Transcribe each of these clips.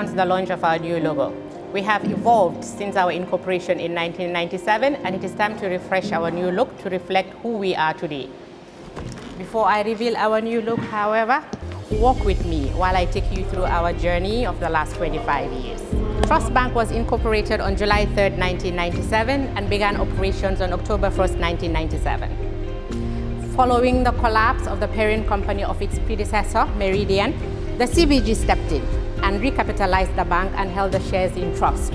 the launch of our new logo. We have evolved since our incorporation in 1997 and it is time to refresh our new look to reflect who we are today. Before I reveal our new look, however, walk with me while I take you through our journey of the last 25 years. Trust Bank was incorporated on July 3, 1997 and began operations on October 1, 1997. Following the collapse of the parent company of its predecessor, Meridian, the CBG stepped in and recapitalized the bank and held the shares in trust,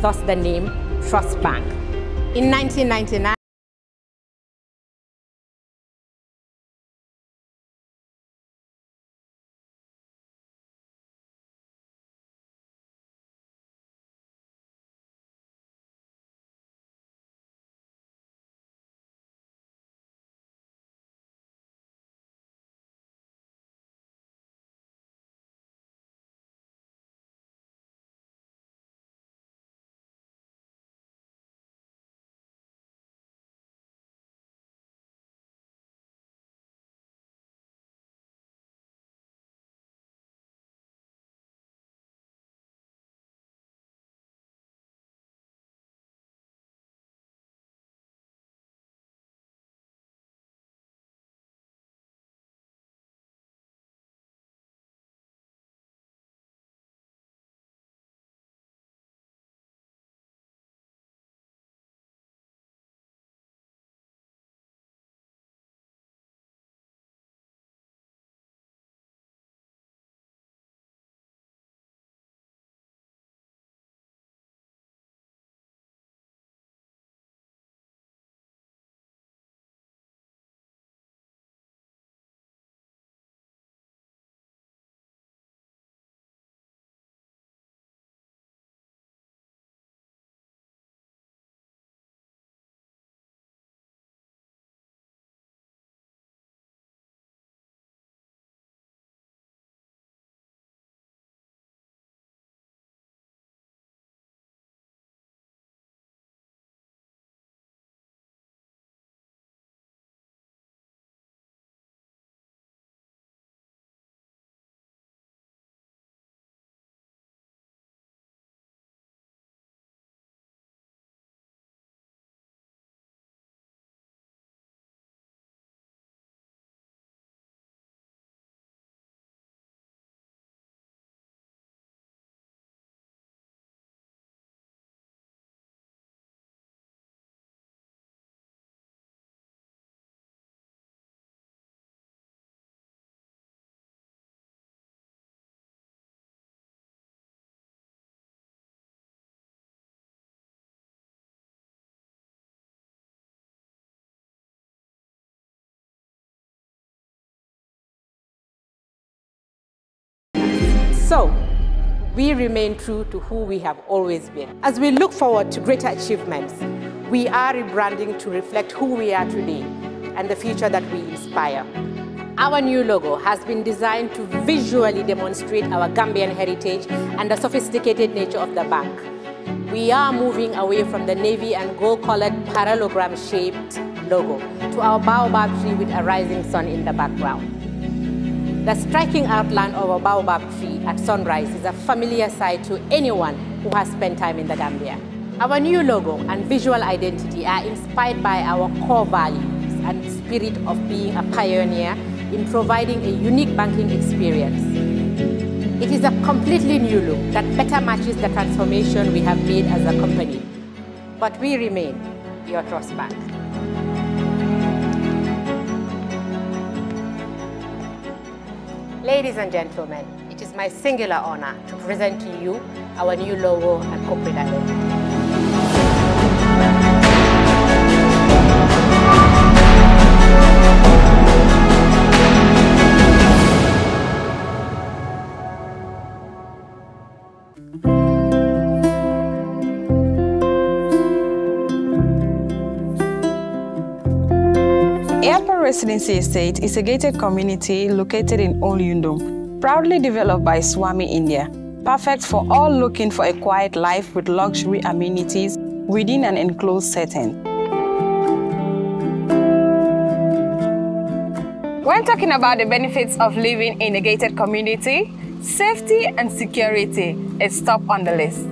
thus the name Trust Bank. In 1999, So, we remain true to who we have always been. As we look forward to greater achievements, we are rebranding to reflect who we are today and the future that we inspire. Our new logo has been designed to visually demonstrate our Gambian heritage and the sophisticated nature of the bank. We are moving away from the navy and gold-colored parallelogram-shaped logo to our baobab tree with a rising sun in the background. The striking outline of a baobab tree at sunrise is a familiar sight to anyone who has spent time in the Gambia. Our new logo and visual identity are inspired by our core values and spirit of being a pioneer in providing a unique banking experience. It is a completely new look that better matches the transformation we have made as a company. But we remain your trust bank. Ladies and gentlemen, it is my singular honor to present to you our new logo and corporate identity. Residency Estate is a gated community located in Olyundum, proudly developed by Swami India. Perfect for all looking for a quiet life with luxury amenities within an enclosed setting. When talking about the benefits of living in a gated community, safety and security is top on the list.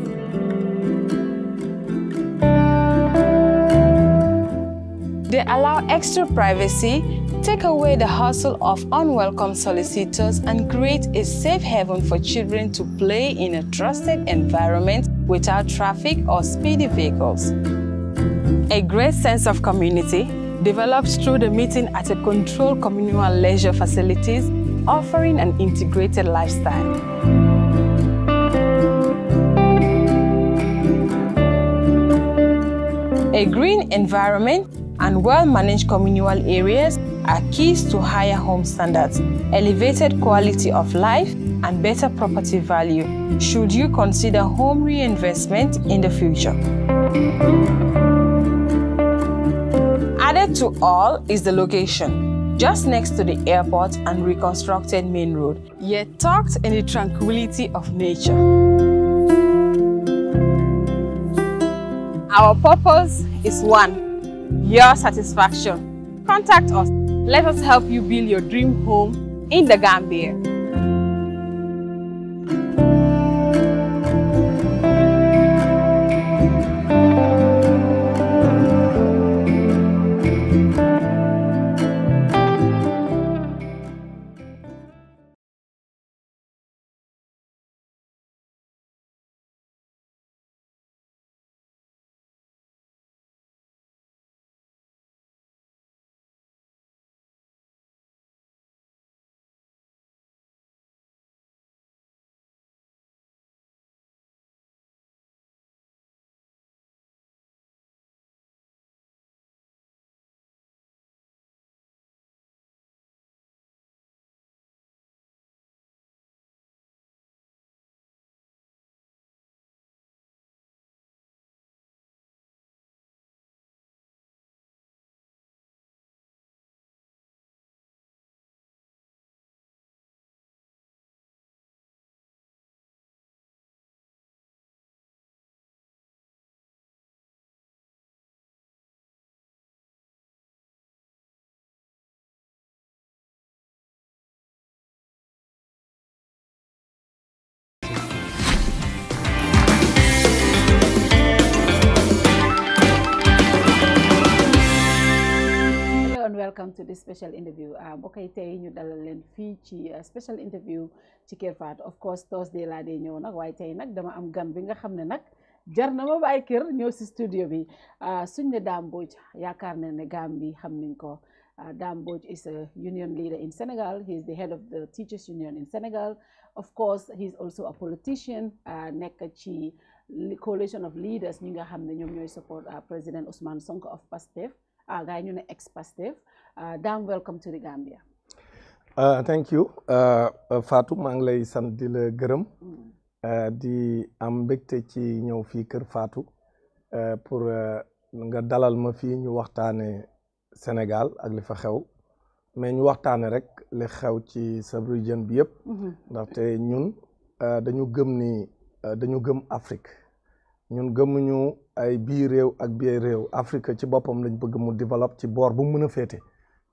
They allow extra privacy, take away the hustle of unwelcome solicitors, and create a safe haven for children to play in a trusted environment without traffic or speedy vehicles. A great sense of community develops through the meeting at a controlled communal leisure facilities, offering an integrated lifestyle. A green environment and well-managed communal areas are keys to higher home standards, elevated quality of life, and better property value should you consider home reinvestment in the future. Added to all is the location just next to the airport and reconstructed main road, yet tucked in the tranquility of nature. Our purpose is one, your satisfaction. Contact us. Let us help you build your dream home in the Gambia. welcome to this special interview mbokk um, yi tey ñu dalal leen a uh, special interview ci Kër of course Thursday laa dee ñëw nag waaye tey nag dama am gan bi nga xam ne nag jar na ma bàyyi kër ñëw si studio bi uh, suñ ne Dame Mbodj yaakaar na ne gaam bi xam nañ ko uh, Dame Mbodj is a union leader in Senegal he is the head of the teachers union in Senegal of course he is also a politician nekk ci coalition of leaders ñi nga xam ne ñoom ñooy support président Ousmane Sonko of Pastef ah gars yi ñu ex Pastef Uh, Dame welcome to the Gambia. Uh, uh, uh, maa ngi lay sant di la gërëm. Mm. di am mbégte ci ñëw fii kër Fatou pour nga dalal ma fii ñu waxtaane senegal ak li fa xew mais ñu waxtaane rek li xew ci sous-région bi yëpp. Mm-hmm. ndaxte ñun dañu gëm ni dañu gëm Afrique ñun gëmuñu ay biir réew ak bii réew Afrique ci boppam lañ bëgg mu développe ci boor bu mu mën a féete.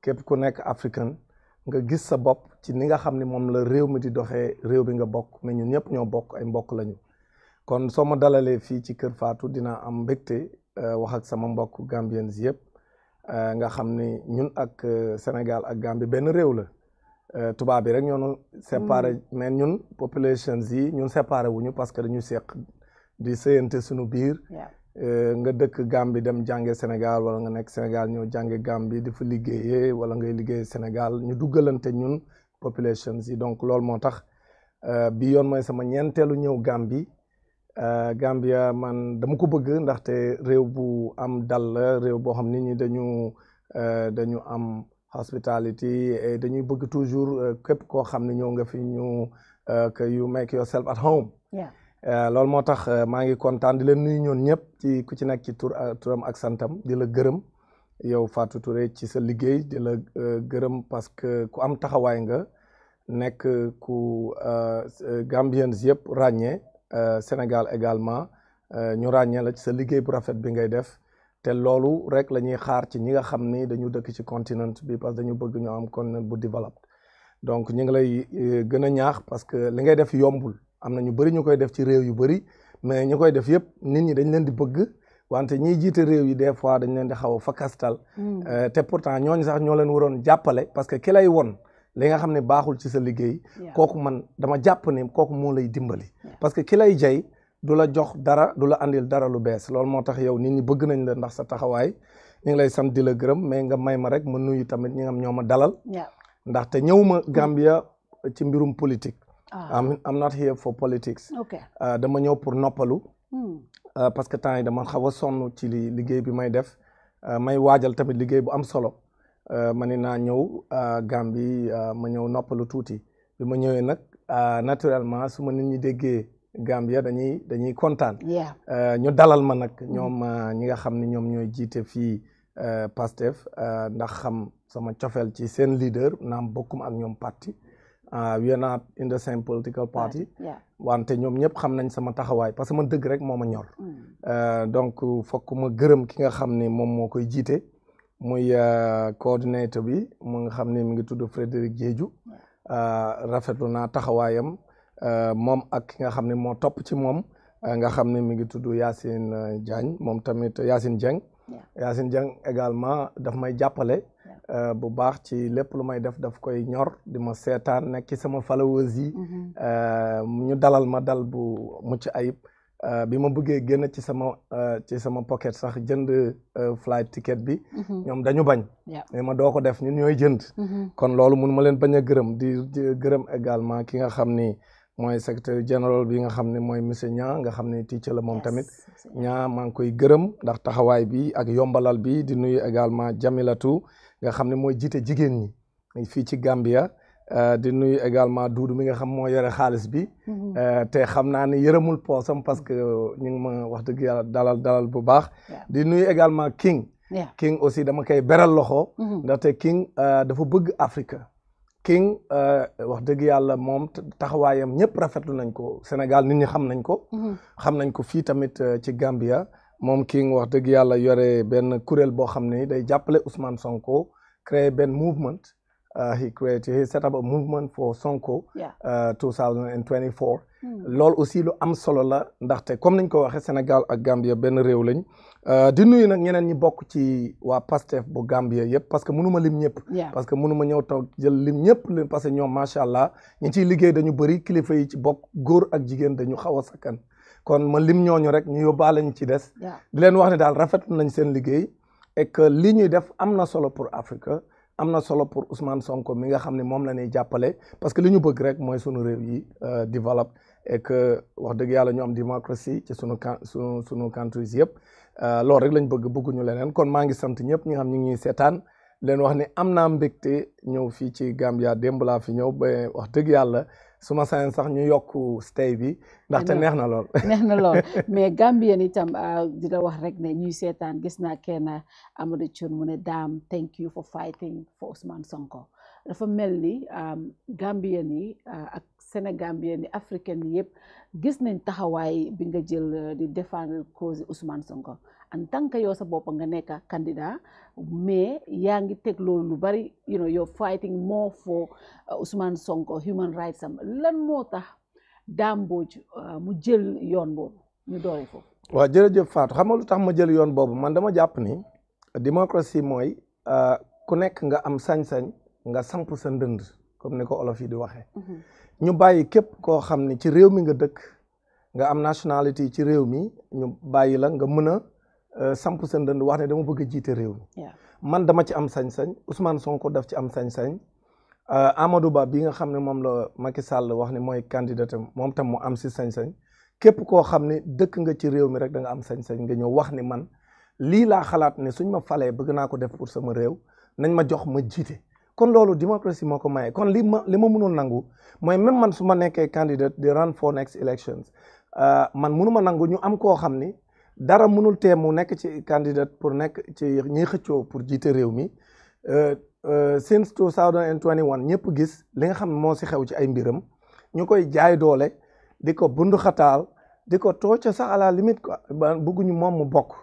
képp ku nekk africain nga gis sa bopp ci ni nga xam ni moom la réew mi di doxee réew bi nga bokk mais ñun ñëpp ñoo bokk ay mbokk lañu kon soo ma dalalee fii ci Kër faatu dina am mbégte euh, wax ak sama mbokk Gambiens yëpp euh, nga xam ni ñun ak euh, Sénégal ak Gambie benn réew la tubaab bi rek ñoo doon séparé mm. mais ñun populations yi ñun séparé wuñu parce que dañu seq di sëyante suñu biir. Eh, nga dëkk Gambie dem jànge Sénégal wala nga nekk Sénégal ñëw jànge Gambie di fa liggéeyee wala ngay liggéey Sénégal ñu duggalante ñun population si donc loolu moo tax eh, bi yoon mooy sama ñeenteelu ñëw Gambie eh, Gambia man dama ko bëgg ndaxte réew bu am dal réew boo xam nit ñi dañu dañu am hospitality e dañuy bëgg toujours képp koo xam ne ñëw nga fi ñu que yu make yourself at home. Euh, loolu moo tax euh, maa ngi kontaan di leen nuyu ñoon ñëpp ci ku ci nekk ci tur euh, turam ak santam di la gërëm yow Fatou Touré ci sa liggéey di la gërëm parce que ku am taxawaay nga nekk ku Gambiens yëpp ràññee Sénégal également ñu ràññee la ci sa liggéey bu rafet bi ngay def te loolu rek la ñuy xaar ci ñi nga xam ni dañu dëkk ci continent bi parce que dañu bëgg ñu am continent bu développé donc ñu ngi lay gën a ñaax parce que li ngay def yombul. am na ñu bëri ñu koy def ci réew yu bëri mais ñu koy def yëpp nit ñi dañ leen di bëgg wante ñiy jiite réew yi des fois dañ leen di xaw a fakastal hmm. euh, te pourtant ñooñu sax ñoo leen waroon jàppale parce que ki lay won li nga xam ne baaxul ci sa liggéey kooku man dama jàpp ne kooku moo lay dimbali parce que ki lay jay du la jox dara du la andil dara lu bees loolu moo tax yow nit ñi bëgg nañ la ndax sa taxawaay ñu ngi lay sant di la gërëm mais nga may ma rek ma nuyu tamit ñi nga ñoo ma dalal ndaxte ñëw ma Gambia ci mbirum politique am ah. am not here for politics. Ah, dama ñëw pour noppalu. Hmm. Ah, parce que temps yi dama xaw a sonn ci li liggéey bi may def may waajal tamit liggéey bu am solo ma ne naa ñëw Gambie ma ñëw noppalu tuuti bi ma ñëwee nag naturellement su ma nit ñi déggee Gambia dañuy dañuy kontaan. ñu dalal ma nag hmm. ñoom ñi nga xam ni ñoom ñooy jiite fii Pastef ndax xam sama cofeel ci seen leader naam bokkum ak ñoom parti Ah, we are not in the same political party wante ñoom ñëpp xam nañ sama taxawaay parce que man dëgg rek moo ma ñor hmm. euh, donc fokk ma gërëm ki nga xam ni moom moo koy jiite muy euh, coordinateur bi mu nga xam ne mu ngi tudd Frédéric Diédhiou euh, rafetu naa taxawaayam moom ak ki nga xam ne moo topp ci moom nga xam ne mi ngi tudd Yacine Diagne moom tamit Yacine Dieng Yacine Dieng également daf may jàppale Euh, bu baax ci lépp lu may def def koy ñor di ma seetaan nekk ci sama followers yi mm-hmm. euh, ñu dalal ma dal bu mucc ayib euh, bi ma bëggee génn ci sama ci sama pocket sax jënd flight ticket bi mm-hmm. ñoom dañu bañ ne ma doo ko def ñun ñooy jënd mm-hmm. kon loolu mun ma leen bañ gërëm di gërëm également ki nga xam ni mooy secrétaire général bi nga xam ne mooy monsieur ñaa nga xam ne teacher la moom tamit ñaa maa ngi koy gërëm ndax taxawaay bi ak yombalal bi di nuyu également Jamilatu nga xam ne mooy jiite jigéen ñi fii ci Gambia euh, di nuyu également Duudu mi nga xam mooy yore xaalis bi mm-hmm. euh, te xam naa ne yërëmul poosam parce que ñu ngi ma wax dëgg yàlla dalal dalal bu baax di nuyu également King King aussi dama koy beral loxo mm-hmm. ndaxte King euh, dafa bëgg Afrique King wax dëgg yàlla moom taxawaayam ñëpp rafetlu nañ ko Sénégal nit ñi xam nañ ko mm-hmm. xam nañ ko fii tamit ci Gambia moom King wax dëgg yàlla yore benn kuréel boo xam ne day jàppale Ousmane Sonko créer benn movement uh, he created he set up a movement for Sonko 2024 uh, hmm. loolu aussi lu am solo la ndaxte comme niñ ko waxee Sénégal ak Gambia benn réew lañ uh, di nuyu nag ñeneen ñi bokk ci waa Pastef bu Gambia yëpp parce que mënuma lim ñëpp parce que ma ñëw toog jël lim ñëpp parce que ñoom macha allah ñi ciy liggéey dañu bëri kilifa yi ci bokk góor ak jigéen dañu xaw a sakkan kon ma lim ñooñu rek ñu yóbbaale ñu ci des. di leen wax ne daal rafet nañ seen liggéey et li ñuy def am na solo pour Afrique am na solo pour Ousmane Sonko mi nga xam ne moom la ñuy jàppale parce que li ñu bëgg rek mooy sunu réew yi euh, développe et que wax dëgg yàlla ñu am démocratie ci sunu can sunu sunu countries yëpp euh, loolu rek lañ bëgg bëgguñu leneen kon maa ngi sant ñëpp ñi nga xam ñu ngi seetaan leen wax ni am naa mbégte ñëw fii ci Gambia démb laa fi ñëw ba wax dëgg yàlla. su ma sañoon sax ñu yokk stay bi ndaxte neex na lool neex na lool mais Gambien itam ah, di la wax rek ne ñuy seetaan gis naa kenn Amadou Thioune mu ne daam thank you for fighting for Ousmane Sonko dafa mel ni Gambien yi ah, ak Sénégambien yi africain yi yëpp gis nañ taxawaay bi nga jël di défendre cause Ousmane Sonko en tant que yow sa bop nga nek candidat mais yaa ngi bari you know you're fighting more for Ousmane uh, Sonko human rights am um, lan motax damboj Dame uh, Mbodj mu jël yoon boobu ñu doore foofu waaw jërëjëf Fatou xam nga lu tax ma jël yoon boobu man dama japp ni démocratie uh, ku nek nga am sañ-sañ nga samp sa ndënd comme niko olof yi di waxee mhm. ñu bayyi képp ko xamni ci réew mi nga dëkk nga am nationality, ci réew mi ñu bayyi la nga mëna Euh, samp seen dënd wax ne dama bëgg a jiite réew mi man dama ci am sañ-sañ Ousmane Sonko def ci am sañ-sañ euh, Amadou Ba bi nga xam ne moom la Macky Sall wax ne mooy candidat moom tam mu am si sañ-sañ képp koo xam ne dëkk nga ci réew mi rek danga am sañ-sañ nga ñëw wax ni man lii laa xalaat ne suñ ma falee bëgg naa ko def pour sama réew nañ ma jox ma jiite kon loolu démocratie moo ko mayee kon li ma li ma mënoon nangu mooy même man su ma nekkee candidat di run for next elections euh, man mënu nangu ñu am koo xam ni dara mënul tee mu nekk ci candidat pour nekk ci ñiy xëccoo pour jiite réew mi euh, euh, since 2021 ñëpp gis li nga xam moo si xew ci ay mbiram ñu koy jaay doole di ko bundu xataal di ko ca sax à la limite quoi bëgguñu moom mu bokk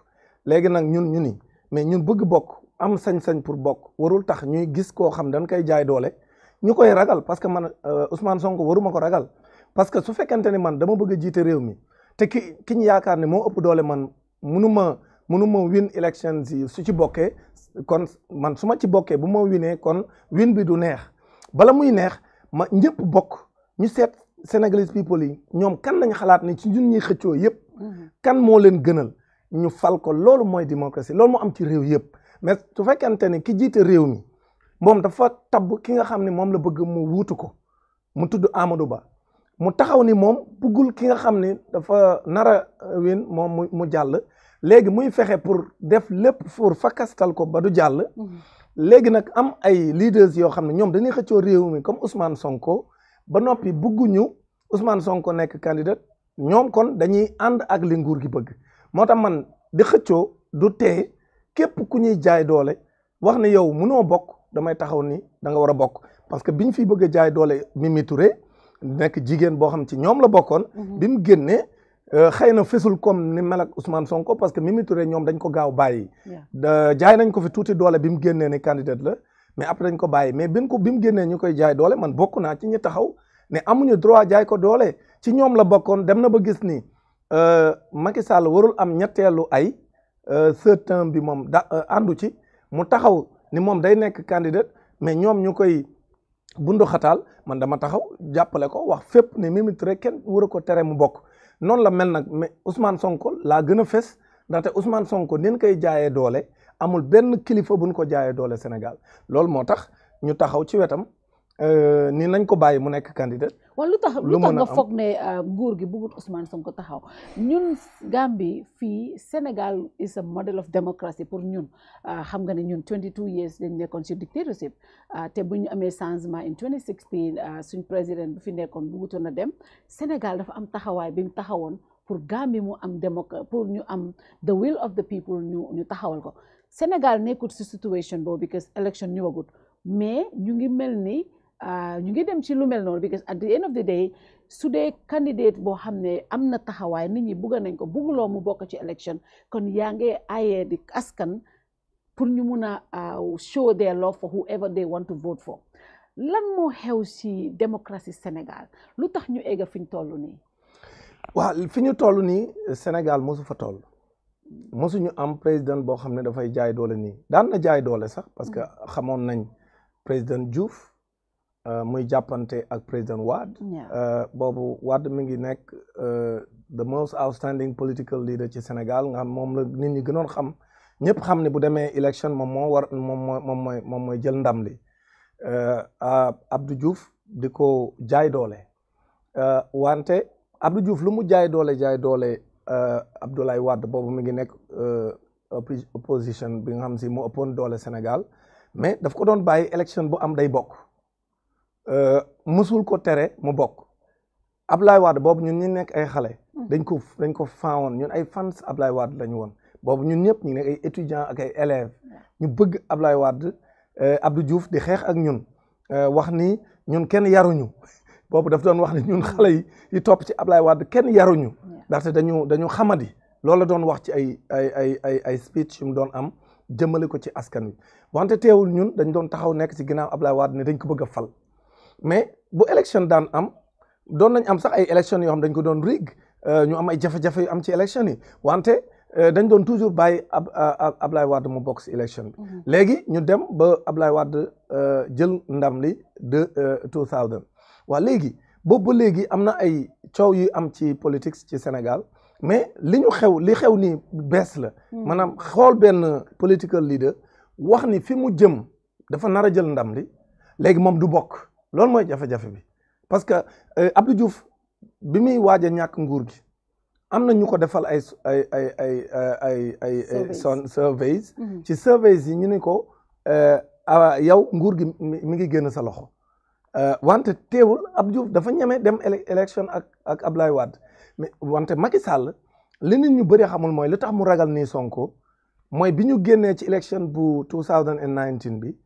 léegi nag ñun ñu ni mais ñun bëgg bokk am sañ-sañ pour bokk warul tax ñuy gis koo xam dañ koy jaay doole ñu koy ragal parce que man euh, Ousmane Sonko waruma ko ragal parce que su fekkente ni man dama bëgg a jiite réew mi te ki ki ñu yaakaar ne moo ëpp doole man munuma ma win élections yi su ci bokkee kon man su ma ci bokkee bu ma winee kon win bi du neex bala muy neex ma ñëpp bokk ñu seet Sénégalese people yi ñoom kan lañ xalaat ne ci ñun ñuy xëccoo yëpp. Mm-hmm. kan moo leen gënal ñu fal ko loolu mooy démocratie loolu moo am ci réew yëpp mais su fekkente ne ki jiite réew mi moom dafa tab ki nga xam ne moom la bëgg mu wuutu ko mu tudd Amadou Ba. mu taxaw ni moom buggul ki nga xam ni dafa nar a euh, win moom mu mu jàll léegi muy fexe pour def lépp pour fakastal ko ba du jàll mm-hmm. léegi nag am ay leaders yoo xam ne ñoom dañuy xëccoo réew mi comme Ousmane Sonko ba noppi bugguñu Ousmane Sonko nekk candidat ñoom kon dañuy ànd ak li nguur gi bëgg moo tax man di xëccoo du tee képp ku ñuy jaay doole wax ne yow mënoo bokk damay taxaw ni danga nga war a bokk parce que biñ fi bëgg a jaay doole Mimi Touré nekk jigéen boo xam ci ñoom la bokkoon. Mhm. bi mu génnee euh, xëy na fesul comme ni mel ak Ousmane Sonko parce que Mimi Touré ñoom dañ ko gaaw bàyyi. jaay nañ ko fi tuuti doole bi mu génnee ni candidate la mais après dañ ko bàyyi mais bin ko bi mu génnee ñu koy jaay doole man bokk naa ci ñi taxaw ne amuñu droit jaay ko doole ci ñoom la bokkoon dem na ba gis ni euh, Macky Sall warul am ñetteelu ay euh, certain bi moom da àndu ci mu taxaw ni moom day nekk candidate mais ñoom ñu koy. bundo xataal man dama taxaw jàppale ko wax fépp ne Mimi Touré kenn war ko tere mu bokk noonu la mel nag mais Ousmane Sonko laa gën a fes ndaxte Ousmane Sonko nin koy jaayee doole amul benn kilifa buñ ko jaayee doole Sénégal loolu moo tax ñu taxaw ci wetam euh, ni nañ ko bàyyi mu nekk candidat wala lu tax lu tax nga foog ne euh, nguur gi bëggut Ousmane Sonko taxaw ñun Gambie fii Sénégal is a model of democracy pour ñun euh, xam nga ne ñun 22 years dañ nekkoon ci dictatorship euh, te bu ñu amee changement in 2016 suñ président bi fi nekkoon bu wutoon a dem Sénégal dafa am taxawaay bi mu taxawoon pour Gambie mu am démocratie pour ñu am the will of the people ñu ñu taxawal ko Sénégal nekkut si situation boobu because élection ñëwagut mais ñu ngi mel ni Euh, ñu ngi dem ci lu mel noonu because at the end of the day su dee candidate boo xam ne am na taxawaay nit ñi bugga nañ ko bugguloo mu bokk ci élection kon yaa ngi ayee di askan pour ñu mun a uh, show their love for whoever they want to vote for lan moo xew si démocratie senegal lu tax ñu egg fi ñu toll nii. waaw fi ñu toll nii Sénégal mosu fa toll mosuñu am président boo xam ne dafay jaay doole nii daan na jaay doole sax parce que xamoon nañ président Diouf. Euh, muy jàppante ak président Wade. Euh, boobu Wade mi ngi nekk euh, the most outstanding political leader ci Sénégal nga xam moom la nit ñi gënoon xam ñëpp xam ne bu demee élection moom moo war moom moo moom mooy moom mooy jël ndam li Abdou Diouf di ko jaay doole wante Abdou Diouf lu mu jaay doole jaay doole Abdoulaye Wade boobu mi ngi nekk opposition bi nga xam si mu ëppoon doole Sénégal mais daf ko doon bàyyi élection bu am day bokk. Euh, mësul ko tere mu bokk Ablaye Wade boobu ñun ñu nekk ay xale. Mm. dañ ko dañ ko faawoon ñun ay fans Ablaye Wade lañu woon boobu ñun ñëpp ñu nekk ay étudiants ak ay élèves ñu bëgg Ablaye Wade euh, Abdou Diouf di xeex ak ñun euh, wax ni ñun kenn yaruñu boobu daf doon wax ni ñun xale yi yi topp ci Ablaye Wade kenn yaruñu ndaxte dañu dañu xamadi loolu la doon wax ci ay ay ay ay ay speech yu mu doon am jëmale ko ci askan wi wante teewul ñun dañ doon taxaw nekk ci ginnaaw Ablaye Wade ne dañ ko bëgg a fal. mais bu élection daan am doon nañ am sax ay élection yoo xam dañ ko doon rig euh, ñu am ay jafe-jafe yu am ci élection yi wante euh, dañ doon toujours bàyyi ab Ablaye Wade mu bokk si élection bi. Mhm. léegi ñu dem ba Ablaye Wade euh, jël ndam li de 2000. waa léegi boobu ba léegi am na ay coow yu am ci politique ci Sénégal mais li ñu xew li xew nii bees la. Mhm. maanaam xool benn political leader wax ni fi mu jëm dafa nar a jël ndam li léegi moom du bokk. loolu mooy jafe-jafe bi parce que euh, Abdou Diouf bi muy waaj ñàkk nguur gi am na ñu ko defal ay ay ay ay ay ay son surveys mhm. ci surveys yi ñu ne ko euh, ah, yow nguur gi mi ngi génn sa loxo euh, wante teewul Abdou Diouf dafa ñeme dem élection ak ak Ablaye mais wante Macky Sall li nit ñu bëri xamul mooy li tax mu ragal nii Sonko mooy bi ñu génnee ci élection bu 2019 bi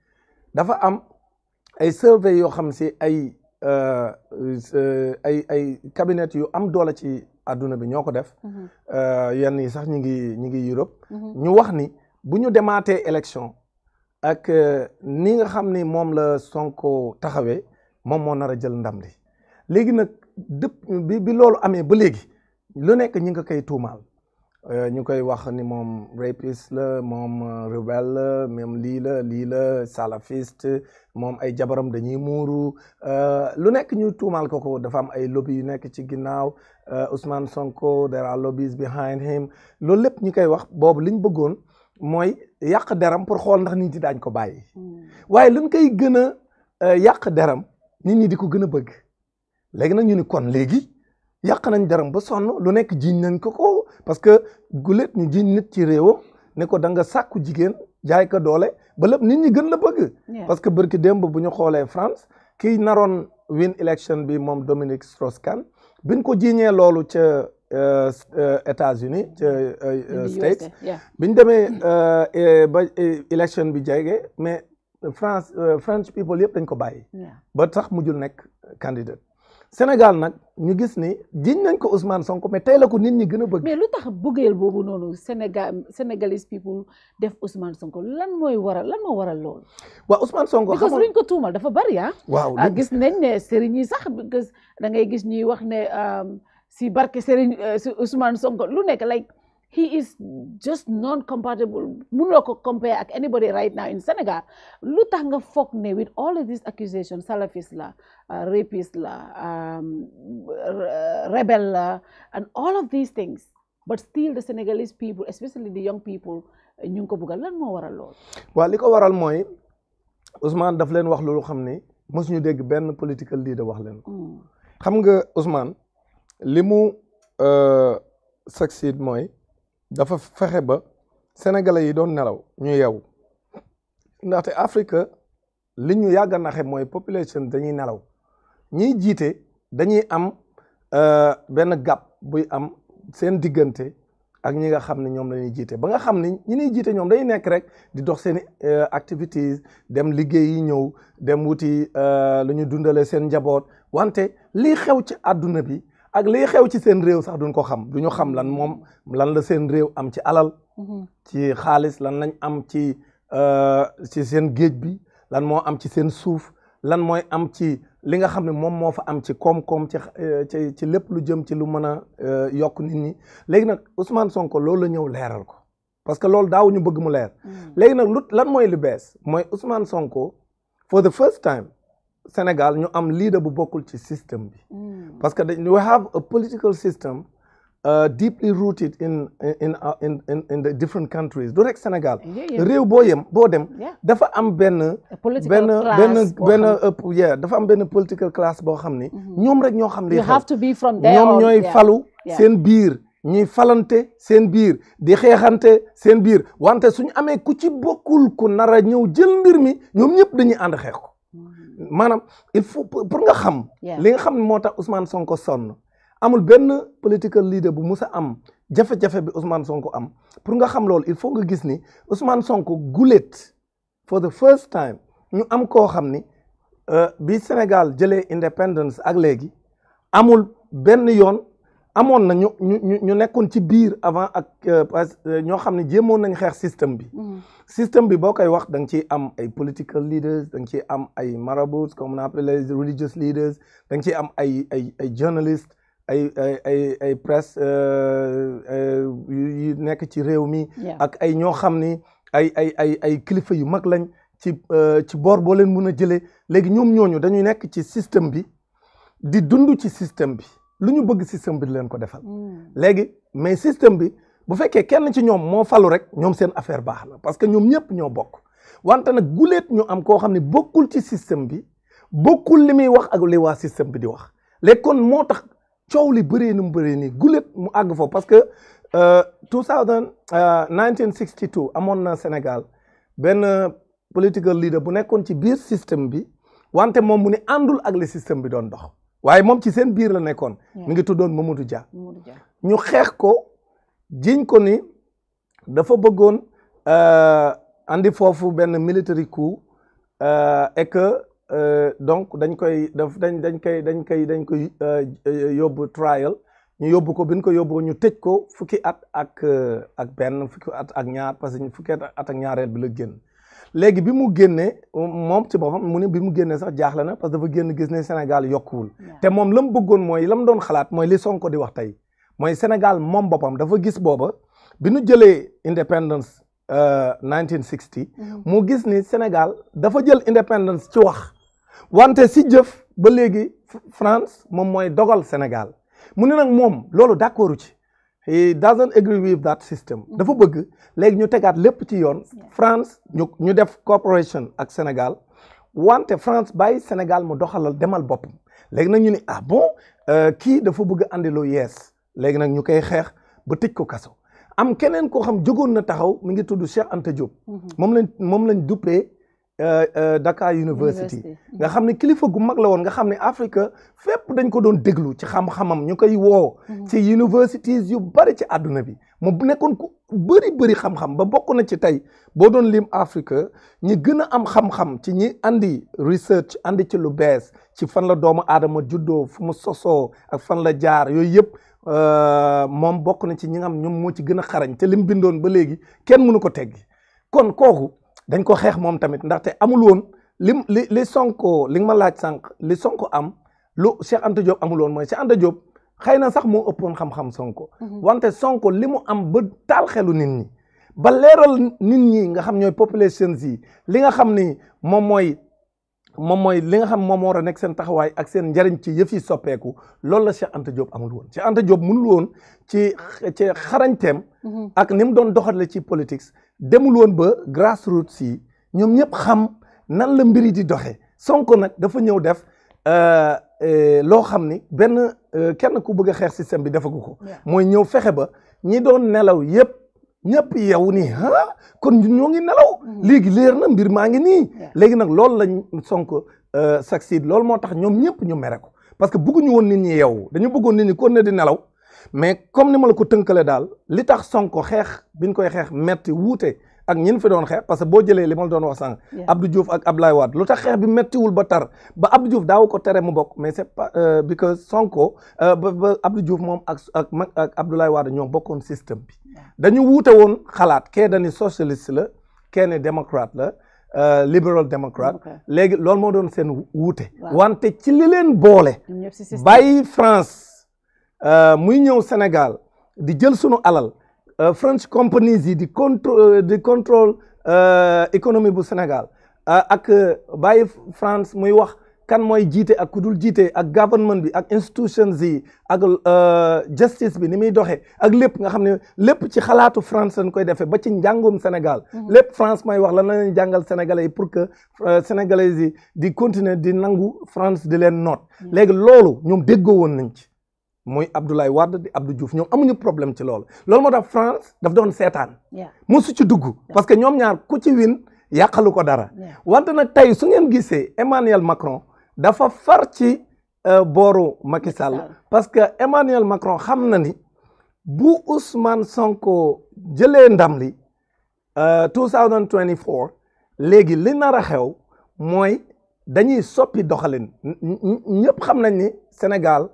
dafa am ay survey yoo xam si euh, ay ay ay cabinet yu am doole ci àdduna bi ñoo ko def mhm. euh, yenn yi sax ñi ngi ñi ngi Europe mhm. ñu wax ni bu ñu demaatee élection ak euh, ni nga xam ni moom la Sonko taxawee moom moo nar a jël ndam li léegi nag dëpp bi bi loolu amee ba léegi lu nekk ñi nga koy tuumaal Euh, ñu koy wax ni moom rapiste la moom euh, rebelle la même lii la lii la salafiste moom ay jabaram dañuy muuru euh, lu nekk ñu tuumaal ko ko dafa am ay lobby yu nekk ci ginnaaw Ousmane Sonko there are lobbies behind him loolu lépp ñu koy wax boobu liñ bëggoon mooy yàq deram pour xool ndax nit ñi daañ ko bàyyi hmm. waaye luñ koy gën a yàq deram nit ñi di ko gën a bëgg léegi nag ñu ni kon léegi yàq nañ deram ba sonn lu nekk jiiñ nañ ko ko parce que gulet ñu jiiñ nit ci réewam ne ko da nga sàkku jigéen jaay ko doole ba lépp nit ñi gën la bëgg. parce que bërki démb bu ñu xoolee France kii naroon win election bi moom Dominique Strauss-Kahn biñ ko jiiñee loolu ca euh, euh, États-Unis ca euh, States. biñ demee ba election bi jege mais France French people yëpp dañ ko bàyyi. ba tax mujjul nekk candidate. Sénégal nag ñu gis ni din nañ ko Ousmane Sonko mais tey la ko nit ñi gën a bëgg. mais lu tax bëggeel boobu noonu Sénégal Sénégalese people def Ousmane Sonko lan mooy waral lan moo waral loolu. wa Ousmane Sonko xam luñ ko tuumal dafa bari ah. waaw ah, gis nañ ne sëriñ yi sax da ngay gis ñuy wax ne um, si barke sëriñ euh, si Sonko lu nekk like He is just non-compatible. Munoo ko compare ak anybody right now in Sénégal lu tax nga foog ne with all of these accusations salafist la uh, rapist la um, rebel la and all of these things but still the Senegalese people especially the young people ñu ngi ko buggal lan moo waral lool. waaw li ko waral mooy Ousmane daf leen wax loolu xam ni dégg political leader wax leen ko. Mm. xam nga Ousmane li euh, succeed mooy. dafa fexe ba sénégalais yi doon nelaw ñu yeewu ndaxte Afrique li ñu yàgg a naxe mooy population dañuy nelaw ñi jiite dañuy am euh, benn gàpp buy am seen diggante ak ñi nga xam ne ñoom lañuy jiite ba nga xam ne ñi ñuy jiite ñoom dañuy nekk rek di dox seen euh, activités dem liggéey yi ñëw dem wuti euh, lu ñu dundalee seen njaboot wante lii xew ci àdduna bi ak lii xew ci seen réew sax duñ ko xam duñu xam lan moom lan la seen réew am ci alal mhm. ci xaalis lan lañ am ci euh, ci seen géej bi lan moo am ci seen suuf lan mooy am ci li nga xam ne moom moo fa am ci koom-koom ci euh, ci ci lépp lu jëm ci lu mën a euh, yokk nit ñi léegi nag Ousmane Sonko loolu la ñëw leeral ko parce que loolu daaw ñu bëgg mu leer mhm. léegi nag lu lan mooy lu bees mooy Ousmane Sonko for the first time Sénégal ñu am leader bu bokkul ci système bi. Hmm. parce que dañu we have a political system uh, deeply rooted in in uh, different countries du rek Sénégal. réew boo yem boo dem. dafa am benn. political class benn benn dafa am benn political class boo xam ni. Mm-hmm. ñoom rek ñoo xam li. you have to be ñoom ñooy falu seen biir. ñuy falante seen biir di xeexante seen biir wante suñu amee ku ci bokkul ku nar a ñëw jël mbir mi ñoom ñëpp dañuy ànd xeex ko mm-hmm. maanaam il faut pour nga xam. li nga xam ne moo tax Ousmane Sonko sonn amul benn political leader bu mus a am jafe-jafe bi Ousmane Sonko am pour nga xam loolu il faut nga gis ni Ousmane Sonko gulet for the first time ñu am koo xam ni euh, bi Sénégal jëlee indépendance ak léegi amul benn yoon. amoon na ñu ñu nekkoon ci biir avant ak euh, euh, ñoo xam ne jéemoon nañ xeex système bi. Mm. système bi boo koy wax da nga ciy am ay political leaders da nga ciy am ay marabouts comme on appelle les religious leaders da nga ciy am ay ay ay ay ay ay ay presse euh, nekk ci réew mi. ak ay ñoo xam ni ay ay ay ay kilifa yu mag lañ ci ci boor boo leen mun a jëlee léegi ñoom ñooñu dañuy nekk ci système bi di dund ci système bi. lu ñu bëgg système bi di leen ko defal. Hmm. léegi mais système bi bu fekkee kenn ci ñoom moo falu rek ñoom seen affaire baax na parce que ñoom ñëpp ñoo bokk wante nag guleet ñoo am koo xam ne bokkul ci système bi bokkul ni muy wax ak li waa système bi di wax léegi kon moo tax coow li bëree na mu bëree nii guleet mu àgg foofu parce que 2000 euh, 1962 euh, amoon na Sénégal benn euh, political leader bu nekkoon ci biir système bi wante moom mu ne àndul ak li système bi doon dox. waaye moom ci seen biir la nekkoon. mi ngi tuddoon Mamadou Dia. ñu xeex ko jiñ ko ni dafa bëggoon euh, andi foofu benn military coup euh, et que euh, donc dañ koy daf dañ dañ koy dañ koy dañ koy yóbbu trial ñu yóbbu ko bi ko yóbbu ñu tëj ko fukki at ak ak benn fukki at ak ñaar parce que fukki at ak ñaareel bi la génn. léegi bi mu génnee moom ci boppam mu ne bi mu génnee sax jaaxle na parce que dafa génn gis ne Sénégal yokkuwul te moom la mu bëggoon mooy la doon xalaat mooy li Sonko di wax tey mooy Sénégal moom boppam dafa gis booba bi nu jëlee indépendance 1960 euh, mm-hmm. mu gis ni senegal dafa jël indépendance ci wax wante si jëf ba léegi France moom mooy dogal Sénégal mu ne nag moom loolu d'accordu ci he doesn't agree with that system. Mm-hmm. dafa bëgg léegi ñu tegaat lépp ci yoon. France ñu ñu def coopération ak Sénégal wante France bàyyi Sénégal mu doxalal demal boppam léegi nag ñu ne ah bon euh, kii dafa bëgg andiloo yees léegi nag ñu koy xeex ba tëj ko kaso am keneen koo xam jógoon na taxaw mu ngi tudd Cheikh Anta Diop. Mm-hmm. moom lañ moom lañ Euh, euh, Dakar University nga xam ne kilifa gu mag la woon nga xam ne Afrique fépp dañ ko doon déglu ci xam-xamam ñu koy woo mhm. ci universities yu bari ci àdduna bi mu nekkoon ku bëri bëri xam-xam ba bokk na ci tey boo doon lim Afrique ñi gën a am xam-xam ci ñi andi research andi ci lu bees ci fan la doomu aadama juddoo fu mu sosoo ak fan la jaar yooyu yëpp euh, moom bokk na ci ñi nga xam moo ci gën a xarañ te lim bindoon ba léegi kenn mënu ko teggi kon kooku dañ ko xeex moom tamit ndaxte amul woon li li li Sonko li ma laaj sànq li Sonko am lu Cheikh Anta Diop amul woon mooy Cheikh Anta Diop xëy na sax moo ëppoon xam Sonko. Mhm. wante Sonko li mu am ba taal xelu nit ñi. ba leeral nit ñi nga xam ñooy population si li nga xam ni moom mooy moom mooy li nga xam moom moo war a nekk seen taxawaay ak seen njariñ ci yëf yi soppeeku loolu la Cheikh Anta Diop amul woon Cheikh Anta Diop mënul woon ci ci xarañteem. Mm-hmm. ak ni mu doon doxale ci politique demul woon ba grassroots yi ñoom ñëpp xam nan la mbiri di doxee Sonko nag dafa ñëw def euh, euh, loo xam ni benn euh, kenn ku bëgg a xeex système bi defagu ko. mooy ñëw fexe ba ñi doon nelaw yëpp. ñëpp yeewu ni ah kon ñun ñoo ngi nelaw. Mm. léegi leer na mbir maa ngi nii. léegi nag loolu lañ Sonko euh, succeed loolu moo tax ñoom ñëpp ñu mere ko parce que bëgguñu woon nit ñi yeewu dañu bëggoon nit ñi kon ne di nelaw mais comme ni ma la ko tënkale daal li tax Sonko xeex bi ñu koy xeex metti wuute ak ñin fi doon xeex parce que boo jëlee li ma doon wax sànq Abdou ak Abdoulaye Wade lu tax xeex bi méttiwul ba tar ba Abdou Diouf daaw ko tere mu bokk mais c'est pas euh, because Sonko euh, ba ba Abdou Diouf moom ak ak mag ak Abdoulaye Wade ñoo bokkoon système bi dañu wuute woon xalaat ke dani socialiste la kee ne démocrate la euh, liberal democrat léegi loolu moo doon seen wuute wante ci lileen leen boole bàyyi France muy ñëw Sénégal di jël sunu alal Euh, French companies yi di contrôle euh, di contrôle euh, économie bu Sénégal ak bàyyi France muy wax kan mooy jiite ak ku dul jiite ak government bi ak institutions si ak justice bi ni muy doxee ak lépp nga xam ne lépp ci xalaatu France lañ koy defee ba ci njàngum Sénégal. Mm-hmm. lépp France mooy wax la leen jàngal sénégalais yi pour que sénégalais yi di continuer di nangu France di leen not mm-hmm. léegi loolu ñoom déggoo woon nañ ci. mooy Abdoulaye Wade di Abdou Diouf ñoom amuñu problème ci lool loolu moo tax France daf doon seetaan mosu ci dugg parce que ñoom ñaar ku ci win yàqalu ko dara wante nag tey su ngeen gisee Emmanuel Macron dafa far ci euh, booru Macky Sall parce que Emmanuel Macron xam na ni bu Ousmane Sonko jëlee ndam li 2024 euh, léegi li nar a xew mooy dañuy soppi doxalin ñëpp xam nañ ni Sénégal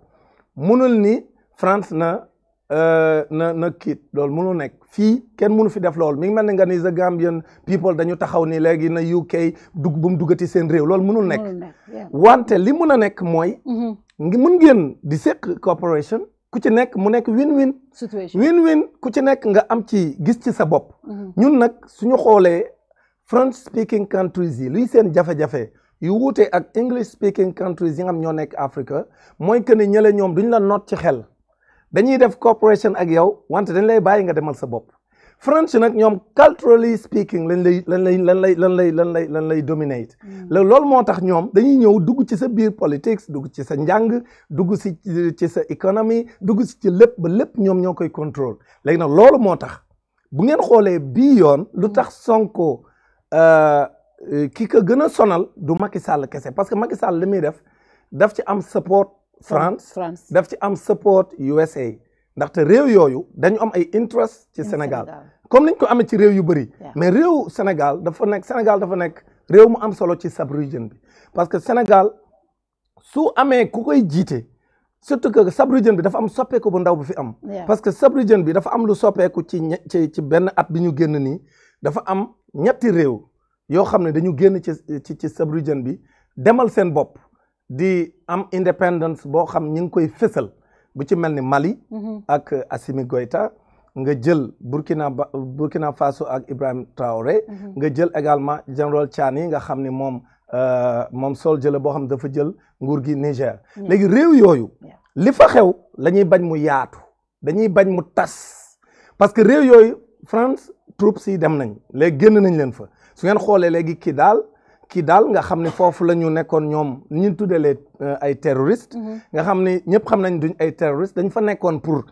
munul ni France na euh, na na kiit loolu mënul nekk fii kenn mënu fi def loolu mi ngi mel ne nga ni the Gambian people dañu taxaw ni léegi na UK dug bu mu duggati seen réew lool mënul nekk wante li mun a nekk mooy mm-hmm. ngi mun ngeen di seq cooperation ku ci nekk mu nekk win-win situation win-win ku ci nekk nga am ci gis ci sa bopp mm-hmm. ñun nag suñu xoolee French speaking countries yi luy seen jafe-jafe yu wuute ak English speaking countries yi nga xam ñoo nekk Afrique mooy que ne ñële ñoom duñ la not ci xel dañuy def cooperation ak yow wante dañ lay bàyyi nga demal sa bopp French nag ñoom culturally speaking lañ lay lan lay lan lay lan lay lan lay lan lay dominate mm. la loolu moo tax ñoom dañuy ñëw dugg ci sa biir politics dugg ci sa njàng dugg si ci sa économie dugg si ci lépp ba lépp ñoom ñoo koy contrôle léegi nag loolu moo tax bu ngeen xoolee bii yoon lu tax Sonko euh, Euh, ki ko gën a sonal du Macky Sall kese parce que Macky Sall li muy def daf ci am support France daf ci am support USA ndaxte réew yooyu dañu am ay interest ci Sénégal comme niñ ko amee ci réew yu bëri mais réew Sénégal dafa nekk senegal dafa nekk réew mu am solo ci sab region bi parce que Sénégal su amee ku koy jiite surtout que sab region bi dafa am soppeeku bu ndaw bu fi am parce que sab region bi dafa am lu soppeeku ci ci ci benn at bi ñu génn nii dafa am ñetti réew yoo xam ne dañu génn ci ci ci sub-région bi demal seen bopp di am indépendance boo xam ñi ngi koy fësal bu ci mel ni Mali. Mhm. ak Assimi Goïta nga jël Burkina Faso ak Ibrahim Traoré. Mhm. nga jël également général Tchiani nga xam ne moom euh, moom soldier la boo xam dafa jël ngur gi Niger. Mhm. léegi réew yooyu. li fa xew la ñuy bañ mu yaatu. dañuy bañ mu tas parce que réew yooyu France troupes yi dem nañ léegi génn nañ leen fa. su ngeen xoolee léegi kii daal kii daal nga xam ne foofu la ñu nekkoon ñoom ñu tuddalee euh, ay terroristes. Mm-hmm. nga xam ne ñëpp xam nañ duñ ay terroristes dañ fa nekkoon pour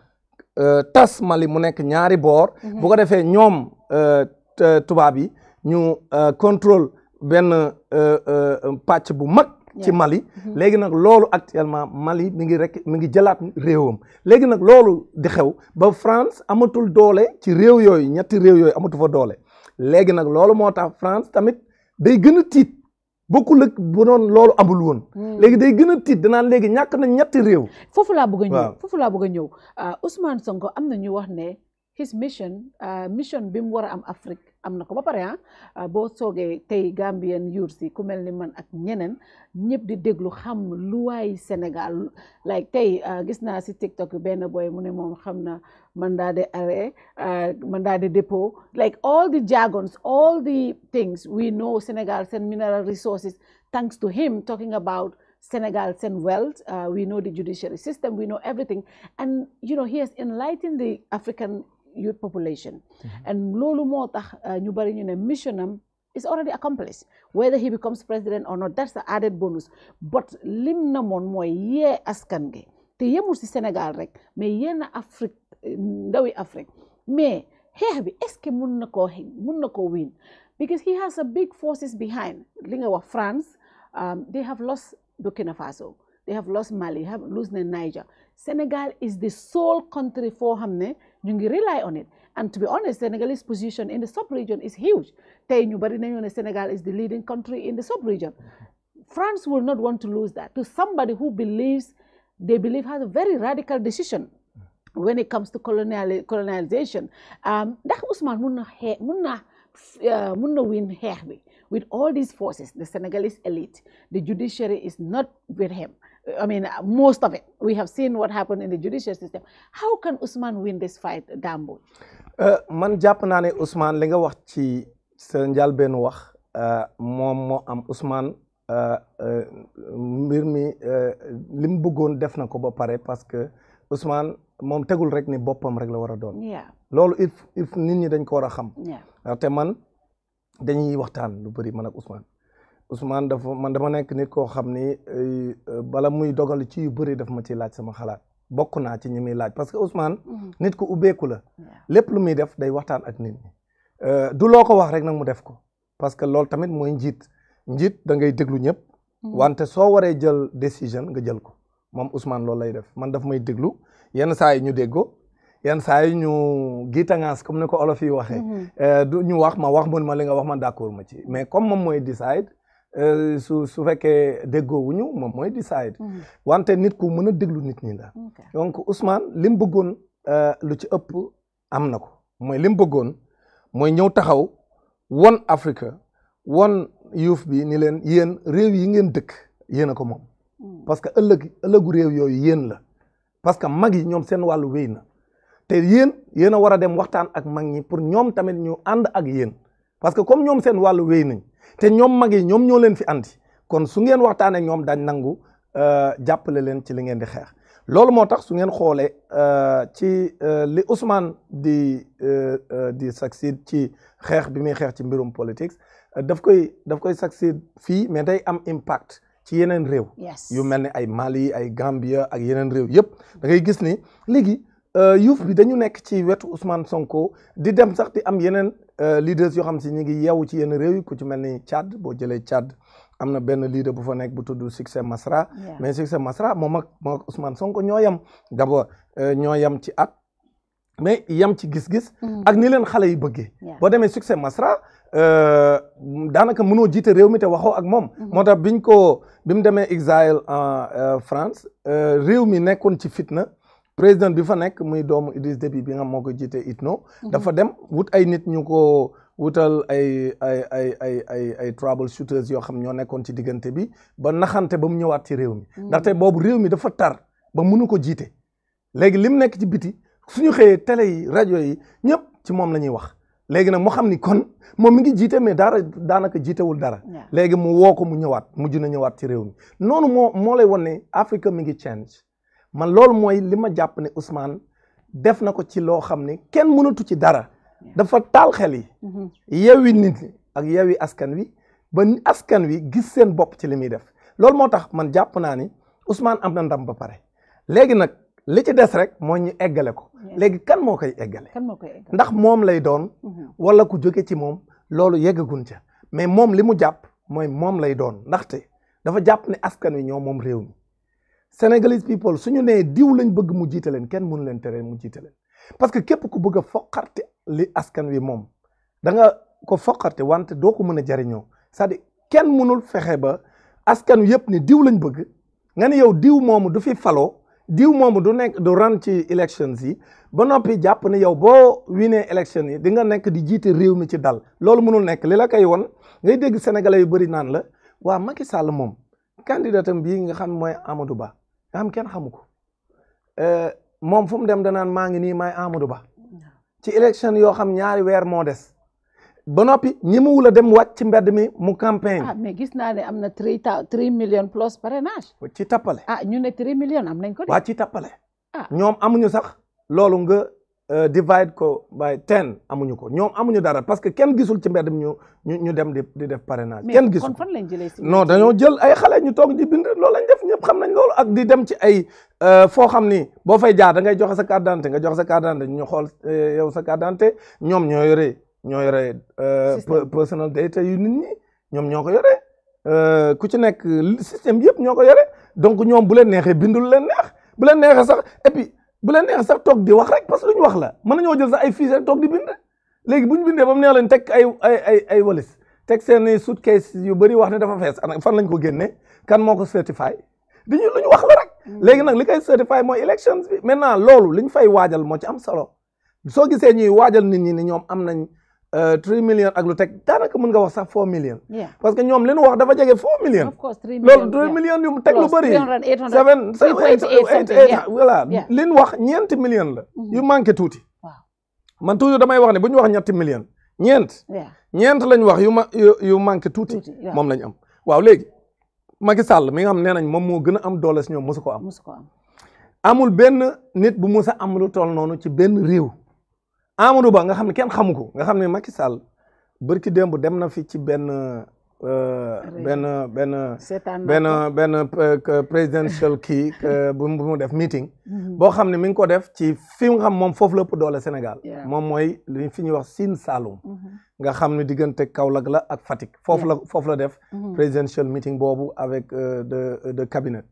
euh, tas Mali mu nekk ñaari boor. Mm-hmm. bu ko defee ñoom euh, tubaab yi ñu contrôle benn pàcc bu mag. ci Mali mm-hmm. léegi nag loolu actuellement Mali mi ngi rek mi ngi jëlaat réewam léegi nag loolu di xew ba France amatul doole ci réew yooyu ñetti réew yooyu amatu fa doole. léegi nag loolu moo tax France tamit day gën a tiit bokkul ak bu doon loolu amul woon. Hmm. léegi day gën a tiit danaan léegi ñàkk na ñetti réew. foofu laa bëgg a ñëw foofu laa bëgg a ñëw ah, Ousmane am na ñu wax ne his mission ah, mission bi mu war a am Afrique. am not ko ba pare ah boo soogee tey Gambian yuur si ku mel ni man ak ñeneen ñëpp di déglu xam Sénégal like tey ah, gis naa si TikTok benn boy mu ne moom xam na mandat mandade arrêt ah, mandat dépôt like all the jargons all the things we know Sénégal seen mineral resources thanks to him talking about Senegal and wealth. Uh, we know the judiciary system. We know everything. And, you know, he has enlightened the African youth population mm-hmm. and loolu moo tax uh, ñu mission is already accomplished whether he becomes president or not that's the added bonus but lim na mon mo ye askan gi te yemul si Sénégal rek me ye na Afrique ndawi Afrique me xeex bi est mun na mun na win because he has a big forces behind li wa France um, they have lost Burkina Faso they have lost Mali have lost Niger Senegal is the sole country for him ne you can rely on it and to be honest Senegalese position in the sub-region is huge Senegal is the leading country in the sub-region France will not want to lose that to somebody who believes they believe has a very radical decision when it comes to colonial colonization um, ndax Ousmane uh, win with all these forces the Senegalese elite the judiciary is not with him I mean, most of it. We have seen what happened in the judicial system. How can Ousmane win this fight, Dambo? Uh, man jàpp naa ne Ousmane li nga wax ci sa njëlbéenu wax uh, moom moo am Ousmane uh, mbir mi li mu bëggoon def na ko ba pare parce que Ousmane moom tegul rek ni boppam rek la war a doon. loolu if nit ñi dañ ko war a xam. te man dañuy waxtaan lu bëri man ak Ousmane. Ousmane dafa man dama nekk nit koo xam ni euh, bala muy dogal ci yu bëri daf ma ci laaj sama xalaat bokk naa ci ñi muy laaj parce que Ousmane. Mhm. nit ko ubbeeku la. lépp lu muy def day waxtaan ak nit ñi. Euh, du loo ko wax rek nag mu def ko parce que loolu tamit mooy njiit njiit da ngay déglu ñëpp. Mhm. wante soo waree jël décision nga jël ko moom Ousmane loolu lay def man daf may déglu yenn saa yi ñu déggoo. yenn saa yi ñu gitangaas comme ni ko olof yi waxee. Mhm. Euh, du ñu wax ma wax mun ma li nga wax ma d'accord ma ci mais comme moom mooy decide Euh, su su fekkee déggoowuñu moom mooy decide mhm. wante nit ku mën a déglu nit ñi la donc Ousmane li mu bëggoon euh, lu ci ëpp am na ko mooy lim mu bëggoon mooy ñëw taxaw won Afrique won yuuf bi ni leen yéen réew yi ngeen dëkk yéen a ko moom mhm. parce que ëllëg ëllëgu réew yooyu yéen la parce que mag yi ñoom seen wàllu wéy na te yéen yéen a war a dem waxtaan ak mag ñi pour ñoom tamit ñu ànd ak yéen parce que comme ñoom seen wàllu wéy nañ te ñoom mag yi ñoom ñoo leen fi andi kon su ngeen waxtaanee ñoom dañ nangu euh, jàppale leen ci li ngeen di xeex loolu moo tax su ngeen xoolee euh, ci euh, li Ousmane di di succeed ci xeex bi muy xeex ci mbirum politique daf koy daf koy succeed fii mais day am impact ci yeneen réew. yu mel ni ay Mali ay Gambia ak yeneen réew yëpp da ngay gis ni léegi. Euh, yuuf bi dañu nekk ci wetu Ousmane Sonko di dem sax di am yeneen euh, leaders yoo xam si ñu ngi yeewu ci yenn réew yi ku ci mel ni Tchad boo jëlee Tchad am na benn leader bu fa nekk bu tudd Succès Masra mais Succès Masra moom ak moom ak Ousmane Sonko ñoo yem d'abord euh, ñoo yem ci at mais yem ci gis-gis mm. ak ni leen xale yi bëggee boo demee Succès Masra daanaka mënoo jiite réew mi te waxoo ak moom mm-hmm. moo tax biñ ko bi mu demee exil en France réew mi nekkoon ci fitna président bi fa nekk muy doomu Idriss Déby bi nga moo ko jiite ITNO. Mhm. dafa dem wut ay nit ñu ko wutal ay ay ay ay ay ay trouble yoo xam ñoo nekkoon ci diggante bi ba naxante ba mu ñëwaat ci réew mi. Mhm. ndaxte boobu réew mi dafa tar ba mënu ko jiite. léegi li mu nekk ci biti suñu xëyee tele yi rajo yi ñëpp ci moom la ñuy wax. léegi nag moo xam ni kon moom mi ngi jiite mais dara daanaka jiitewul dara. léegi mu woo ko mu ñëwaat mujj na ñëwaat ci réew mi. noonu moo moo lay wan ne Afrique mi ngi change. man loolu mooy li ma jàpp ne Ousmane def na ko ci loo xam ne kenn mënatu ci dara dafa taal xel yi mhm. yewi nit ñi ak yewi askan wi ba askan wi gis seen bopp ci li muy def loolu moo tax man jàpp naa ni Ousmane am na ndam ba pare léegi nag li ci des rek mooy ñu eggale ko léegi kan moo koy eggale ndax moom lay doon mhm. wala ku jóge ci moom loolu yeggagun ca mais moom li mu jàpp mooy moom lay doon ndaxte dafa jàpp ne askan wi ñoo moom réew mi Sénégalese people su ñu nee diw lañ bëgg mu jiite leen kenn mënu leen tere mu jiite parce que képp ku bëgg a foqarte li askan wi moom da nga ko foqarte wante doo ko mën a jariñoo c'est-à-dire kenn mënul fexe ba askan wi yëpp ni diw lañ bëgg nga ne yow diw moomu du fi falo diw moomu du nekk du ran ci élections yi ba noppi jàpp ne yow boo winee élections yi di nga nekk di jiite réew mi ci dal loolu mënul nekk li la koy won ngay dégg sénégalais yu bëri naan la waa maki Sall moom candidatam bii nga xam mooy Amadou nga xam kenn euh, moom fu mu dem danaan maa ngi nii maay Amadou Ba ci élection yoo xam ñaari weer moo des ba noppi ñi mu dem wàcc ci mbedd mi mu campagne. ah mais gis naa ne am na three three million plus parrainage. ci tappale ah ñu ne three million am nañ ko waa ci tappale. ah ñoom amuñu sax Euh, divide ko by ten amuñu ko ñoom amuñu dara parce que kenn gisul ci mbedd ñu ñu ñu dem di di def parrainage. kenn gisul mais kon fan lañ jëlee si dañoo jël ay xale ñu toog di bind loolu def ñëpp xam nañ loolu ak di dem ci ay euh, foo xam ni boo fay jaar da ngay joxe sa carte nga joxe sa carte d'identité ñu xool euh, yow sa carte ñoom ñoo yore ñoo yore. personal data yu nit ñi ñoom ñoo ko yore ku ci nekk système yëpp ñoo ko yore donc ñoom bu leen neexee bindul leen neex bu leen neexee sax et bu leen neex sax toog di wax rek parce que lu ñu wax la mën nañoo jël sax ay fiches rek toog di bind léegi bu ñu bindee ba mu neex leen teg ay ay ay ay walis teg seen suitcase yu bëri wax ne dafa fees ana fan lañ ko génne kan moo ko certifié di ñu lu ñu wax rek. Mm. léegi nag li koy certifié mooy élections bi maintenant loolu li fay waajal moo ci am solo soo gisee ñuy waajal nit ñi ni ñoom am nañ. 3 euh, million ak lu teg daanaka mën nga wax sax 4 million. parce que ñoom li ñu wax dafa jege 4 million. of course 3 million loolu 3 million yu mu teg lu bëri. 7 7 voilà li ñu wax ñeenti million la. Mm-hmm. yu manqué tuuti. man toujours damay wax ne bu ñu wax ñetti million ñeent. ñeent lañ wax yu ma yu manqué tuuti. moom lañ am waaw léegi. Macky Sall mi nga xam nee nañ moom moo gën a am doole si ñoom mosu ko am. amul benn nit bu mus a am lu toll noonu ci benn réew. Amadou Ba nga xam ne kenn xamu ko nga xam ne Macky Sall bërki démb dem na fi ci benn euh, benn benn benn benn euh, présidential kii bu mu def meeting mhm. boo xam ne mi ngi ko def ci fi nga xam moom foofu la ëpp doole Sénégal moom mooy li fi ñuy wax siin Saloum mhm. nga xam ne diggante Kaolack la ak Fatick foofu la foofu la def mhm. présidential meeting boobu avec euh, de de cabinet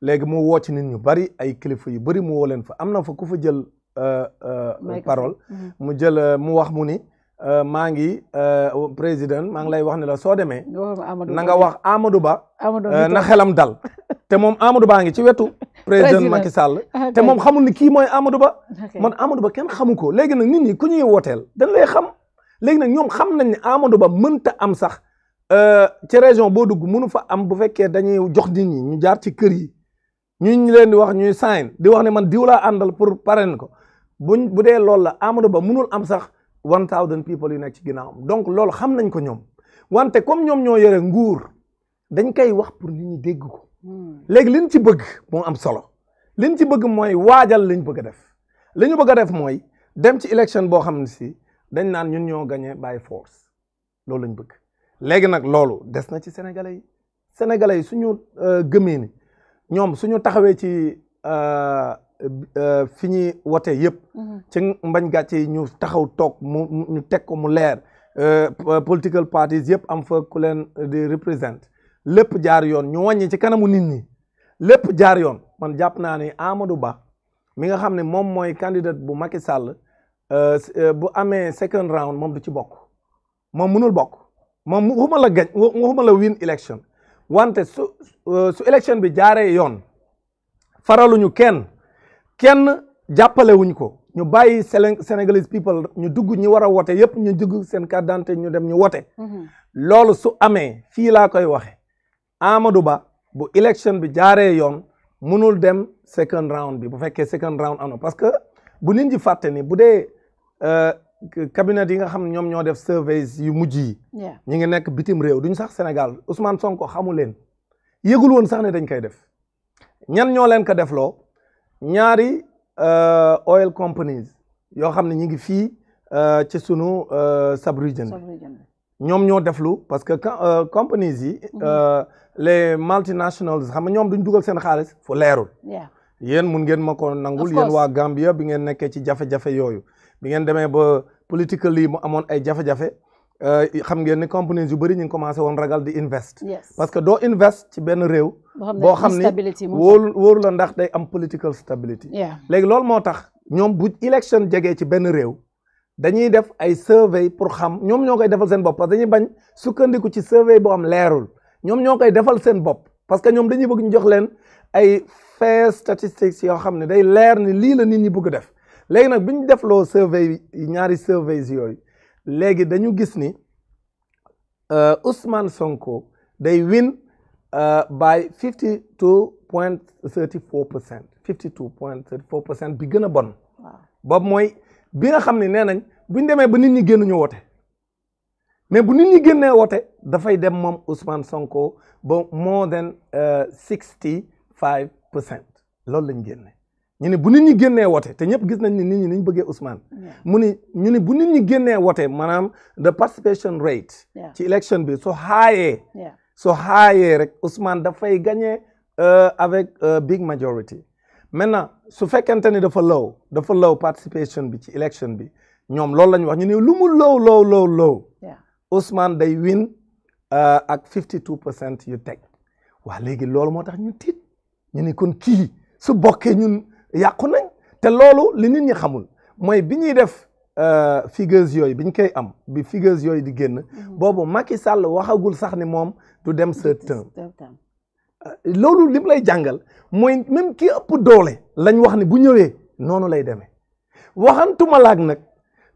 léegi mu woo ci nit ñu bari ay kilifa yu bari mu woo leen fa am na fa ku fa jël Euh, euh, parole mhm. mu jël euh, mu wax mu ni maa ngi président maa ngi lay wax ne la soo demee na nga wax Amadou Ba na xelam dal te moom Amadou Ba ngi ci wetu président Macky Sall te moom xamul ni kii mooy Amadou Ba man amado Ba kenn xamu ko léegi nag ni ñi ku ñuy wooteel dañ lay xam léegi nag ñoom xam nañ ne Amadou Ba mënta am sax ci région boo dugg mënu fa am bu fekkee dañuy jox nit ñi ñu jaar ci kër yi ñu leen di wax ñuy sign di wax ne man diw laa àndal pour parrain ko buñ bu dee loolu la Amadou Ba munul am sax one thousand people yu nekk ci ginnaawam donc loolu xam nañ ko ñoom wante comme ñoom ñoo yore nguur dañ koy wax pour nit ñi dégg ko hmm. léegi liñ ci bëgg moo am solo liñ ci bëgg mooy waajal liñ bëgg a def li ñu bëgg a def mooy dem ci élection boo xam ne si dañ naan ñun ñoo gagné by force loolu lañ bëgg léegi nag loolu des na ci sénégalais yi sénégalais yi suñu euh, gëmee ni ñoom suñu taxawee ci euh, Euh, fi ñuy wote yëpp mhm. ci mbañ gàcce ñu taxaw toog mu ñu teg ko mu leer euh, political parties yëpp am fa ku leen di représente lépp jaar yoon ñu wàññi ci kanamu nit ñi lépp jaar yoon man jàpp naa ne Amadou Ba mi nga xam ne moom mooy candidat bu Macky Sall euh, bu amee second round moom du ci bokk moom mënul bokk moom waxuma la gañ waxuma la win election wante su su election bi jaaree yoon faraluñu kenn kenn jàppalewuñ ko ñu bàyyi Senegalese people ñu dugg ñu war a wote yëpp ñu dugg seen carte d'identité ñu dem ñu wote mhm. loolu su amee fii laa koy waxe Amadou Ba bu élection bi jaaree yoon mënul dem second round bi bu fekkee second round ano parce que bu nit ñi fàtte ni bu dee euh, cabinet yi nga xam ne ñoom ñoo def surveys yu mujj yi ñi ngi nekk bitim réew duñu sax Sénégal Ousmane Sonko xamu leen yëgul woon sax ne dañ koy def ñan ñoo leen ko defloo ñaari euh, oil companies yoo xam ne ñu ngi fii euh, ci sunu euh, Sabrujen ñoom ñoo deflu parce que companies yi mhm. les multinationals xam nga ñoom duñ dugal seen xaalis fu leerul yéen mun ngeen ma ko nangul yéen waa Gambia bi ngeen nekkee ci jafe-jafe yooyu bi ngeen demee ba political yi mu amoon ay jafe-jafe Euh, xam ngeen ni compagnies yu bëri ñu ngi commencé woon ragal di invest. parce que doo invest ci benn réew. boo xam ni wóolu wóolu la ndax day am political stability. léegi loolu moo tax ñoom bu election jegee ci benn réew. dañuy def ay survey pour xam ñoom ñoo koy defal seen bopp parce que dañuy bañ sukkandiku ci survey boo xam leerul ñoom ñoo koy defal seen bopp parce que ñoom dañuy bëgg ñu jox leen ay fair statistics yoo xam ne day leer ni lii la nit ñi bëgg def léegi nag bi ñu defloo survey ñaari surveys yooyu. léegi dañu gis ni euh, Ousmane Sonko day win euh, by fifty two point thirty four percent fifty point thirty four percent bi gën a bon. boobu mooy bi nga xam ne nee nañ bu ñu demee ba nit ñi génn ñu woote mais bu nit ñi génnee woote dafay dem moom Ousmane Sonko ba more than euh, sixty five percent loolu lañ génne. ñu ne bu nit ñi génnee wote te ñëpp gis nañ ni nit ñi ni ñu bëggee Ousmane. mu ni ñu ne bu nit ñi génnee wote maanaam the participation rate. ci élection bi soo xaayee. soo xaayee rek Ousmane dafay gagné euh, avec euh, big majority. maintenant su fekkente ni dafa low dafa low participation bi ci élection bi ñoom loolu la ñu wax ñu ne lu mu low low low low. Ousmane day win euh, ak 52 percent yu teg. waa léegi loolu moo tax ñu ki ñu ne kii su bokkee ñun. yàqu nañ te loolu li nit ñi xamul mooy bi ñuy def euh, figures yooyu bi ñu koy am bi figures yooyu di génn mhm. boobu Macky Sall waxagul sax ni moom du dem sa terme euh, loolu lim lay jàngal mooy même ki ëpp doole lañ wax ni bu ñëwee noonu lay demee waxantuma laag nag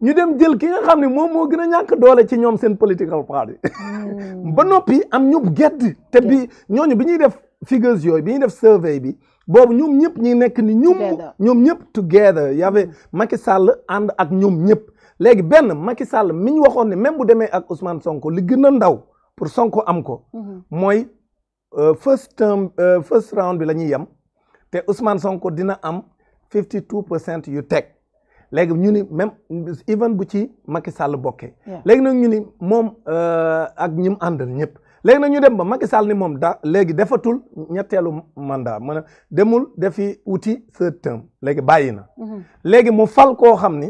ñu dem jël ki nga xam moom moo gën a ñàkk doole ci ñoom seen political party hmm. ba noppi am ñu gedd te bi ñooñu bi ñuy def figures yooyu bi ñuy def survey bi boobu ñoom ñëpp ñi nekk ni ñum ñoom ñëpp together y avait mm. maki Sall ànd ak ñoom ñëpp léegi benn Macky Sall mi ñu waxoon ne même bu demee ak Ousmane Sonko li gën a ndaw pour Sonko am ko mm-hmm. mooy euh, first term euh, first round bi la ñuy yem te Ousmane Sonko dina am fifty two percent yu teg léegi ñu ni même even bu ci Macky Sall bokkee léegi nag ñu ni moom euh, ak ñim àndal ñëpp léegi nag ñu dem ba Macky Sall ni moom da léegi defatul ñetteelu mandat mën a demul defi wuti third term léegi bàyyi na. Mhm. léegi mu fal koo xam ni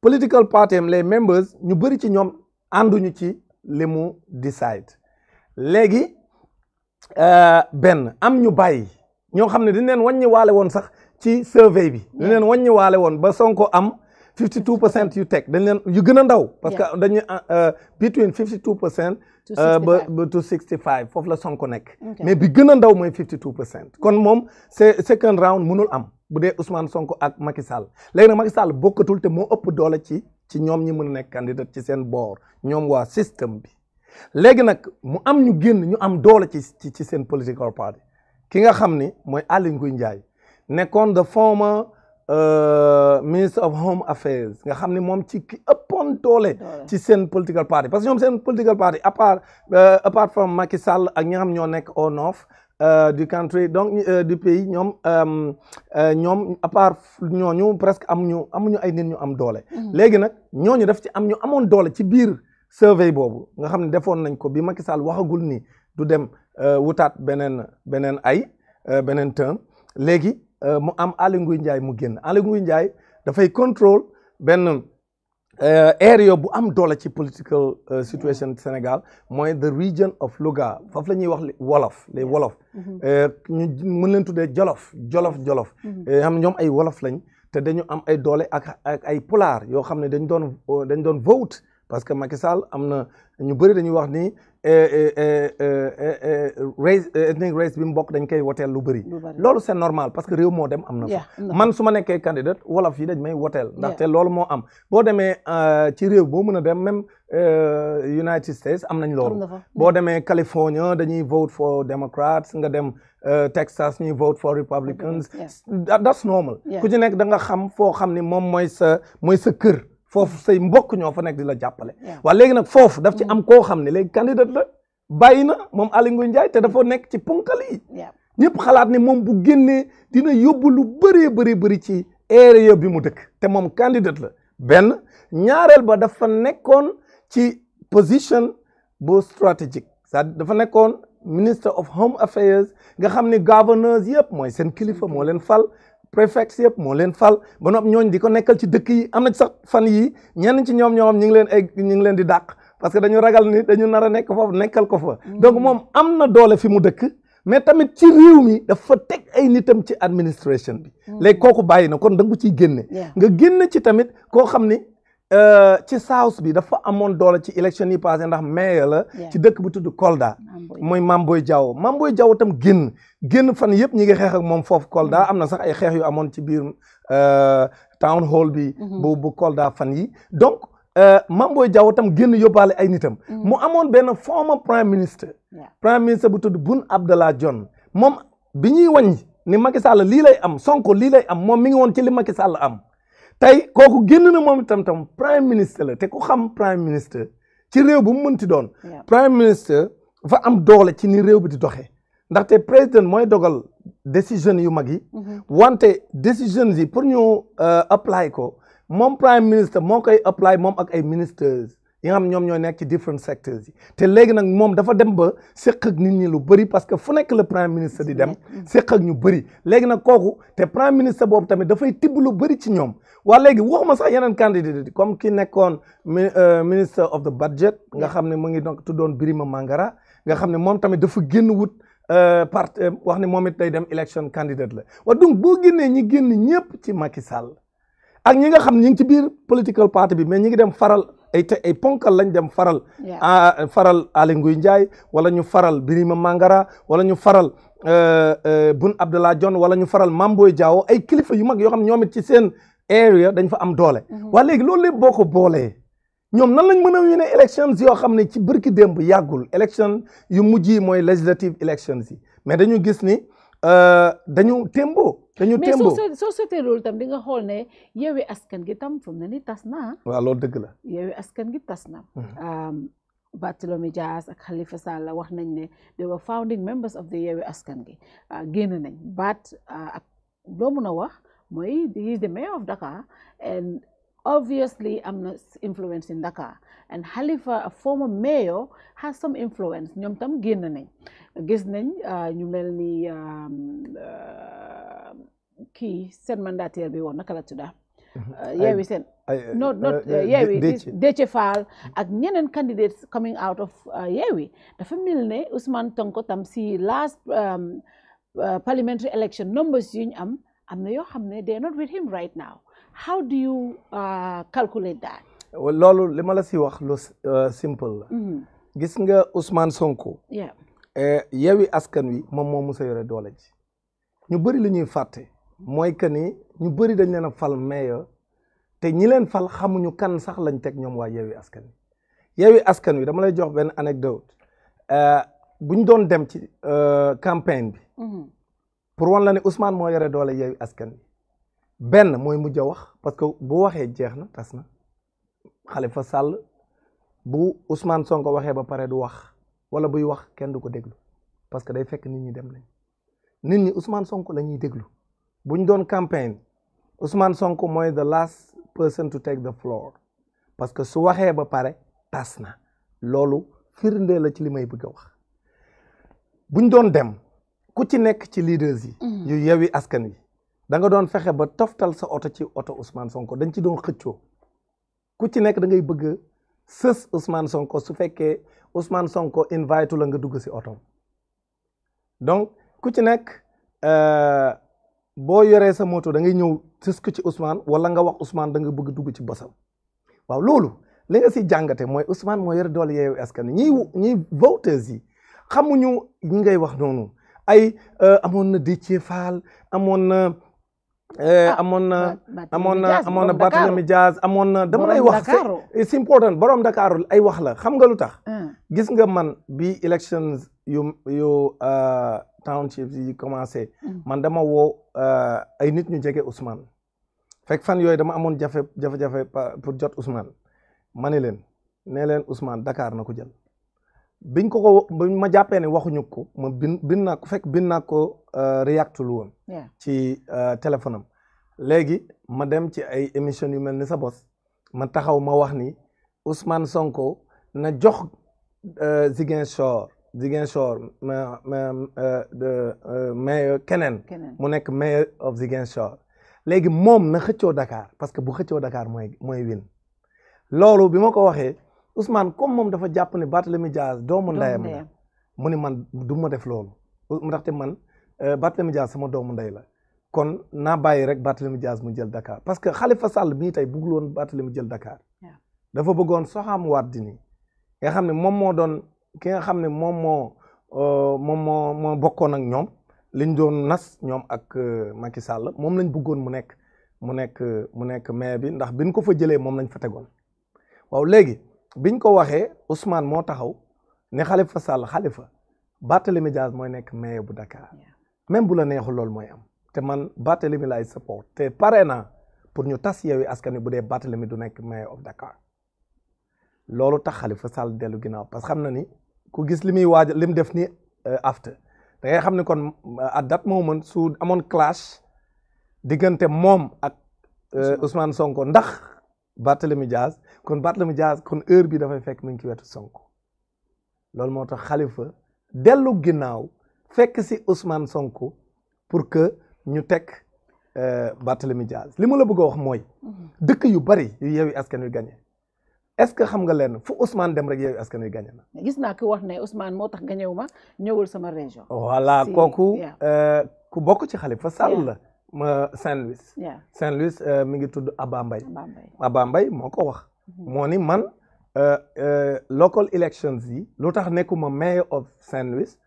political party am les members ñu bëri ci ñoom ànduñu ci limu mu decide léegi euh, benn am ñu bàyyi ñoo xam ne dañu leen wàññi waale woon sax ci survey bi. dañu leen wàññi waale woon ba Sonko am. fifty two percent yu teg dañ yu gën a ndaw parce que dañuy ah, euh, between fifty two percent euh, ba to sixty five foofu la Sonko nekk mais bi gën a ndaw mooy fifty two percent kon moom c'est second round mënul am bu dee Ousmane Sonko ak Macky Sall léegi nag Macky Sall bokkatul te moo ëpp doole ci ci ñoom ñi mën a nekk ci seen boor ñoom waa système bi léegi nag mu am ñu génn ñu am doole ci ci seen political party ki nga xam ni mooy Aly Ngouille Ndiaye nekkoon the former Euh, ministre of home affairs nga xam ne moom ci ki ëppoon doole ci seen political party parce que ñoom seen political party à part euh, apart from Macky Sall ak ñi nga xam ñoo nekk au north euh, du country donc du pays ñoom ñoom à part ñooñu presque amuñu amuñu ay nit ñu am doole mm-hmm. léegi nag ñooñu def ci am ñu amoon doole ci biir survey boobu nga xam ne defoon nañ ko bi Macky Sall waxagul ni du dem wutaat beneen beneen ay beneen term léegi Euh, mu am Aly Ngouille Ndiaye mu génn Aly Ngouille Ndiaye dafay contrôle benn euh, area bu am doole ci political euh, situation Sénégal mooy the region of Louga foofu la ñuy wax wolof les wolof mm-hmm. ñu mën leen tuddee jolof jolof mm-hmm. jolof mm-hmm. xam ñoom ay wolof lañ te dañu am ay doole ak ak ay pulaar yoo xam ne dañ doon dañ doon vote parce que Macky am na ñu bëri dañuy wax ni eh, eh, eh, race ethnic race bi mu bokk dañ koy woteel lu bëri loolu c'est normal parce que réew moo dem am na fa man su ma nekkee candidate wolof yi dañ may woteel ndaxte loolu moo am boo demee euh, ci réew boo mën a dem même euh, United States am nañ loolu boo demee California dañuy vote for Democrats nga dem euh, Texas ñuy vote for Republicans that's normal ku ci nekk da nga xam foo xam ni moom mooy sa mooy sa kër foofu say mbokk ñoo fa nekk di la jàppale. wa léegi nag foofu daf ci am mm. koo xam ne léegi candidat la bàyyi na moom Aly Ngouille Ndiaye te dafa nekk ci ponkal yi. ñëpp xalaat ne moom bu génnee dina yóbbu lu bëree bëri bëri ci area bi mu dëkk te moom candidat la benn ñaareel ba dafa nekkoon ci position bu stratégique dafa nekkoon minister of home affairs nga xam ne gouverneurs yëpp mooy seen kilifa mm-hmm. moo leen fal préfet yëpp moo leen fal ba noppi ñooñ di ko nekkal ci dëkk yi am na ci sax fan yii ñenn ci ñoom ñoom ñu ngi leen ay ñu ngi leen di dàq parce que dañu ragal ni dañu nar a nekk foofu nekkal ko fa. Mm. donc moom am na doole fi mu dëkk. mais tamit ci réew mi fa teg ay tam ci administration bi. Mm. léegi kooku bàyyi na kon da nga ko ciy génne. nga génne ci tamit koo xam ni. Euh, ci south bi dafa amoon doole ci élection yi passé ndax maire la ci dëkk bu tudd Kolda mooy Mamboy Diaw Mamboy Diaw tam génn génn fan yëpp ñi ngi xeex ak moom foofu Kolda mm-hmm. am na sax ay xeex yu amoon ci biir euh, town hall bi mm-hmm. bu bu Kolda fan yi donc euh, Mamboy Diaw tam génn yóbbaale ay nitam mm-hmm. mu amoon benn former prime ministre prime ministre bu tudd Boun Abdallah Dionne moom bi ñuy wàññi ni Macky Sall lii lay am Sonko lii lay am moom mi ngi woon ci li Macky Sall am tey kooku génn na moom itam tam prime ministre la te ku xam prime ministre ci réew bu mu mënti doon. prime ministre dafa am doole ci ni réew bi di doxee. ndaxte président mooy dogal décision yu mag yi. Mm-hmm. wante décisions yi pour ñu euh, apply ko moom prime ministre moo koy apply moom ak ay ministres yi nga xam ñoom ñoo nekk ci different sectors yi. te léegi nag moom dafa dem ba séq ak nit ñi lu bëri parce que fu nekk le prime ministre di dem. Mm-hmm. séq ak ñu bëri léegi nag kooku te prime ministre boobu tamit dafay tibb lu bëri ci ñoom. waa léegi ma sax yeneen candidat comme ki nekkoon euh, minister of the budget nga xam ne mu ngi donc tuddoon Birima Mangara nga xam ne moom tamit dafa génn wut euh, part euh, wax ne moom it day dem election candidate la wa donc boo génnee ñi génn ñëpp ci Macky Sall ak ñi nga xam ñi ngi ci biir political party bi mais ñi ngi dem faral ay te ay ponkal lañ dem faral faral Aly Ngouille Ndiaye wala ñu faral Birima Mangara wala ñu faral Boun Abdallah Dionne wala ñu faral Mame Boye Diao ay kilifa yu mag yoo xam ñoom it ci seen area dañ fa am doole. Mhm. waa léegi loolu lépp boo ko boolee ñoom nan lañ mën a yónnee elections yoo xam ne ci bërki démb yàggul élection yu mujj yi mooy législative elections yi mais dañu gis ni euh, dañu témboo. dañu témboo mais soo soo loolu tam di nga xool ne yeewi askan gi tam fu mu ne ni tas naa. Ah. waaw loolu dëgg la. yeewi askan gi tas na. Mhm. Um, Bartolomé Dias ak Khalifa Sall wax nañ ne they were founding members of the yeewi askan gi ah, génn nañ baat ah, ak loo mun a wax. mooy he is the mayor of Dakar and obviously am na influence in Dakar and Halifa a former mayor has some influence ñoom tam génn nañ gis nañ uh, ñu mel ni um, uh, kii seen mandataire bi woon naka la tudda mm-hmm. uh, yeewi seen no not yeewi Déthié ak ñeneen candidates coming out of yeewi dafa mel ne Ousmane Sonko tam si last um, parliamentary election numbers yuñ am am na yoo xam ne they are not with him right now how uh, loolu li ma la si wax lu uh, simple la. Mm-hmm. gis nga Ousmane Sonko. Eh, Yewwi Askan Wi moom moo mos yore doole ji ñu bëri li ñuy fàtte mooy que ni ñu bëri dañ leen a fal meilleur te ñi leen fal xamuñu kan sax lañ teg ñoom waa Yewwi Askan Wi Yewwi Askan Wi dama lay jox benn anecdote eh, bu ñu doon dem ci uh, campagne bi. Mm-hmm. pour wan la ni Ousmane mo yore doole yeuy askan ben moy mooy mujj wax parce que bu waxee jeex tasna Khalifa Sall bu Ousmane Sonko waxee ba pare du wax wala buy wax kenn du ko déglu parce que day fekk nit ñi dem nañ nit ñi Ousmane Sonko lañuy ñuy déglu bu doon campagne Ousmane Sonko moy the last person to take the floor parce que su waxee ba pare tasna, lolu firnde la ci limay bëgg wax buñ doon dem. ku ci nekk ci leaders yi. Mm. yu yewi askan wi. danga doon fexe ba toftal sa oto ci oto Ousmane Sonko dañ ci doon xëccoo ku ci nekk da ngay bëgg sës usmaan Sonko su fekkee Ousmane Sonko invite la nga dugg si oto donc ku ci nekk euh, boo yoree sa moto da ngay ñëw sës ku ci Ousmane wala nga wax Ousmane da nga bëgg dugg ci bosam waaw loolu li nga si jàngate mooy Ousmane moo yore doole yeewu askan ñi ñiy yi xamuñu ngay wax noonu. ay euh, amoon na Déthié Fall amoon na. Euh, ah, amoon na amoon na amoon na Barthélemy Diaz amoon na dama lay wax c'est important borom Dakar ay wax la xam nga lu tax ah. gis nga man bi elections yu yu euh, townships yi commencé hmm. man dama woo ay nit ñu jege Ousmane fek fan yooyu dama amoon jafe jafe-jafe pour jot Ousmane ma ne leen ne leen Ousmane Dakar na ko jël biñ ko ko ma jàppee ne waxuñu ko ma bin bin naa ko fekk bin naa ko euh, react lu woon. ci euh, téléphone am. léegi ma dem ci ay émission yu mel ni sa bos ma taxaw ma wax ni Ousmane Sonko na jox euh, Ziguinchor Ziguinchor ma ma maire keneen. mu nekk maire of Ziguinchor. léegi moom na xëccoo Dakar parce que bu xëccoo Dakar mooy mooy win loolu bi ma ko waxee. Ousmane comme moom dafa jàpp ne Barthélemy Dias doomu ndeyam la mu ni man du ma def loolu ndaxte man euh, Barthélemy Dias sama doomu nday la kon naa bàyyi rek Barthélemy Dias mu jël dakaar parce que Khalifa Sall bii tey bëggul woon Barthélemy jël Dakar dafa bëggoon Soham Wardini nga xam ne moom moo doon ki nga xam ne moom moo euh, moom moo moo bokkoon ak ñoom liñ doon nas ñoom ak euh, Macky sàll moom lañ bëggoon mu nekk mu nekk mu nekk maire bi ndax biñ ko fa jëlee moom lañ fa tegoon waaw léegi biñ ko waxee Ousmane moo taxaw ne Khalifa Sall Khalifa Barthélémy Dias mooy nekk maire bu Dakar même bu la neexul loolu mooy am te man Barthélémy laay support te pare naa pour ñu tas Yewwi Askan Wi bu dee Barthélémy du nekk maire of Dakar loolu tax Khalifa Sall dellu ginnaaw parce que xam na ni ku gis li muy waaj li mu def ni euh, after da ngay xam ne kon à euh, date moment su amoon clash diggante moom ak euh, Ousmane Sonko ndax Barthélémy Dias kon Barthélemy Dias kon heure bi dafay fekk mu ngi ci wetu Sonko loolu moo tax Khalifa dellu ginnaaw fekk si Ousmane Sonko pour que ñu teg euh, Barthélemy Dias li ma la bëgg a wax mooy mhm. dëkk yu bari yu Yewwi Askan Wi gagné est-ce que xam nga lenn fu Ousmane dem rek Yewwi Askan Wi gagné na. gis naa ko wax ne Ousmane moo tax gagné wu ma ñëwul sama région. voilà kooku euh, ku bokk ci Khalifa Sall la. ma Saint-Louis. Saint-Louis euh, mi ngi tudd Abba Mbaye. Abba Mbaye moo ko wax. Mhm. moo ni man euh, euh, local elections yi lu tax nekkuma mayor of Saint Louis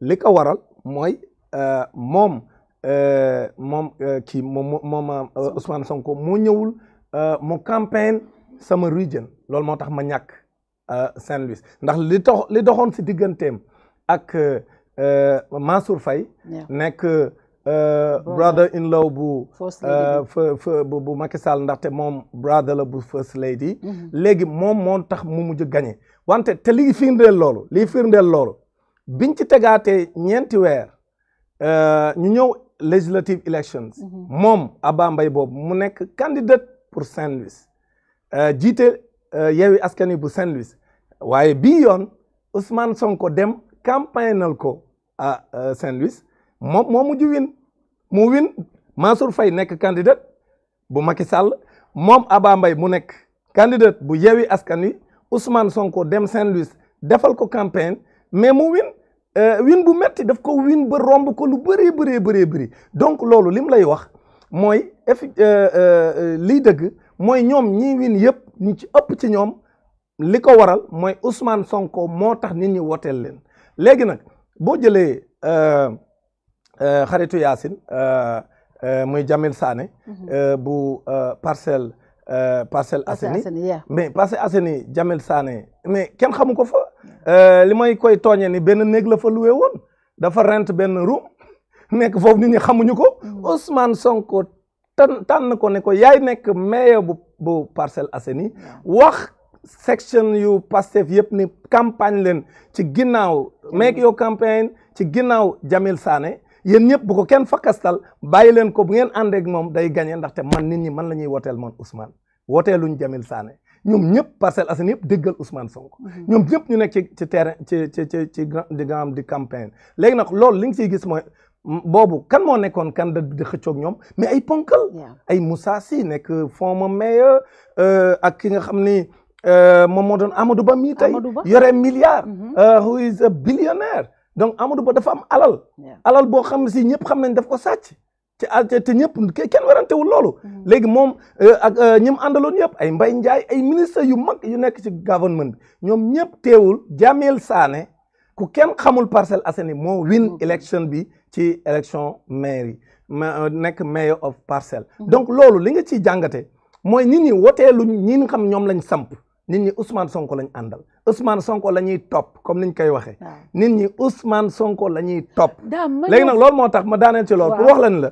li ko waral mooy euh, moom moom kii moom moom Sonko moo ñëwul mu campagne sama region loolu moo tax ma ñàkk Saint Louis ndax li tax li doxoon si digganteem ak Mansour Faye nekk Euh, brother in law bu euh, bu bu Macky Sall ndaxte moom brother la bu first lady mhm. léegi moom moo tax mu mujj gañe wante te li firndeel loolu lii firndeel loolu biñ ci tegaatee ñeenti weer euh, ñu ñëw législative elections mhm. moom Abba Mbaye boobu mu nekk candidate pour Saint-Louis jiite Yewwi Askan Wi bu Saint-Louis waaye bii yoon Ousmane Sonko dem campagnal ko à Saint-Louis moom mu win Mansour fay nekk candidate bu Macky sàll moom Aba mu nekk candidate bu Yewwi Askan Wi Ousmane Sonko dem Saint-Louis defal ko campagne mais mu win euh, win bu metti daf ko win ba romb ko lu bëree bëree bëree bëri donc loolu lim lay wax mooy effi euh, euh, liy dëgg mooy ñoom ñi win yëpp ñu ci ëpp ci ñoom li ko waral mooy Ousmane Sonko moo tax nit ñi woteel leen léegi nag boo jëlee. Euh, xaritu Yaasin euh, euh, muy Jamil Sané mhm. bu parcelle Parcelles Assainies mais Parcelles Assainies Jamil Sané mais kenn xamu ko fa li may koy tooñee ni benn néeg la fa luwe woon dafa rent benn room nekk foofu ni ñi xamuñu ko mhm. Ousmane Sonko tan tànn ko ne ko yaay nekk maire bu bu Parcelles Assainies wax section yu Pastef yëpp ni campagne leen ci ginnaaw make your campaign ci ginnaaw Jamil Sané yéen ñëpp bu ko kenn fakastal bàyyi leen ko bu ngeen ànd moom day gagné ndaxte man nit ñi man la ñuy wooteel man Ousmane wooteeluñ Jamil Sané ñoom ñëpp Parcelles Assainies yëpp déggal Ousmane Sonko. Mhm. ñoom ñëpp ñu nekk ci ci terrain ci ci ci ci grand di campagne léegi nag loolu li nga ciy gis boobu kan moo nekkoon kan da di xëccoog ñoom mais ay ponkal. ay Moussa Sy nekk former maire euh, ak ki nga xam ni euh, moom moo doon Amadou Ba mii tey. yore milliard. Mhm. Euh, who is a billionaire. donc Amadou Ba dafa am alal. alal boo xam si ñëpp xam nañ daf ko sàcc. te ah, te ñëpp kenn werantewul loolu. Mm-hmm. léegi moom euh, ak euh, ñi mu àndaloon yëpp ay Mbaye ay ministre yu mag yu nekk ci gouvernement bi ñoom ñëpp teewul Jamil Sané ku kenn xamul Parcelles Assainies moo win élection mm-hmm. bi ci élection maire yi euh, nekk mayor of Parcelles. Mm-hmm. donc loolu li nga ciy jàngate mooy nit ñi woteeluñ ñi nga xam ñoom lañ samp. nit ñi Ousmane Sonko lañ àndal Ousmane Sonko la ñuy topp comme niñ koy waxee. nit ñi Ousmane Sonko la ñuy topp. léegi nag loolu moo tax ma daaneel si loolu. pour wax leen la.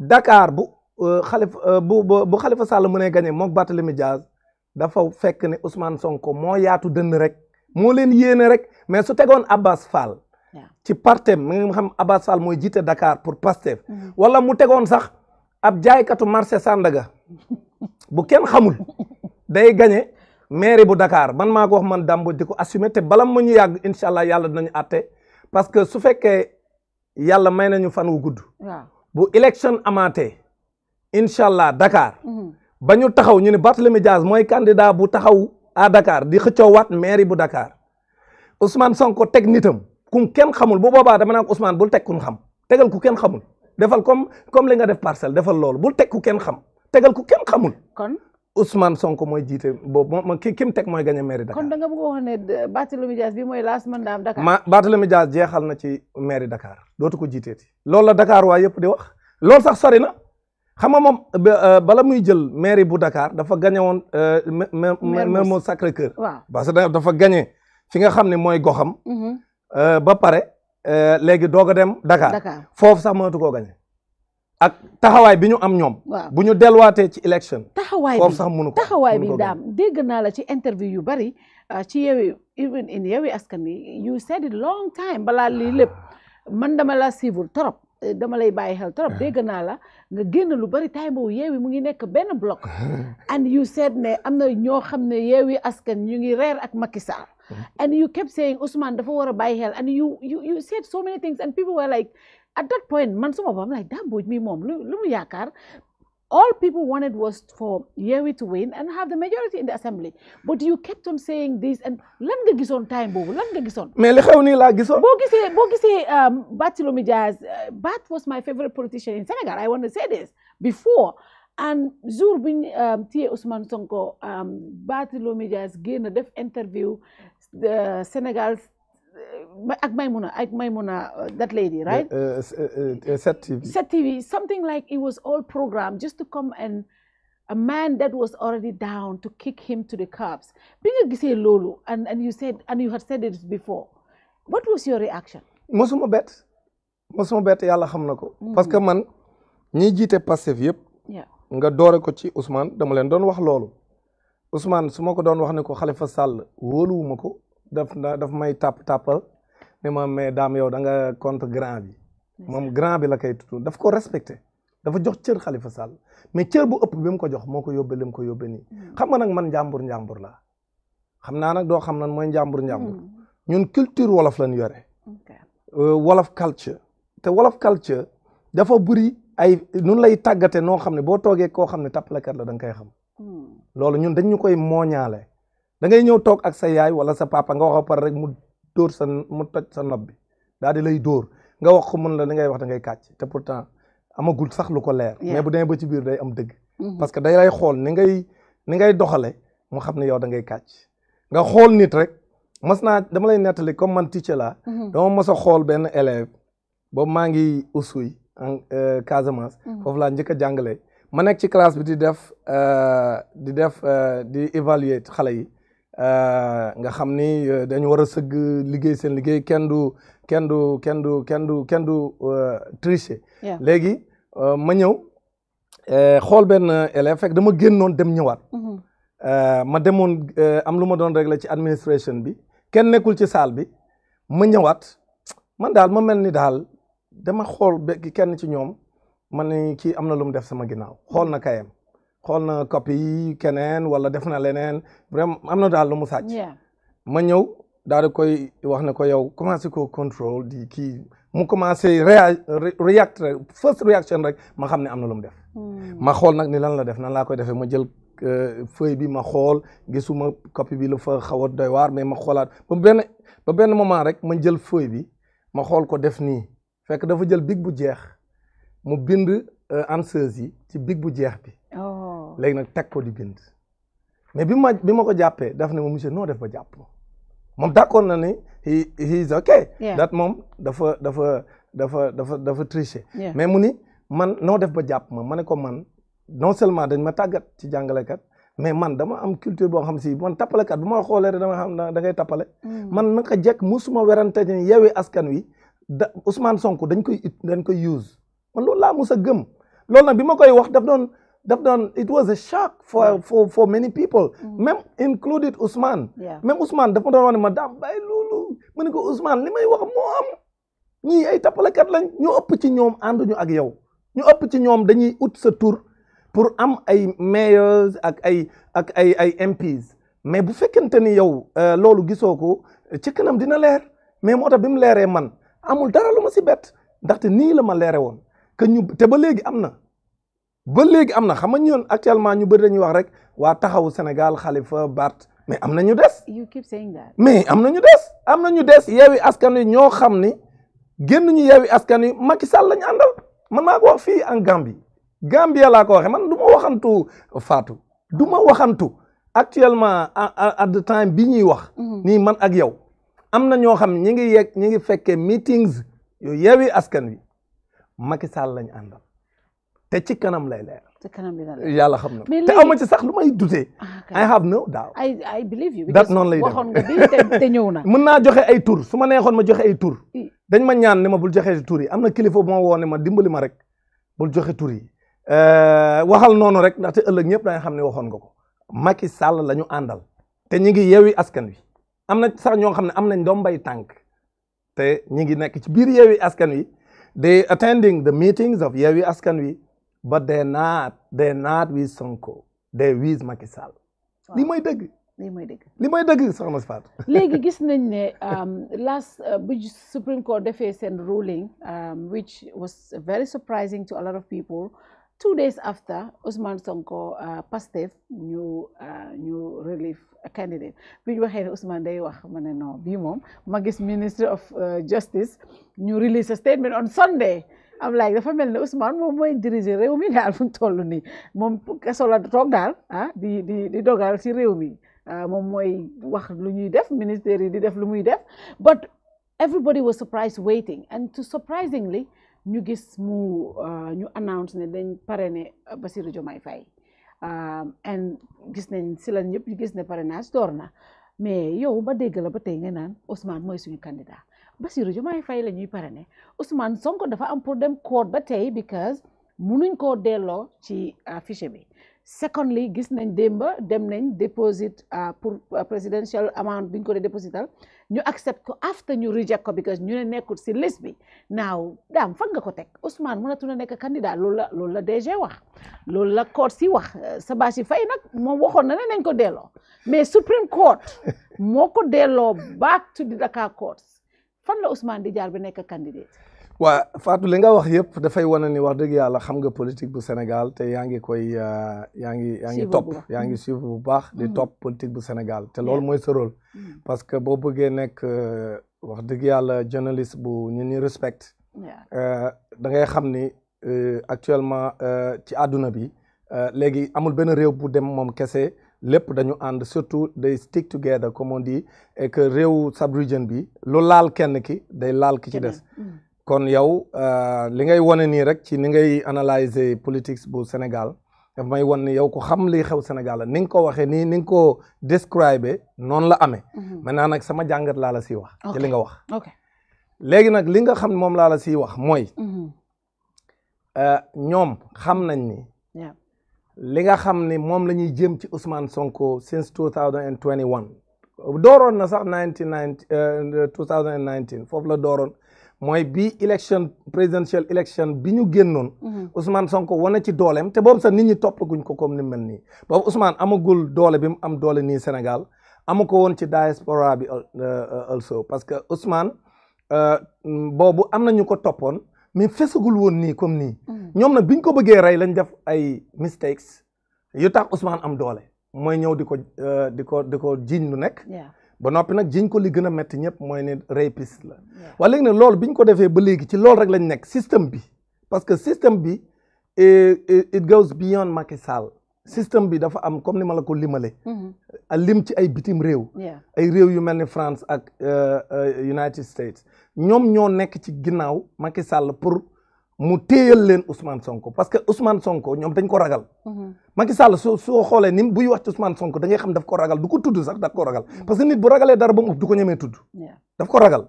dakaar bu Khalifa euh, euh, bu bu Khalifa Sall mënee gagné moom Barthélémy Diaz dafa fekk ne Ousmane Sonko moo yaatu dënn rek moo leen yéene rek mais su tegoon Abbas Fall. ci parte mi nga xam Abbas Fall mooy jiite dakaar pour Pastef. Mhm. wala mu tegoon sax ab jaaykatu marché Sandaga bu kenn xamul day gagné. mairie bu Dakar man maa ko man Dame di ko assumer te balam mu ñu yàgg incha allah yàlla dinañu àtte parce que su fekkee yàlla may nañu fan wu gudd. bu élection amaatee incha allah Dakar. Mhm. ba ñu taxaw ñu ne Barthélémy Dias mooy candidat bu taxaw à Dakar di xëccoowaat mairie bu Dakar Ousmane Sonko teg nitam kum kenn xamul bu boobaa dama naan Ousmane bul teg kun xam tegal ku kenn xamul defal comme comme li nga def parcelle defal loolu bul teg ku kenn xam tegal ku kenn xamul. Ousmane Sonko mooy jiite boobu moom ki ki mu teg mooy gagné mairie Dakar. kon da nga bëgg a wax ne Barthélémy Dias bi mooy last mandat am Dakar. ma Barthélémy jeexal na ci mairie Dakar dootu ko jiiteeti. loolu la Dakar waa yëpp di wax loolu sax sori na xam nga moom euh, bala muy jël mairie bu Dakar dafa gagné woon. même euh, moo Sacré Cœur. waaw parce que dafa gagné fi nga xam ne mooy goxam. Mhm. Euh, ba pare léegi doog dem Dakar. Dakar foofu sax mënatu koo gagné. ak taxawaay bi ñu am ñoom. waaw bu ñu delluwaatee ci élection. taxawaay bi sax mënu ko taxawaay bi daam dégg naa la ci interview yu bari ah, ci yewi even in yewi askan wi you said it long time balaa lii lépp man dama la suivre trop. dama lay bàyyi xel trop dégg naa la nga génn lu bari time boobu yeewi mu ngi nekk benn bloc and yu said ne am na ñoo xam ne yeewi askan ñu ngi reer ak Macky Sall mm-hmm. and yu kept saying Ousmane dafa wara a bàyyi xel and yu you you said so many things and people were like at that point, man, some of them like that boy me mom, Lumu Yakar. All people wanted was for Yewi to win and have the majority in the assembly. But you kept on saying this and lan nga on time boobu Let me get mais li xew nii laa gisoon. boo gisee was my favorite politician in Senegal I want to say this before. and jour bi ñu um, téye Ousmane Sonko um, Barthélémy Dias a deaf interview uh, Sénégal ak Maymuna ak Maymuna uh, that lady right. Uh, uh, Set TV. Set TV something like it was all programmed just to come a man that was already down to kick him to the curbs gisee loolu and and you said and you had said it before what was your reaction. mosuma bett mosuma bett yàlla xam na ko. Mm-hmm. parce que man ñiy jiite Pastef yëpp. nga doore ko ci Ousmane dama leen doon wax loolu Ousmane su ko doon wax ne ko Khalifa Sall wóoluwuma ko. daf daf may tapp tàppal ni ma mais daam yow da nga contre grand bi moom grand bi la kay tudd daf ko respecté dafa jox cër Khalifa sal mais cër bu ëpp bi mu ko jox moo ko yóbbee li mu ko yóbbee nii mm. xam nga nag man njàmbur njàmbur la xam naa nag doo xam nan mooy njàmbur njàmbur mm. ñun culture wolof lañ yore euh, wolof culture te wolof culture dafa buri ay nun lay tàggate noo xam ne boo toogee koo xam ne tàppalekat la da nga koy xam mm. loolu ñun dañu ñu koy mooñaale da ngay ñëw toog ak sa yaay wala sa papa nga wax par rek mu dóor sa mu toj sa nopp bi daal di lay dóor nga wax ko mun la li ngay wax da ngay kàcc te pourtant amagul sax lu ko leer. mais bu demee ba ci biir day am dëgg. Mm-hmm. parce que day lay xool ni ngay ni ngay doxale mu xam ne yow da ngay kàcc nga xool nit rek mas naa dama lay nettali comme man teacher laa. Mm-hmm. dama mos a xool benn élève boobu maa ngi Oussouye en euh, Casamance. Mm-hmm. foofu laa njëkk a jàngalee. ma nekk ci classe bi di def euh, di def euh, di évaluer xale yi. Euh, nga xam ni euh, dañu war a sëgg liggéey seen liggéey kenn du kenn du kenn du kenn du kenn du euh, tricher. léegi ma ñëw xool benn élève dama génnoon dem ñëwaat. Mm-hmm. ma demoon am lu ma doon régler ci administration bi kenn nekkul ci salle bi ma ñëwaat man daal ma mel ni daal dama xool be kenn ci ñoom man ni kii am na lu mu def sama ginnaaw xool na kayam. xool na copie yi keneen wala def na leneen vraiment am na daal lu mu sàcc. ma ñëw daal di koy wax ne ko yow commencé ko contrôle di kii mu commencé réa react rek first reaction rek ma xam ne am na lu mu def. Hmm. ma xool nag ni lan la def na laa koy defee ma jël. Euh, feuille bi ma xool gisuma copie bi la fa xaw a doy waar mais ma xoolaat ba benn ba benn moment rek ma jël feuille bi ma xool ko def nii fekk dafa jël big bu jeex mu bind euh, anseuse yi ci big bu jeex bi léegi nag teg ko di bind mais bi ma bi ma ko jàppee daf ne ma monsieur noo def ba jàpp moom d'accord na ni he he is okay moom dafa dafa dafa dafa dafa tricher mais mu ni man noo def ba jàpp ma ma ne ko man non seulement dañ ma tàggat ci jàngalekat mais man dama am culture boo xam si man tappalekat bu ma xoolee da dama xam da ngay tappale mm. man naka jekk musuma werante ni yewi askan wi da Ousmane Sonko dañ koy dañ koy use man loolu laa mus a gëm loolu bi ma koy wax daf doon daf doon it was a shock for for for many people. Mm. même included Ousmane. même Ousmane dafa doon wax ne ma daam bàyyi loolu ma ne ko Ousmane li may wax moo am ñii ay tappalekat lañ ñu ëpp ci ñoom ànduñu ak yow ñu ëpp ci ñoom dañuy ut sa tur pour am ay mayors ak ay ak ay ay MPs mais bu fekkente ni yow euh, loolu gisoo ko ci kanam dina leer mais moo tax bi mu leeree man amul dara lu ma si bett ndaxte nii la ma leere woon que ñu te ba léegi am na. ba léegi am na xam nga ñoon actuellement ñu bëri dañuy wax rek waa taxawu Sénégal Khalifa Bart mais am na ñu des. you keep saying mais am na ñu des. am na ñu des yeewi askan wi ñoo xam ni génn ñu yeewi askan wi Macky Sall lañu àndal man fii en Gambie Gambia laa ko waxee man du ma waxantu Fatou du ma waxantu actuellement at the bi ñuy wax. Mm-hmm. nii man ak yow am na ñoo xam ñi ngi yegg ñi ngi fekkee meetings yooyu yeewi askan wi Macky Sall lañu àndal. te ci kanam lay leer. kanam lay leer xam na te aw ma ci sax lu may dutee. Ah, I have no doubt. I I believe you. dat lay def ñëw na. mën naa joxe ay tur su ma neexoon ma joxe ay tur. dañ ma ñaan ne ma bul joxe tur yi am na kilifa bu ma woo ma dimbali ma rek bul joxe tur yi euh, waxal noonu rek ndaxte ëllëg ñëpp dañ xam ne waxoon nga ko maki Sall la ñu àndal te ñi ngi yewi askan wi am na sax ñoo xam ne am nañ doom bay tànk te ñi ngi nekk ci biir yewi askan wi they attending the meetings of yewi askan wi. but they're not they're not with Sonko they're with Macky Sall. li mooy dëgg. li mooy dëgg li mooy dëgg soxna Faat. léegi gis nañ ne um, last uh, bu Supreme Court defee seen ruling um, which was very surprising to a lot of people. two days after Ousmane Sonko uh, Pastef ñu uh, ñu relief candidate bi ñu waxee ne Ousmane day wax ma ne non bii moom ma gis Ministry of Justice ñu release a statement on Sunday am like dafa mel ne Ousmane moom mooy diriger réew mi daal fu mu toll nii moom kaso la toog daal ah di di di dogal si réew mi ah, moom mooy wax lu ñuy def ministère yi di def lu muy def but everybody was surprised waiting and to surprisingly ñu gis mu ah, ñu announce ne dañ pare ne Bassirou Diomaye Faye um, and gis nañ si la ñëpp ñu gis ne parrainage door na mais yow ba dégg la ba tey nga naan Ousmane mooy suñu candidat Bassirou Diomaye Faye la ñuy parrainer Ousmane Sonko dafa am dem court ba tey because munuñ koo delloo ci euh, fichier bi secondly gis nañ démba dem nañ deposit euh, pour euh, presidential amount bi ñu ko dee deposital ñu accept ko after ñu reject ko because ñu ne nekkul si liste bi naaw daam fan nga ko teg Ousmane mënatu na nekk candidat loolu la loolu la DG wax loolu la court si wax sa Sabassi fay nag moom waxoon na ne nañ ko delloo mais Supreme Court moo ko delloo back to the Dakar fan la Ousmane di jaar bi nekk candidat. waa Fatou li nga wax yëpp dafay wane ni wax dëgg yàlla xam nga politique bu Sénégal te yaa ngi koy euh, yaa ngi yaa ngi topp yaa ngi suivre bu baax di mm-hmm. topp politique bu senegal te loolu mooy sa mm-hmm. parce que boo bëggee nekk euh, wax dëgg yàlla journaliste bu ñu ni respect euh, da ngay xam ni actuellement ci àdduna bi léegi amul benn réew bu dem moom kese lépp dañu ànd surtout day stick together comme di dit et que bi lu laal kenn ki day laal ki ci des mm. kon yow euh, li ngay wane nii rek ci ni ngay analyser politics bu Sénégal daf may wan ni yow ku xam li xew Sénégal la ni nga ko waxee nii ni nga ko describe noonu la amee mm-hmm. naa nag sama jàngat laa la siy wax ci nga wax léegi nag li nga xam moom laa la siy wax mooy mm-hmm. euh, ñoom xam nañ ni li nga xam ne moom la ñuy jëm ci Ousmane Sonko since 2021 dooroon na sax 19 2019 uh, foofu la dooroon mooy bii élection presidential election bi ñu génnoon. Mhm. Ousmane Sonko wane ci dooleem te boobu sax nit ñi toppaguñ ko comme ni mel nii boobu Ousmane amagul doole bi mu am doole nii senegal amu ko woon ci diaspora bi uh, uh, also parce que Ousmane boobu am na ñu ko toppoon. mais fesagul woon nii comme nii. Mm. ñoom nag biñ ko bëggee rey lañ def ay mistakes yu tax Ousmane am doole mooy ñëw di ko euh, di ko ko jiiñ lu nekk. ba noppi nag jiñ ko li gën a métti ñëpp mooy ne rapiste la. waaye léegi nag loolu bi ñu ko defee ba léegi ci loolu rek lañ nekk système bi parce que système bi it goes beyond Macky Sall. système bi dafa am comme ni ma la ko limale mm-hmm. a lim ci ay bitim réew. ay réew yu mel ni France ak euh, euh, United States. ñoom ñoo nekk ci ginnaaw Macky Sall pour mu téyal leen Ousmane Sonko parce que Ousmane Sonko ñoom dañ ko ragal. Mhm. Macky Sall soo soo xoolee ni buy wax ci Ousmane Sonko da ngay xam daf ko ragal du ko tudd sax daf ko ragal mhm. parce que nit bu ragalee dara ba mu ëpp du ko ñemee tudd. daf ko ragal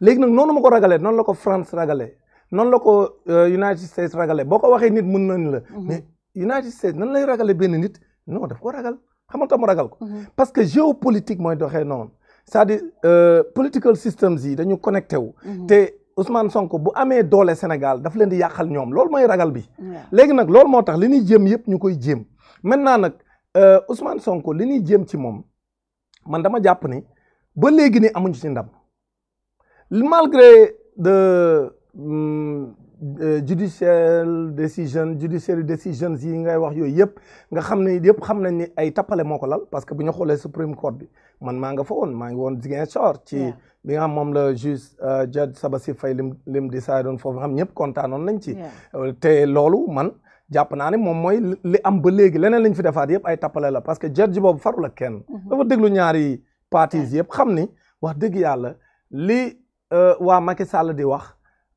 léegi nag noonu ma ko ragalee noonu la ko France ragalee noonu la ko euh, United States ragale boo ko waxee nit mën nañ la. Mhm. mais United States nan lay ragale benn nit non daf ko ragal xamal tax mu ragal ko. parce que géopolitique mooy doxee noonu. c'est-à-dire euh, political systems yi dañu connecté wu. Mhm. te Ousmane Sonko bu amee doole Sénégal daf leen di yàqal ñoom loolu mooy ragal bi. léegi nag loolu moo tax li ñuy jéem yëpp ñu koy jéem. maintenant nag euh, Ousmane Sonko li ñuy jéem ci moom man dama jàpp ni ba léegi ni amuñu ci ndam malgré de. Hmm, Euh, judicial decision judiciary decisions yi ngay wax yooyu yëpp nga xam ne yëpp xam nañ ni ay tappale moo ko lal parce que bu ñu xoolee Supreme Court bi man maa nga fa woon maa ngi woon Ziguinchor ci bi nga xam moom la juge euh, Judge Sabassi Faye lim lim décidé woon foofu nga xam ñëpp kontaanoon nañ ci euh, te loolu man jàpp naa ne moom mooy li am ba léegi leneen lañ fi defaat yëpp ay tappale la parce que judge boobu farul ak kenn mm-hmm. dafa déglu ñaari parties yëpp xam ni wax dëgg yàlla li waa Macky la di wax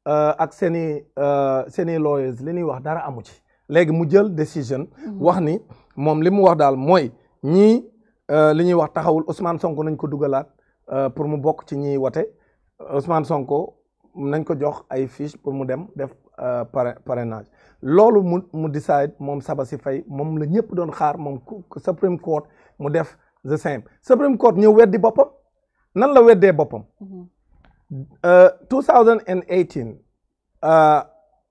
Euh, ak seen i euh, seen i lawyers li ñuy wax dara amu ci léegi mu jël décision mhm. wax ni moom li mu wax daal mooy ñii euh, li ñuy wax taxawul Ousmane Sonko nañ ko dugalaat pour mu bokk ci ñiy wote Ousmane Sonko nañ ko jox ay fiche pour mu dem def parrainage loolu mu mu décide moom si Faye moom la ñëpp doon xaar moom Supreme Court mu def the same Supreme Court ñëw weddi boppam nan la weddee boppam mhm. 2018 euh, euh,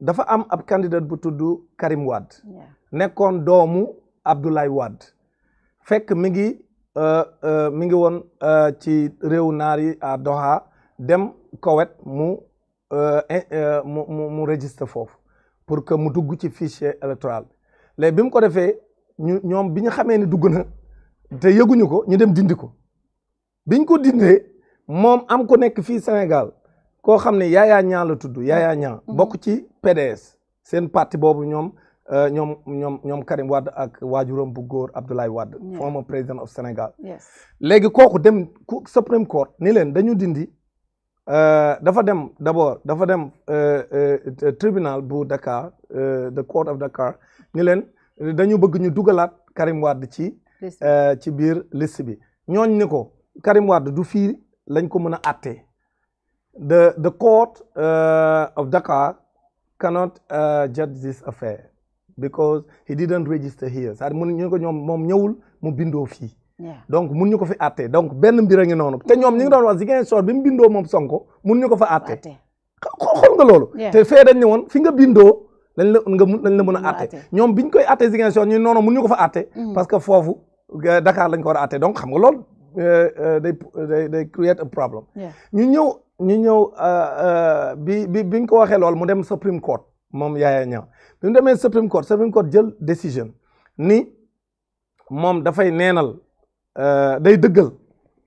dafa am ab candidate bu tudd Karim Wade nekkoon doomu Abdoulaye Wade fekk mi ngi euh, mi ngi woon ci réew naar yi à Doha dem Koweït mu mu mu foofu pour que mu dugg ci fichier électoral léegi bi mu ko defee ñu ñoom bi ñu xamee ni dugg na te yëguñu ko ñu dem dindi ko biñ ko dindee moom am ku nekk fii Sénégal koo xam ne Yaya Niang la tudd ah. Yaya Niang mm-hmm. bokku ci PDS seen parti boobu ñoom euh, ñoom ñoom ñoom Karim Wade ak waajuram bu góor Abdoulaye Wade former president of Sénégal léegi kooku dem Supreme Court ni leen dañu dindi euh, dafa dem d'abord dafa dem euh, tribunal bu Dakar the court of Dakar ni leen dañu bëgg ñu dugalaat Karim Wade ci ci biir liste bi ñooñ ni ko Karim Wade du fii lañ ko mën a àtte the the court uh, of Dakar cannot uh, judge this affair because he didn't register here cest mun ñu ko ñoom moom ñëwul mu bindoo fii. donc mun ñu ko fi àtte donc benn mbir a ngi noonu. te ñoom ñi ngi doon wax Ziguinchor bi mu bindoo moom Sonko mun ñu ko fa àtte. xool nga loolu. te fee dañ ne woon fi nga bindoo lañ la nga mun lañ la mën a àtte. ñoom biñ koy àtte Ziguinchor ñu noonu mun ñu ko fa atte mm-hmm. parce que foofu euh, Dakar lañ ko war a donc xam nga lool Uh, uh, they uh, they they create a problem. ñu ñew ñu ñew bi bi bi ko waxee lol mu dem Supreme Court mom yaaya ñaw bi mu demee Supreme Court Supreme Court jël décision ni fay nénal euh day dëggal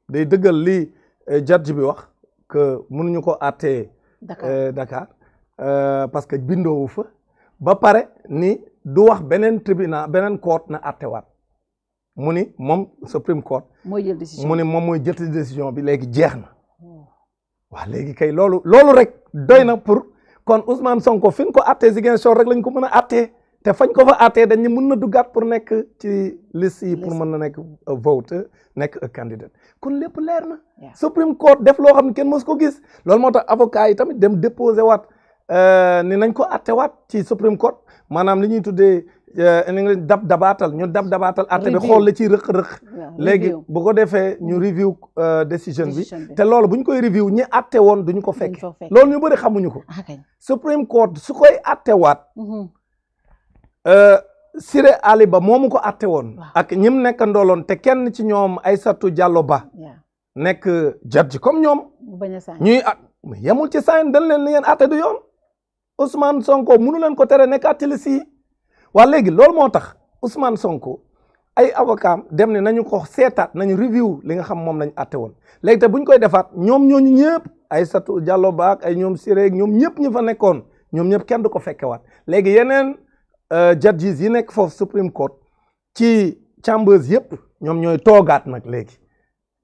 day dëggal li judge bi wax que mënuñu ko atté Dakar parce que wu fa ba paré ni du wax benen tribunal benen court na wat. mu ni moom Supreme Court. mooy jël décision mu ni moom mooy jël décision bi léegi jeex na. Oh. waaw léegi kay loolu loolu rek doy na pour kon Ousmane Sonko fi ñu ko àttee Ziguinchor rek lañ ko mën a àttee te fañ ko fa àttee dañ ñu mën na duggaat pour nekk ci liste yi pour mën na nekk vote nekk candidate kon lépp leer na. Supreme Court def loo xam ne kenn mos ko gis. loolu moo tax avocat yi tamit dem déposé waat. Euh, ni nañ ko attewaat ci supreme court maanaam li ñuy tuddee euh, ni dab dabaatal ñu dab dabaatal atte bi xool la ciy rëq-rëq léegi bu ko defee ñu mm-hmm. review euh, décision bi te loolu bu ñu koy review ñi atte woon duñu ko fekk loolu ñu bëri xamuñu ko ah, supreme court su koy attewaat mm-hmm. Siré Ali Ba moomu ko atte woon ak ñim nekk ndooloon te kenn ci ñoom Aïssatou Diallo Ba nekk judge comme ñoom ñuy at yemul ci sayn dañ leen li ngeen atte du yoon Ousmane Sonko mënu leen ko tere nekkaat li si waa léegi loolu moo tax Ousmane Sonko ay avocat dem ne nañu ko seetaat nañu review li nga xam moom lañ àtte woon léegi te buñ koy defaat ñoom ñooñu ñëpp ay Aïssatou Diallo Ba ay ñoom Siré ak ñoom ñëpp ñu fa nekkoon ñoom ñëpp kenn du ko fekkewaat léegi yeneen euh, judges yi nekk foofu Supreme Court ci chambers yëpp ñoom ñooy toogaat nag léegi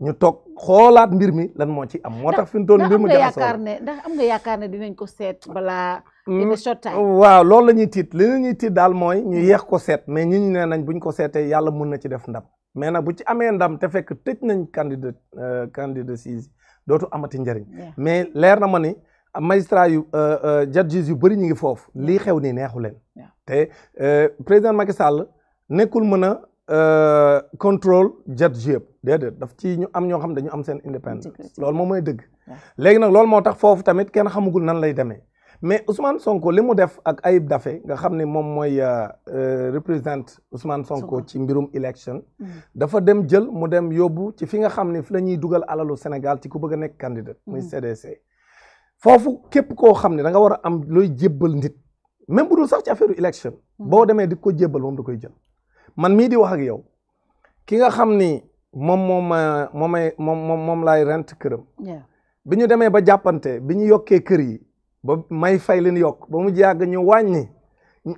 ñu toog xoolaat mbir mi lan moo ci am. moo tax fi mu toll mbir mu jaxasoo ndax am nga yaakaar ne dinañ ko seet balaa. dina hmm, sottaay waaw loolu la ñuy tiit li ñuy tiit daal mooy ñu yeex ko seet mais ñi ñu nee nañ buñ ko seete yàlla mun na ci def ndam mais nag bu ci amee ndam te fekk tëj nañ candidat euh, candidat si dootu amati njariñ mais leer na ma ni magistrat yu euh, euh, judges yu bëri ñu ngi foofu lii xew nii neexu leen. te président Macky nekkul mën a contrôle judge déedéet daf ci ñu am ñoo xam dañu am seen indépendance loolu moom mooy dëgg léegi nag loolu moo tax foofu tamit kenn xamagul nan lay demee mais Ousmane Sonko li mu def ak Ayib Daffé nga xam ne moom mooy euh, euh, représente Ousmane Sonko ci mbirum élection mm. dafa dem jël mu dem yóbbu ci fi nga xam ne fi la ñuy dugal alalu Sénégal ci ku bëgg a nekk candidat muy CDC mm. foofu képp koo xam ne da nga war a am looy jébbal nit même bu dul sax ci affaire élection mm. boo demee di ko jébbal moom da koy jël man mii di wax ak yow ki nga xam ni moom moo ma moo may moom moom laay rent këram. bi ñu demee ba jàppante bi ñu yokkee kër yi ba may fay leen yokk ba mu yàgg ñu wàññi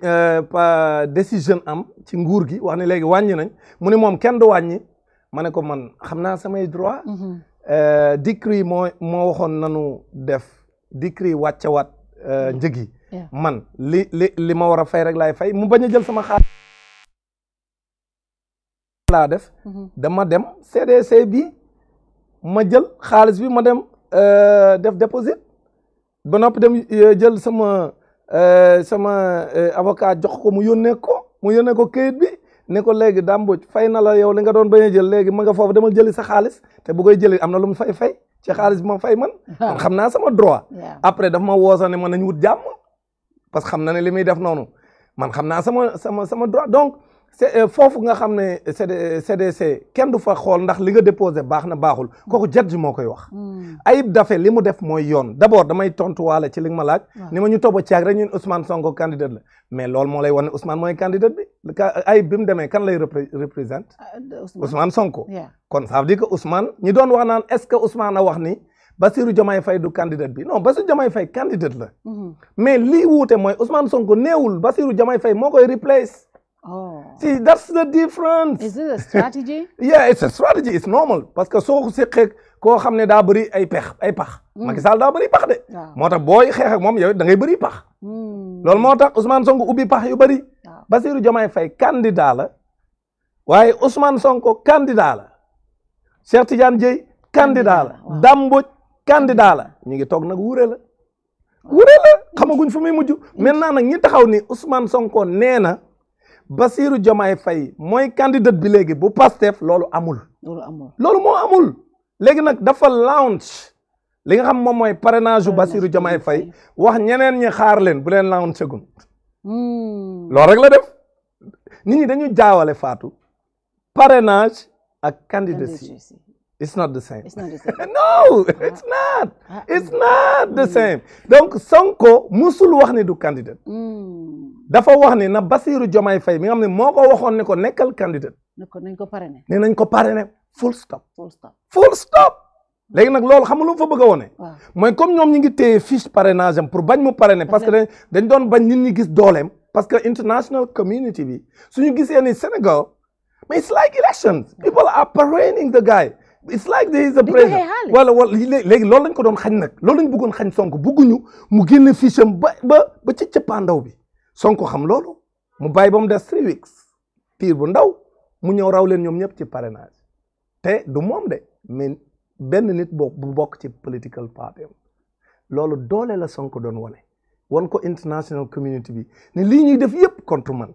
euh, pa décision am ci nguur gi wax ne léegi wàññi nañ mu ne moom kenn du wàññi ma ne ko man xam naa samay droit. Mm-hmm. Euh, décret moo moo waxoon nanu def décret wàccawaat euh, mm-hmm. njëg yi. man li li li ma war a fay rek laay fay mu bañ a jël sama xaalis. laa def mhm. dama dem CDC bi ma jël xaalis bi ma dem euh, def déposit ba noppi dem euh, jël sama euh, sama avocat jox ko mu yónnee ko mu yónnee ko këyit bi ne ko léegi dàmbuj fay na la yow li nga doon bañ a jël léegi ma nga foofu demal jëli sa xaalis te bu koy jëli am na lu mu fay fay ci xaalis bi ma fay man xam naa sama droit après daf ma woosa ne man nañ wut jàmm parce que xam na ne li muy def noonu man xam naa sama sama sama Euh, foofu nga xam ne CDC euh, euh, kenn du fa xool ndax li nga déposé baax na baaxul mm. kooku judge moo koy wax. Mm. Ayib Daffé li mu def mooy yoon d' abord damay tontuwaale ci li nga ma laaj. ni ma ñu toog a caag rek ñun Ousmane Sonko candidat la mais loolu moo lay wan ne Ousmane mu demee kan lay représente ah, Ousmane Sonko. kon ça di dire que Ousmane ñi doon wax naan est ce que Ousmane a wax ni. Bassirou Diomaye fay du candidat bi non Bassirou Diomaye fay candidat la. Mm-hmm. mais li wuute mooy Ousmane Sonko néewul Bassirou Diomaye fay moo koy replace. Oh. See, that's the difference. Is it a strategy? yeah, normal parce que soo ko seqee koo xam ne daa bëri ay pex ay pax. Hmm. Macky sal daa bari pax de. moo tax booy xeex ak moom yow da ngay bari pax. Hmm. loolu moo tax Ousmane Sonko ubbi pax yu bëri. waaw Basirou Diomaye Faye candidat la waaye Ousmane Sonko candidat la Cheikh Tidiane Dieye candidat la Damboj candidat la ñu ngi toog nag wuure la. wuure la xamaguñ fu muy mujj maintenant nag ñi taxaw ni Ousmane Sonko nee na. Bassirou Diomaye Faye mooy candidat bi léegi bu Pastef loolu amul. loolu loolu moo amul. léegi nag dafa launch li nga xam moom mooy parrainage bu Bassirou Diomaye Faye wax ñeneen ñi xaar leen bu leen launch gum hmm. loolu rek def nit ñi dañu jaawale faatu parrainage ak candidature. it's not the same. It's not the same. no ah. Ah, ah. it's not. the mm. same. donc Sonko musul wax ni du candidat. Mm. dafa wax ni na Bassirou Diomaye Faye mi nga xam ne moo ko waxoon ne ko nekkal candidat. ne ko nañ ko parrainé. ne nañ ko parrainé full stop. full stop full stop. léegi nag loolu xam nga lu fa bëgg a wone. mooy comme ñoom ñu ngi téye fiche parrainage am pour bañ mu parrainé. parce que dañ doon bañ nit ñi gis dooleem. parce que international community bi su ñu gisee ni Sénégal mais it's like elections people are parading the guy. it's like there is a président wala wala léegi loolu lañ ko doon xañ nag loolu lañ bëggoon xañ Sonko bëgguñu mu génn fiche am ba ba ba ci cëppaandaw bi Sonko xam loolu mu bàyyi ba mu des three weeks tiir bu ndaw mu ñëw raw leen ñoom ñëpp ci pare parrainage te du moom de mais benn nit boobu bu bokk ci political party loolu doole la Sonko doon wane wan ko international community bi ne lii ñuy def yëpp contre man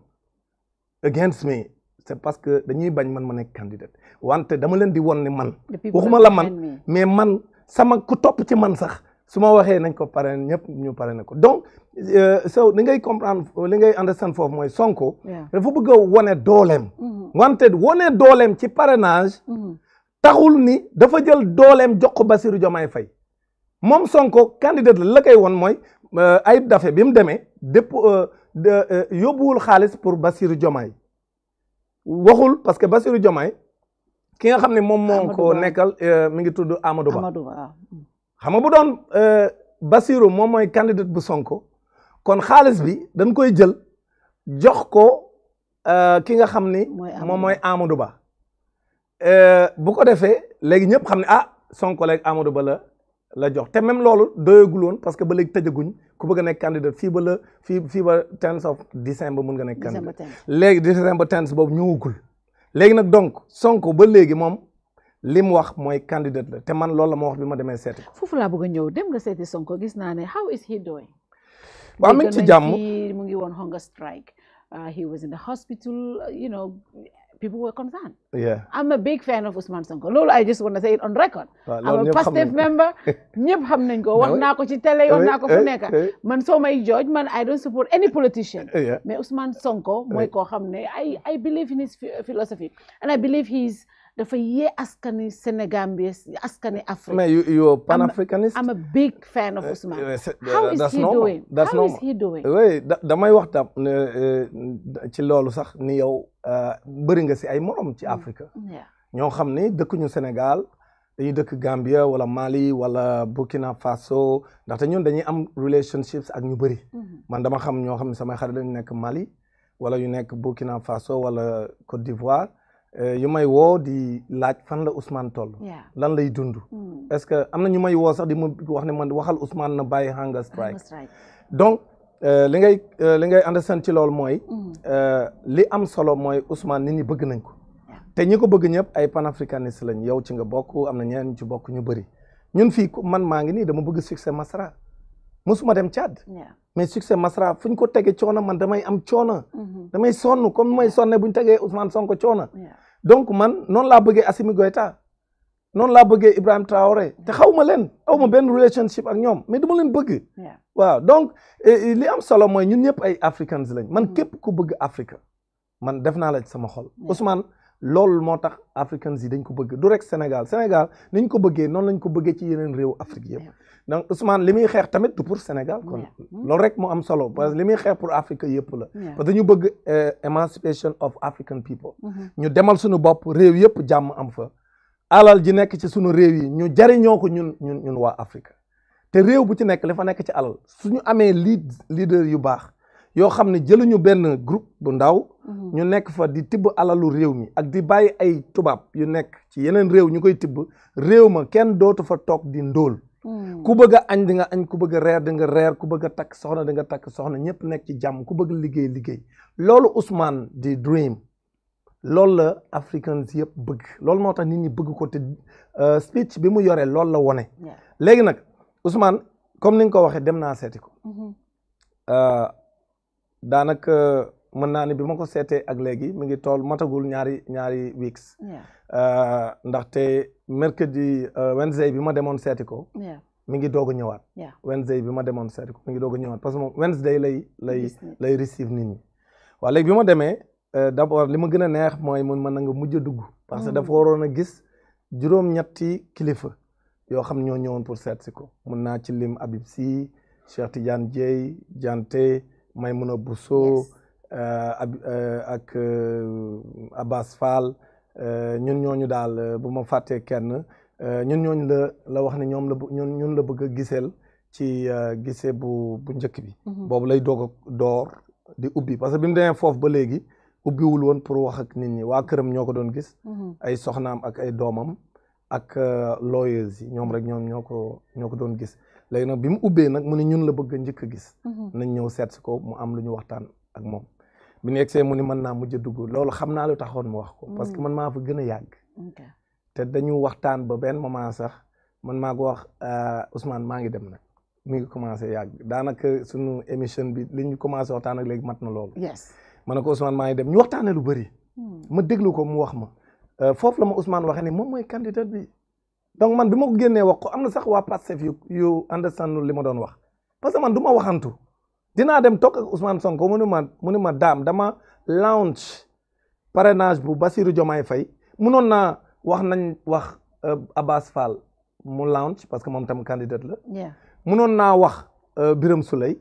against me c'est parce que dañuy bañ man ma nekk candidat wante dama leen di won ne man. waxuma la man mais man sama ku topp ci man sax su ma waxee nañ ko pare ñëpp ñu pare na ko donc euh, so li ngay comprendre li ngay understand foofu mooy Sonko. dafa bëgg a wane dooleem. Mm-hmm. wante wane dooleem ci parenage mm-hmm. taxul ni dafa jël dooleem jox ko Bassirou Diomaye Faye moom Sonko candidat la la koy won mooy euh, Ayib dafe bi mu demee dépp euh, yóbbuwul xaalis pour Bassirou Diomaye. waxul parce que Bassirou Diomaye ki nga xam ne moom moo ko nekkal euh, mi ngi tudd Amadou Ba ah. xam nga bu doon euh, bassiro moom mooy candidat bu Sonko kon xaalis bi dañ koy jël jox ko euh, ki nga xam ni moom mooy Amadou Ba bu ko defee léegi ñëpp xam ne ah Sonko leeg Amadou Ba la la jox te même loolu doyagul woon parce que ba léegi tëjaguñ ku bëgg a nekk candidat fii ba la fii fii ba tenth of décembre mun nga nekk candidat léegi décembre tenth boobu ñëwagul léegi nag donc Sonko ba léegi moom li mu wax mooy candidat la te man loolu la ma wax bi ma demee seeti foofu laa bëgg a ñëw dem nga seeti Sonko gis naa ne how is he doing waaw mi ngi ci jàmm mu ngi woon hunger strike uh, he was in the hospital people were concerned. Yeah. I'm a big fan of Usman Sonko loolu I just want to say it on record. I'm a Pastef member ñëpp xam nañ ko. wax eh. naa ko ci télé wax eh, naa ko fu eh, nekk man so may judge man I don't support any politician. mais Usman Sonko mooy koo xam I I believe in his philosophy and I believe he's. dafa yee askani Senegambia askani Afrique. mais you you are pan-Africanist. I'm a big fan of eh, Ousmane. Eh, eh, how is he doing how damay waxtaan ci loolu sax ni yow bëri nga si ay morom ci mm. Afrique. ñoo xam ne dëkkuñu Sénégal dañuy dëkk Gambia wala Mali wala Burkina Faso ndaxte ñun dañuy am relationships ak ñu bëri. Mm-hmm. man dama xam ñoo xam ne samay xarit dañu nekk Mali wala yu nekk Burkina Faso wala Côte d'Ivoire. Eh, yu may woo di laaj fan la Ousmane toll. lan lay dund. Hmm. est-ce que am na ñu may woo sax di ma wax ne man waxal Ousmane na bàyyi hunger strike. donc eh, li ngay eh, li ngay understand ci loolu mooy. Hmm. li am solo mooy Ousmane nit ñi bëgg nañ ko. te ñi ko bëgg ñëpp ay panafricanistes lañ yow ci nga bokk am na ñeneen ñu ci bokk ñu bëri ñun fii man maa ngi nii dama bëgg succès Masra. ma dem Tchad. mais succès Masra fu ñu ko tegee coono man damay am coono. Mm-hmm. damay sonn comme may sonne bu ñu tegee Ousmane Sonko coono. donc man noonu laa bëggee Assimi Goïta noonu laa bëggee Ibrahima Traoré te xaw ma leen aw ma benn relationship ak ñoom mais dama leen bëgg. waaw donc eh, eh, li am solo mooy ñun ñëpp ay africans lañ. man mm-hmm. képp ku bëgg Afrique man def naa la ci sama xol Ousmane. loolu moo tax africains yi dañ ko bëgg du rek Sénégal Sénégal niñ ko bëggee noonu lañ ko bëggee ci yeneen réew Afrique yëpp donc Ousmane li muy xeex tamit du pour Sénégal kon hmm? loolu rek mu am solo parce que li muy xeex pour Afrique yëpp la parce que ñu bëgg eh, émancipation of African people mm-hmm. ñu demal suñu bopp réew yëpp jàmm am fa alal ji nekk ci suñu réew yi ñu jariñoo ko ñun ñun ñun waa Afrique te réew bu ci nekk li fa nekk ci alal suñu amee lead leader yu baax yoo xam ne jëluñu benn groupe bu ndaw. Mhm. ñu nekk fa di tibb alalu réew mi ak di bàyyi ay tubaab yu nekk ci yeneen réew ñu koy tibb réew ma kenn dootu fa toog di ndóol. Mhm. ku bëgg añ di nga añ ku bëgg reer di nga reer ku bëgg a takk soxna di nga takk soxna ñëpp nekk ci jàmm ku bëgg liggéey liggéey loolu Ousmane di dream loolu la africains yëpp bëgg loolu moo tax nit ñi bëgg ko ti euh, speech bi mu yoree loolu la wone léegi nag Ousmane comme ni nga ko waxee dem naa seeti ko. Mhm. Euh, daanaka uh, mën naa ne bi ma ko seetee ak léegi mi ngi tool matagul ñaari ñaari weeks uh, ndaxte mercredi uh, Wednesday bi ma demoon seeti ko mi ngi doog a ñëwaat Wednesday bi ma demoon seeti ko mi ngi doog a ñëwaat parce que moom Wednesday lay lay lay receive nit ñi waaw léegi bi ma demee d'abord li ma gën a neex mooy mun mën na nga mujj dugg parce que mm. dafa waroon na gis juróom-ñetti kilifa yoo xam ñoo ñëwoon pour seet si ko mun naa ci lim Habib Sy Cheikh Tidiane Dieye Diante Maimouna Bousso euh, euh, ak euh, Abbas Fall ñun ñooñu daal bu ma fàttee kenn ñun ñooñu la la wax ne ñoom la ñun ñun la bëgg a giseel ci gisee bu bu njëkk bi mm-hmm. boobu lay doog a door di ubbi parce que bi mu demee foofu ba léegi ubbiwul woon pour wax ak nit ñi waa këram ñoo ko doon gis mm-hmm. ay soxnaam ak ay doomam ak lawyers yi ñoom rek ñoom ñoo ko ñoo ko doon gis léegi nag bi mu ubbee nag mu ne ñun la bëgg a njëkk a gis mhm. nañ ñëw seet ko mu am lu ñu waxtaan ak moom bi nekk see mu ni mën naa mujj dugg loolu xam naa lu taxoon mu wax ko parce que mhm. man maa fa gën a yàgg te dañu waxtaan ba benn moment sax man maa ko wax euh, usmaan maa ngi dem nag mu ngi commencé yàgg daanaka suñu émission bi li ñu commencé waxtaan ak léegi mat na loolu ma ne ko Ousmane maa ngi dem ñu waxtaanee lu bëri hmm. ma déglu ko mu wax ma euh, foofu la ma Ousmane waxee ne moom mooy candidat bi donc man bima ko genné wax ko amna sax wa yu you understand no ma don wax parce que man duma ma waxantu dina dem tok ak Ousmane Sonko munu man ma ma dam dama launch parrainage bu Basirou Diomaye Fay munon na wax nañ wax euh, Abbas Fall mu launch parce que mom tam candidat la. munon na wax euh, Birame Souley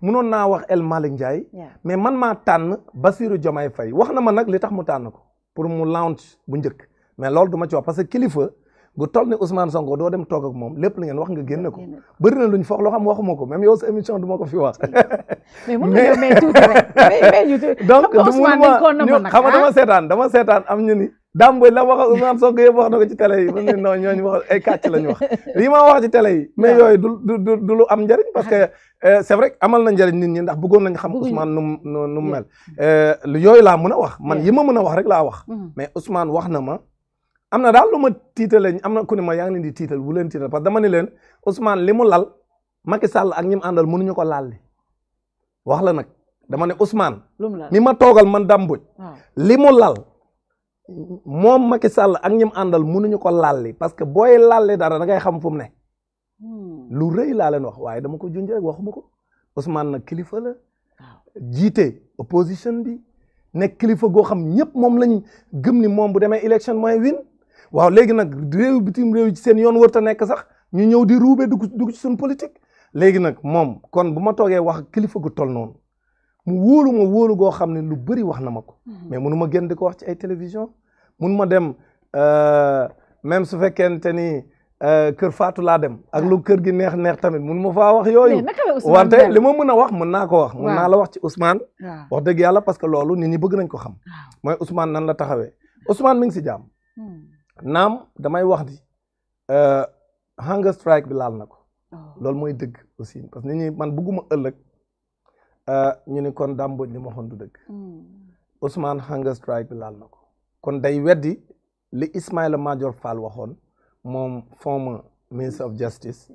munon na wax El Malik Ndiaye. mais man ma tan Basirou Diomaye Fay waxna na ma nak li tax mu tan ko pour mu launch bu njëkk mais loolu duma ci wax parce que kilifa. gu toll ni Ousmane Sonko doo dem toog ak moom lépp lu ngeen wax nga génne ko bëri na luñ foog loo xam waxuma ko même yow sa émission ma ko fi wax. mais mun nga mais tuuti rek donc du mun xam nga dama ah? seetaan dama seetaan am ñu ni. la wax Ousmane Sonko yëpp wax na ko ci télé la ñu wax lii ma wax ci mais yooyu du du lu am njëriñ. parce que ah. euh, c'est vrai amal na njëriñ nit ñi ndax bëggoon nañ xam Ousmane nu nu mu mel. Euh, yooyu laa mën a wax man yi ma mën a wax rek laa wax. Mm-hmm. mais Ousmane wax na ma am na daal lu ma tiitalee am na ku ne yaa ngi leen di tiital bu leen tiital parce que dama ne leen Ousmane li mu lal Macky Sall ak ñi mu àndal mënuñu ko laal wax la nag dama ne Ousmane. mi ma toogal man Damboj. Ah. li mu lal moom Macky Sall ak ñi mu àndal mënuñu ko laal li parce que booy laal dara da ngay xam fu mu ne. Hmm. lu rëy laa leen wax waaye dama ko junj rek waxuma ko Ousmane nag kilifa la. Ah. jiite opposition bi nekk kilifa goo xam ñëpp moom lañ gëm ni moom bu demee élection mooy win. waaw léegi nag réew bitim réew ci seen yoon wër ta nekk sax ñu ñëw di ruube dugg dugg ci suñu politique léegi nag moom kon bu ma toogee wax kilifa gu toll noonu mu wóolu ma wóolu goo xam ne lu bëri wax na ma ko mm-hmm. mais mënu ma génn di ko wax ci ay télévision mun ma dem euh, même su fekkente ni euh, kër Fatou laa dem ak lu kër gi neex neex tamit mun ma faa wax yooyu wante li ma mën a wax mën naa ko wax mën naa la wax ci Ousmane wax dëgg yàlla parce que loolu nit ñi bëgg nañ ko xam mooy Ousmane nan la taxawee Ousmane mi si naam damay wax ni euh, hunger strike bi laal na ko. Oh. loolu mooy dëgg aussi parce que nit ñi man bëgguma ëllëg euh, ñu ni kon Dame Mbodj li ma waxoon du dëgg. Hmm. Ousmane hunger strike bi laal na ko kon day weddi li Ismaïla Madior Fall waxoon moom former ministre of justice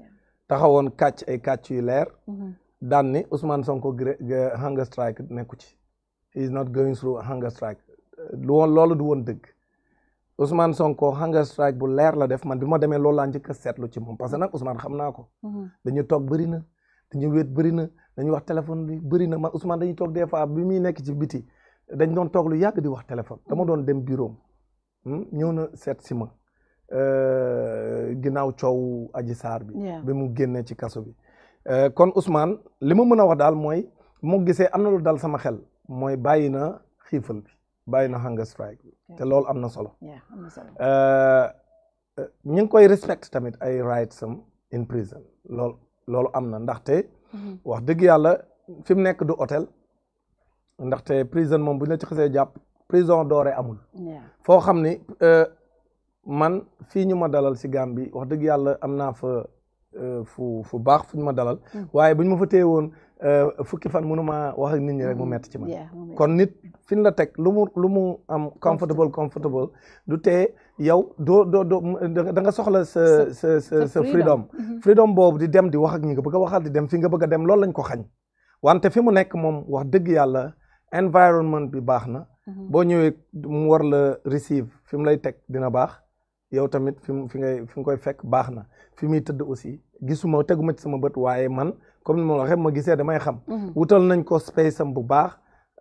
taxawoon kàcc ay kàcc yu leer. Mm-hmm. daan ni Ousmane Sonko hunger strike nekku ci. he is not going through hunger strike. lu woon loolu du woon dëgg. Ousmane Sonko hunger strike bu leer la def man bi ma demee loolu laa njëkk a seetlu ci moom parce que nag Ousmane xam naa ko. Mhm. dañu toog bëri na dañu wéet bëri na dañu wax téléphone bi bëri na man Ousmane dañuy toog des fois bi muy nekk ci biti dañ doon toog lu yàgg di wax téléphone. dama doon dem bureau hmm, ñëw na seet si ma euh, ginnaaw coow aji saar bi. bi mu génnee ci kaso bi. Euh, kon Ousmane li ma mën a wax daal mooy mu gisee am na lu dal sama xel mooy bàyyi na xiifal bi. bàyyi na hunger strike bi te loolu am na solo euh, euh, ñi ngi koy respect tamit ay rights am in prison loolu loolu am na ndaxte mm-hmm. wax dëgg yàlla fi mu nekk du hôtel ndaxte prison moom bu ñu la ci xasee jàpp prison doore amul foo xam ni euh, man fii ñu ma dalal si Gambie wax dëgg yàlla am naa fa Euh, fu fu baax fuñ ma dalal hmm. waaye ñu ma fa téye woon euh, fukki fan mënu maa wax ak nit ñi rek mu hmm. metti ci ma kon nit fi ñu la teg lu mu lu mu am comfortable comfortable du tee yow doo doo doo da nga soxla sa sa sa sa freedom mm-hmm. freedom boobu di dem di wax ak ñi nga bëgg a di dem fi nga bëgg a dem loolu lañ ko xañ wante fi mu nekk moom wax dëgg yàlla environnement bi baax na mm-hmm. boo ñëwee mu war la receive fi mu lay teg dina baax yow tamit fi mu fi ngay nga koy fekk baax na fi muy tëdd aussi gisuma teguma ci sama beut waye man comme ni ma waxee ma gisee damay xam. Mhm. wutal nañ ko space am bu baax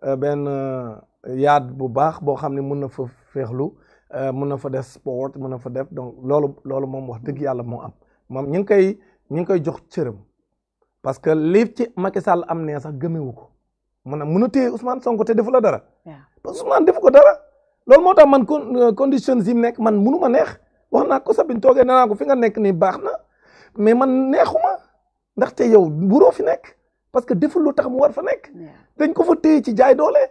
euh, ben euh, yaad bu baax bo xamni ne na fa fexlu euh, mun na fa def sport mun na fa def donc lolu lolu mom wax deug yalla mo am mom ñing ngi koy ñu koy jox cëram parce que lepp ci Macky Sall am nee sax gëmewu ko mun a Ousmane Sonko te defu la dara. parce Ousmane defu ko dara lolu motax man conditions yi nek man munu neex waxna ko sabine toge ñu ko fi nga nek ni baxna mais man neexuma ndaxte yow buroo fi nekk parce que deful lu tax mu war fa nekk. dañ ko fa téye ci jaay doole.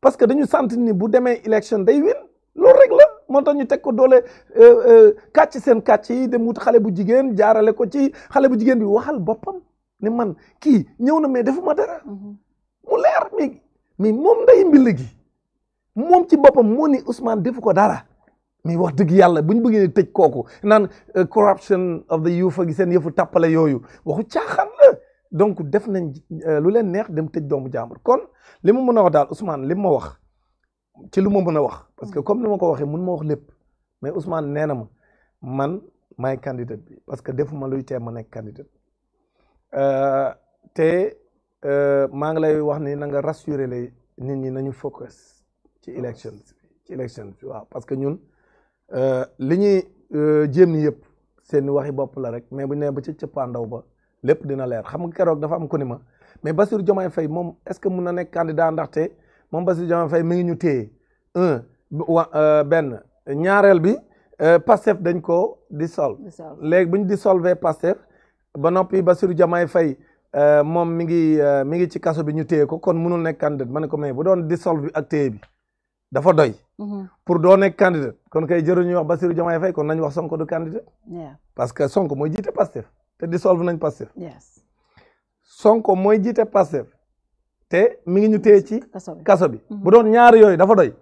parce que dañu sant ni bu demee élection day win loolu rek la moo tax ñu teg ko doole euh, euh, kàcc seen kàcc yi dem wut xale bu jigéen jaarale ko ci xale bu jigéen bi waxal boppam ne man kii ñëw na mais defuma dara. Mm-hmm. mu leer mi moom nday mbill gi moom ci boppam moo ni Ousmane defu ko dara. mais wax dëgg yàlla bu ñu bëggee tëj kooku naan euh, corruption of the youth ak seen yëfu tàppale yooyu waxu caaxaan la donc def nañ euh, lu leen neex dem tëj doomu jàmbur kon li ma mën a wax daal Ousmane li ma wax ci lu ma mën a wax parce que comme ni ma ko waxee mun ma wax lépp mais Ousmane nee na ma man maay candidat bi parce que defuma luy tee ma nekk candidat euh, te maa ngi lay wax ni na nga le les nit ñi nañu focus ci élection ci élection bi waaw Euh, li ñuy euh, jéem ni yëpp seen waxi bopp la rek mais bu ñu nee ba ca cëppaandaw ba lépp dina leer xam nga keroog dafa am ku ni ma mais Bassirou Diomaye Faye moom est-ce que mun na nekk candidat moom Bassirou Diomaye mi ngi ñu téye un wa euh, benn ñaareel bi Pastef dañ ko dissolve léegi bu ñu dissolve Pastef ba noppi Bassirou Diomaye Faye moom mi ngi mi ngi ci kaso bi ñu téye ko kon munul nekk candidat ma ne ko mais bu doon dissolve bi ak téye bi dafa doy. Mm-hmm. pour doo nekk candidat kon kay jëruñuy wax Bassirou Diomaye Faye kon nañ wax Sonko du candidat. parce que Sonko mooy jiite Pastef te dissolve nañ Pastef. yes Sonko mooy jiite Pastef te mi ngi ñu téye ci. kaso bi mm-hmm. bu doon ñaari yooyu dafa doy.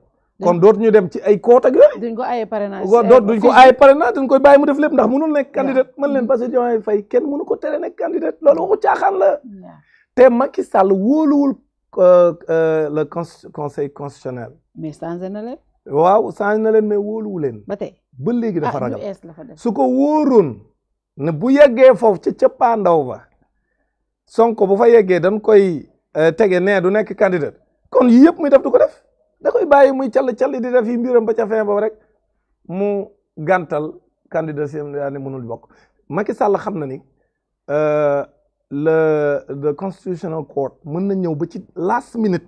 kon dootu ñu dem ci ay kóot ak duñ ko aaye parrainage doot duñ ko aaye parrainage duñ koy bàyyi mu def lépp ndax mënul nekk candidat mën leen mm-hmm. Bassirou Diomaye Faye kenn mënu ko tere nekk candidat loolu waxu caaxaan la. te Macky Sall wóoluwul Euh, euh, le conseil constitutionnel. mais changé na leen. waaw changé na leen mais wóoluwu leen. ba tey ba léegi dafa ah, ragal su ko wóoroon ne bu yeggee foofu ca cappaandaw ba Sonko bu fa yeggee dañ koy euh, tege nee du nekk candidat kon yii yëpp muy def du ko def da koy bàyyi muy call call di def yi mbiram ba ca fin ba rek mu gàntal candidat si yaa ne mënul bokk Macky Sall xam na ni. le the constitutional court mën na ñëw ba ci last minute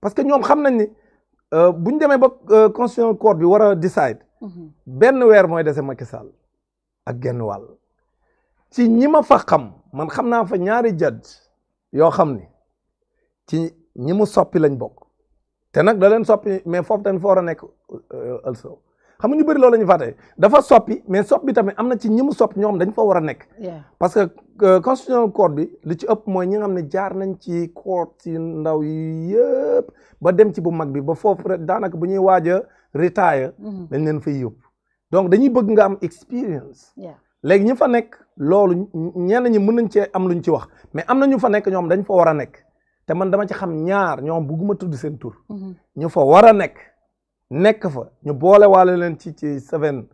parce que ñoom xam nañ ni euh, bu ñu demee ba euh, constitutional court bi war a decide mhm. benn weer mooy dese Macky Sall ak genn wàll ci ñi ma fa xam man xam naa fa ñaari judge yoo xam ni ci ñi mu soppi lañ bokk te nag da leen soppi mais foofu dañ fa a nekk euh, also xam nga ñu bari loolu la ñu fàtte dafa soppi mais soppi tamit amna ci ñimu mu sopp ñoom dañ fa wara nek parce que constitutional court bi li ci ëpp moy ñi nga jaar nañ ci court ci ndaw yëpp ba dem ci bu mag bi ba fofu rek bu ñuy waja retire. Mm-hmm. dañ leen fay yóbbu donc dañuy bëgg nga am experience, légui ñi fa nek loolu ñen ñi mënañ ci am luñ ci wax mais amna ñu fa nek ñom dañ fa wara nek té man dama ci xam ñaar ñom bëgguma tuddu seen tour mm-hmm. ñu fa wara nek nekk fa ñu boole waale leen ci ci seven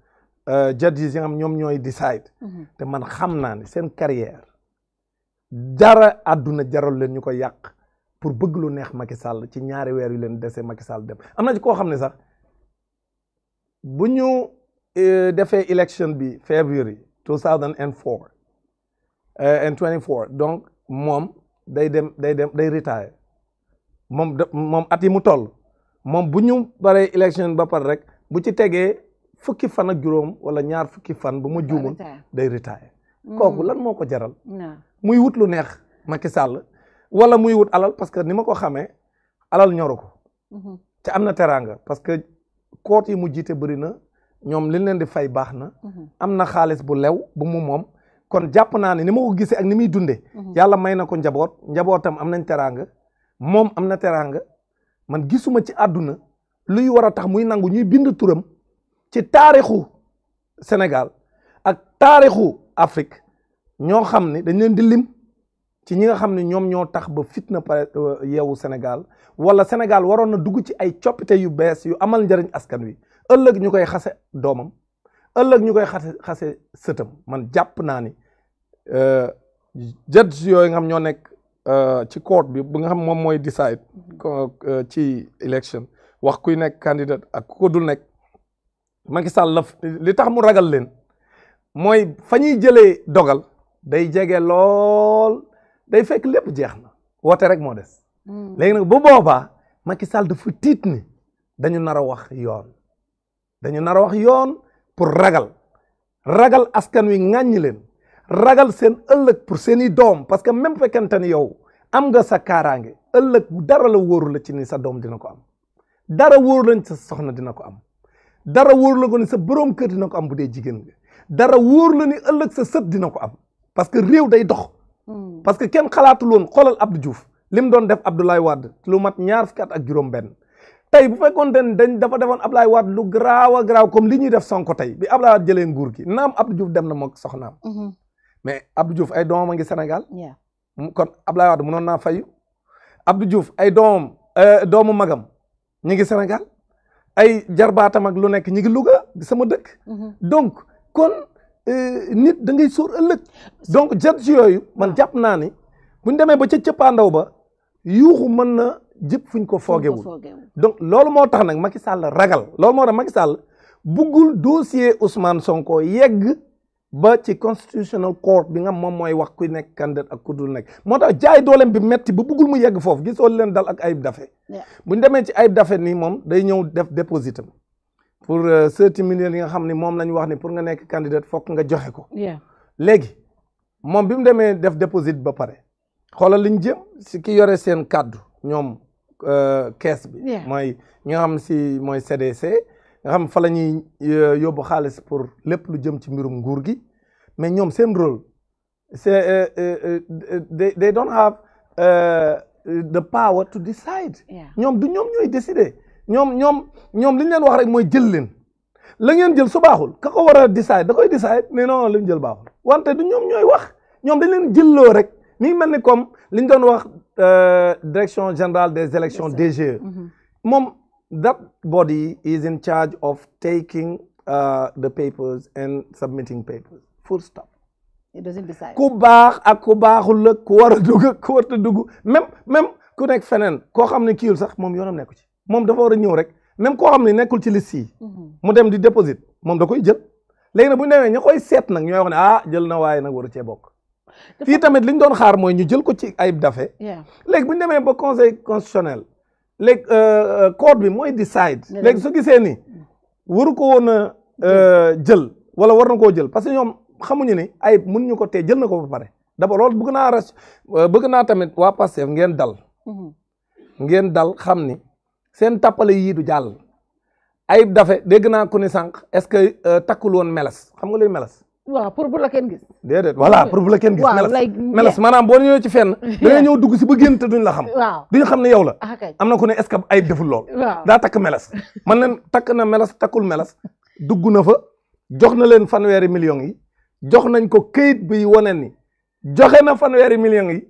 euh, judges yi nga ñoom ñooy decide mm-hmm. te man xam naa ne seen carrière dara àdduna jaral leen ñu ko yàq pour bëgg lu neex Macky Sall ci ñaari weer yu leen dese Macky Sall dem am na ci koo xam ne sax bu ñu euh, defee élection bi février 2004 and 24 euh, donc moom day dem day dem day retire moom moom at yi mu toll mom buñu election baree ba par rek bu ci tegee fukki fan ak juroom wala ñaar fukki fan bu ma joomul day retire mm-hmm. koku lan moko ko jaral muy wut lu neex Macky Sall wala muy wut alal parce que nima ko xamé alal ñoru ko amna mm-hmm. teranga, na parce que court yi mu jité bari na ñom liñ leen di fay baxna amna mm-hmm. am bu lew bu mu mom kon japp na ni nima ko gisee ak ni muy dundee may na ko njabot njabotam amnañ teranga mom amna teranga man gisuma ci àdduna luy war a tax muy nangu ñuy bind turam ci taarixu Sénégal ak taarixu Afrique ñoo xam ne dañ leen di lim ci ñi nga xam ne ñoom ñoo tax ba fitna pare euh, yeewu Sénégal wala Sénégal waroon na dugg ci ay coppite yu bees yu amal njëriñ askan wi ëllëg ñu koy xase doomam ëllëg ñu koy xase xase sëtam man jàpp naa ni euh, jët yooyu nga xam ñoo nekk Euh, ci court bi bu nga xam moom mooy decide euh, ci élection wax kuy nekk candidat ak ku ko dul nekk Macky Sall li tax mu ragal leen mooy fa ñuy jëlee dogal day jege lool day fekk lépp jeex na woote rek moo des. Hmm. léegi nag bu boobaa Macky Sall dafa tiit ni dañu nar a wax yoon dañu nar a wax yoon pour ragal ragal askan wi ŋàññi leen. ragal seen ëllëg pour seeni doom parce que même fekkente ni yow am nga sa kaaraange ëllëg dara la wóoru la ci ni sa doom dina ko am dara wóoru lañ sa soxna dina ko am dara wóoru la ko ni sa boroom kër dina ko am bu dee jigéen nga dara wóoru la ni ëllëg sa sët dina ko am parce que réew day dox hmm. parce que kenn xalaatul woon xoolal Abdou Diouf li mu doon def Abdoulaye Wade lu mat ñaar fukki at ak juróom benn bu fekkoon ten dañ dafa defoon Abdoulaye Wade lu garaaw a garaaw comme li ñuy def Sonko tey bi Abdoulaye Wade jëlee nguur gi naam Abdou Diouf dem na moog soxnaam hmm. mais Abdou Diouf ay doomam a ngi Sénégal. kon Ablaye Wade mënoon naa fayu. Abdou Diouf ay doomam euh, doomu magam ñu ngi Sénégal ay jarbaata mag lu nekk ñu ngi Louga sama dëkk. Mm-hmm. donc kon euh, nit da ngay sóor ëllëg. donc jërëjëf yooyu man ah. jàpp naa ni bu ñu demee ba ca cëppaandaw ba yuuxu mën na jëpp fuñ ko foogewul donc loolu moo tax nag Macky Sall ragal lool moo tax Macky Sall buggul dossier Ousmane Sonko yegg. ba ci constitutional court bi nga moom mooy wax nekk candidat ak ku dul nekk moo tax jaay dooleem bi metti bu bëggul mu yegg foofu gisoo leen dal ak ayib dafe bu ñu demee ci ayib dafe nii moom day ñëw def dépositam pour seeti euh, millions yi nga xam ne moom la ñu wax ni pour nga nekk candidat fokk nga joxe ko léegi moom bi mu demee def déposit ba pare xoolal liñ jëm si ki yore seen kàddu ñoom euh, kees bi mooy ñi xam si mooy CDC nga xam fa la ñuy euh, yóbbu xaalis pour lépp lu jëm ci mbirum nguur gi mais ñoom seen rôle c'est euh, euh, they they don't have the power to decide. ñoom du ñoom ñooy décider ñoom ñoom ñoom li leen wax rek mooy jël leen la ngeen jël su baaxul ka ko war a decide da koy decide mais non li ñu jël baaxul wante du ñoom ñooy wax ñoom dañ leen jëlloo rek mi ngi mel ni comme li ñu doon wax direction générale des élections DGE that body is in charge of taking uh, the papers and submitting papers full stop. it doesn't decide ku baax ak ku baaxul ak ku war a dugg ak ku war a dugg même même ku nekk feneen koo xam ne kiiwul sax moom yoonam nekku ci moom dafa war a ñëw rek même koo xam ne nekkul ci liste yi. Mm-hmm. mu dem di déposit moom da koy jël. léegi nag bu ñu demee ña koy seet nag ñooy wax ne ah jël na waaye nag waru cee bokk. fii tamit li ñu doon xaar mooy ñu jël ko ci ayib dafe. léegi bu ñu demee ba conseil constitutionnel. léegi euh, euh, code bi mooy decide léegi su gisee ni waru ko woon a euh, jël wala war na koo jël parce que ñoom xamuñu ni ayib mun ñu ko tee jël na ko ba pare d'abord loolu bëgg naa res bëgg naa tamit waa Pastef ngeen dal mm-hmm. ngeen dal xam ni seen tappale yii du jàll ayib dafe dégg naa ku ni sànq est-ce que takkul woon meles xam nga luy meles waaw pour bu la kenn gis. déedéet voilà pour bu la kenn gis. waaw lay meles maanaam boo ñëwee ci fenn. da ngay dugg si ba génn te duñ la xam. waaw duñ xam ne yow la. Ah, am na ku ne est ce que ay deful lool. daa takk meles. man na takk na meles takkul meles dugg na fa jox na leen fanweeri millions yi jox nañ ko kayit bi wane ni joxe na fan fanweeri million yi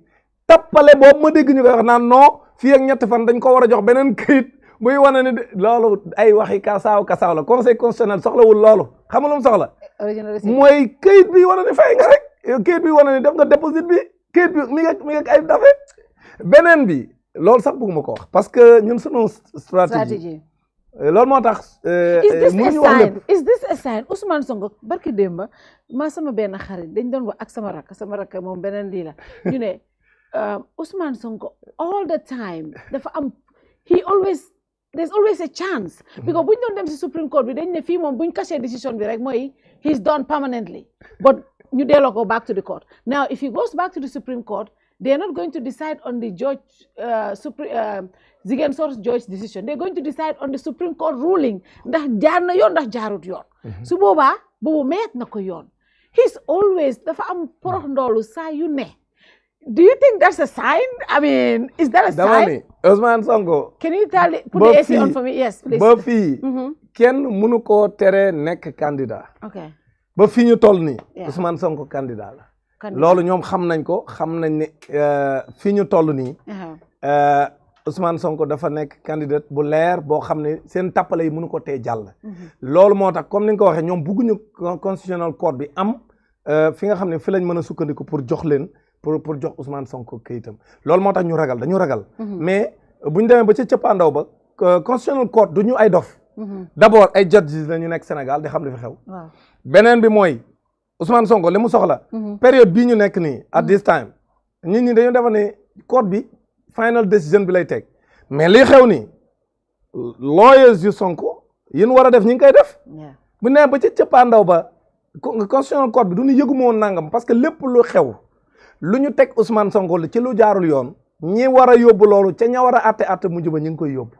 tappale boobu ma dégg ñu koy wax naan non fii ak ñetti fan dañ ko war a jox beneen këyit. muy wane ne de loolu ay waxi kasaaw kasaaw la conseil constitutionnel soxlawul loolu xam nga lu mu soxla. mooy kayit bi wane ne fay nga rek kayit bi wane ne def nga déposit bi kayit bi mi nga mi nga dafe beneen bi loolu sax bëgguma ko wax parce que ñun sunu stratégie. Euh, loolu moo tax. Euh, mu ñu wax lépp is this a sign Ousmane Sonko barki démba ma sama benn xarit dañ doon wax ak sama rakk sama rakk moom beneen lii la ñu ne euh, Ousmane Sonko all the time dafa am he always. there's always a chance mm-hmm. because buñ doon dem the Supreme Court bi dañ ne fii moom buñ casser décision bi rek he's done permanently but ñu delloo go back to the court now if he goes back to the Supreme Court they are not going to decide on the judge uh, Supreme um, Ziguinchor's judge decision they are going to decide on the Supreme Court ruling ndax jaar na yoon ndax jaarut yoon mm-hmm. su boobaa boobu meet na ko yoon he's always dafa am porox ndoolu saa yu ne do you think that's a sign? I mean, is that a sign? Sonko. Can you tell ba fii. Mm-hmm. kenn mënu ko tere nekk candidat. ba fii ñu toll nii. Ousmane Sonko candidat la. loolu ñoom xam nañ ko xam nañ ne euh, fii ñu toll nii. Uh-huh. Euh, Ousmane Sonko dafa nekk candidat bu leer boo xam ne seen tappale yi mënu ko te jàll. Mm-hmm. loolu moo tax comme ni nga ko waxee ñoom bëgguñu constitutional court bi am euh, fi nga xam ne fi lañ mën a sukkandiku pour jox leen. pour pour jox Ousmane Sonko këyitam lool moo tax ñu ragal dañu ragal. Mhm. mais euh, bu ñu demee ba ca cëppaandaw ba constitutional court du ñu ay dof. Mhm. d' abord ay judges la ñu nekk Sénégal di xam li fi xew. beneen bi mooy Ousmane Sonko li mu soxla. Mhm. période bii ñu nekk nii at this time nit ñi dañu defa ne court bi final decision bi lay teg mais li xew ni lawyers yu Sonko yéen war a def ñi ngi koy def. bu ñu ba ca cëppaandaw ba constitutional court bi du ñu yëgu ma woon nangam parce que lépp lu xew. lu ñu teg Ousmane Sonko ci lu jaarul yoon ñi war a yóbbu loolu ca ña war a atte atte mujj ba ñu ngi koy yóbbu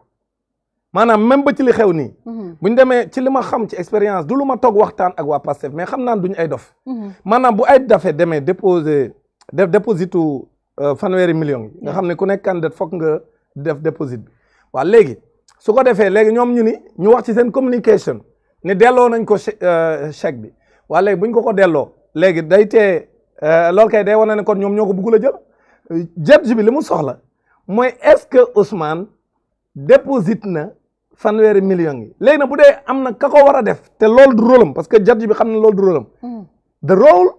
maanaam même ba ci li xew nii mhm. bu ñu demee ci li ma xam ci expérience du lu ma toog waxtaan ak waa Pastef mais xam naan duñu ay dof mhm. maanaam bu ay dafe demee déposé def dépositu euh, fanweeri million yi nga xam ne ku nekk candidat foog nga def déposit bi waaw léegi su ko defee léegi ñoom ñu ni ñu wax ci seen communication ni delloo nañ ko euh, chèque bi waa léegi bu ñu ko ko delloo Euh, loolu kay day wane ne kon ñoom ñoo ko bëggul a jël jet bi li mu soxla mooy est-ce que Ousmane déposite na fanweeri millions yi léegi na bu dee am na ka ko war a def te loolu du rôlam parce que jet bi xam na lool du rôlam hmm. the rôle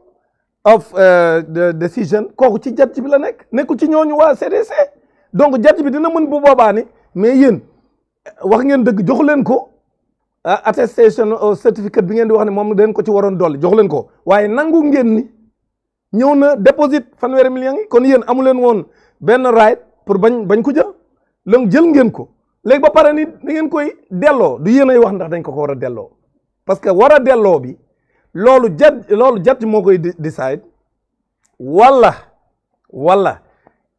of euh, the decision kooku ci jet bi la nekk nekku ci ñooñu waa CDC donc jet bi dina mën bu boobaa ni mais yéen wax ngeen dëgg joxu leen ko euh, attestation certificate bi ngeen di wax ne moom den ko ci waroon dolli joxu leen ko waaye nangu ngeen ñëw na déposit fanweeri million yi kon yéen amu leen woon benn right pour bañ bañ ko jël lam jël ngeen ko léegi ba pare ni da ngeen koy delloo du yéen ay wax ndax dañ ko ko war a delloo parce que war a delloo bi loolu jat loolu jat moo koy decide wala wala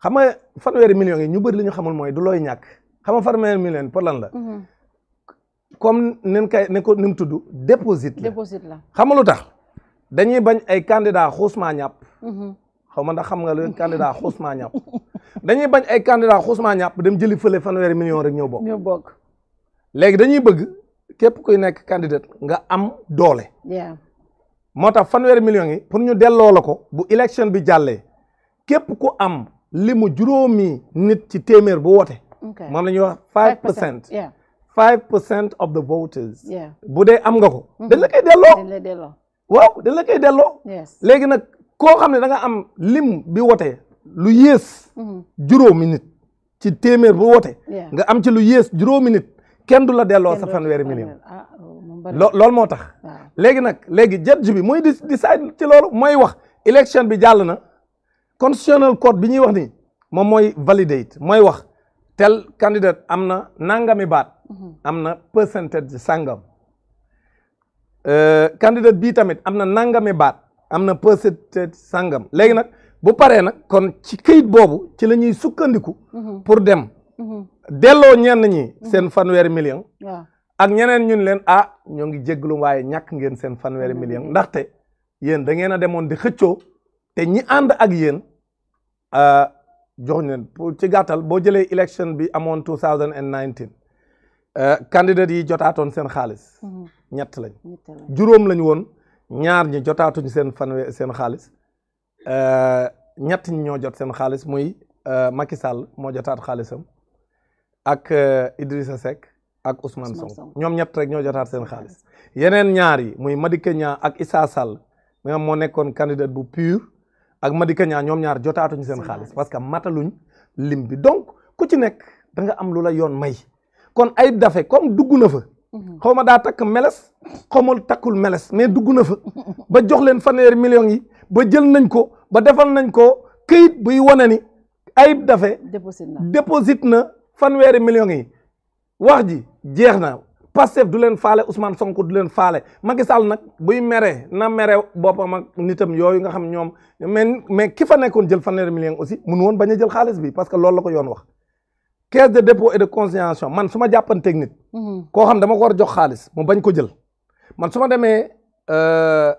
xam nga fanweeri millions yi ñu bëri li ñu mooy du looy ñàkk xam nga fanweeri millions pour lan la. Mm-hmm. comme neen kay ne ko ni mu tudd déposit la déposit la xam nga lu tax. dañuy bañ ay candidat xuusmaa ñàpp mhm. xaw ma ndax xam nga leen candidat xuusmaa ñàpp dañuy bañ ay candidat xuusmaa ñapp dem jëli fale fanweeri million rek ñëw bokk ñëw bokk léegi dañuy bëgg képp kuy nekk candidat nga am doole moo tax fanweeri million yi pour ñu delloo la ko bu élection bi jàllee képp ku am limu mu juróomi nit ci téeméer bu woote moom la ñuy wax five percent five percent of the voters bu dee am nga ko mhm. dañ la koy delloo waaw dañ koy delloo. léegi nag koo xam ne da nga am lim bi wote lu yées. Mm-hmm. juróomi nit ci téeméer bu wote. nga am ci lu yées juróomi nit kenn du la delloo sa fanweeri million. Ah, oh, lo loolu moo tax. léegi nag léegi judge bi mooy di décide ci loolu mooy wax élection bi jàll na constitutional code bi ñuy wax ni moom mooy validate mooy wax tel candidat am na nangami baat. Mm-hmm. am na percentage sangam. Euh, candidate bii tamit am na nangami baat am na peut sangam léegi nag bu paree nag kon ci këyit boobu ci la ñuy sukkandiku. Mhm. pour dem. Mhm. delloo ñenn ñi. Mhm. seen fanweeri million. ak ñeneen ñun leen ah ñoo ngi jégalu waaye ñàkk ngeen seen fanweeri million ndaxte yéen da a demoon di xëccoo te ñi ànd ak yéen euh, jox leen pour ci gàttal boo jëlee élection bi amoon 2019 euh, candidate yi jotaatoon seen xaalis. ñett lañ juróom lañ woon ñaar ñi jotaatuñ seen fanwe seen xaalis eh, ñett ñi ñoo jot seen xaalis muy eh, Macky Sall moo jotaat xaalisam ak eh, Idrissa Seck ak Ousmane Sonko ñoom ñett rek ñoo jotaat seen xaalis yeneen ñaar yi muy Madické Niang ak Issa Sall mi moo nekkoon candidat bu PUR ak Madické Niang ñoom ñaar jotaatuñ seen xaalis parce que mataluñ lim bi donc ku ci nekk da nga am lu la yoon may kon Ayib Daffé comme dugg fa Mhm. xaw ma daa takk meles xaw ma takkul meles mais dugg na fa ba jox leen fanweeri million yi ba jël nañ ko ba defal nañ ko këyit buy wane ni ayib dafe déposite na fanweeri millions yi wax ji jeex na Pastef du leen faale Ousmane Sonko du leen faale Macky Sall nag buy mere na mere boppam ak nitam yooyu nga xam ñoom mais mais ki fa nekkoon jël fanweeri millions aussi mun woon bañ a jël xaalis bi parce que loolu ko yoon wax caisse de dépôt et de consignation man su ma jàppanteeg nit. Mhm. koo xam dama ko war a jox xaalis mu bañ ko jël. man su ma demee euh,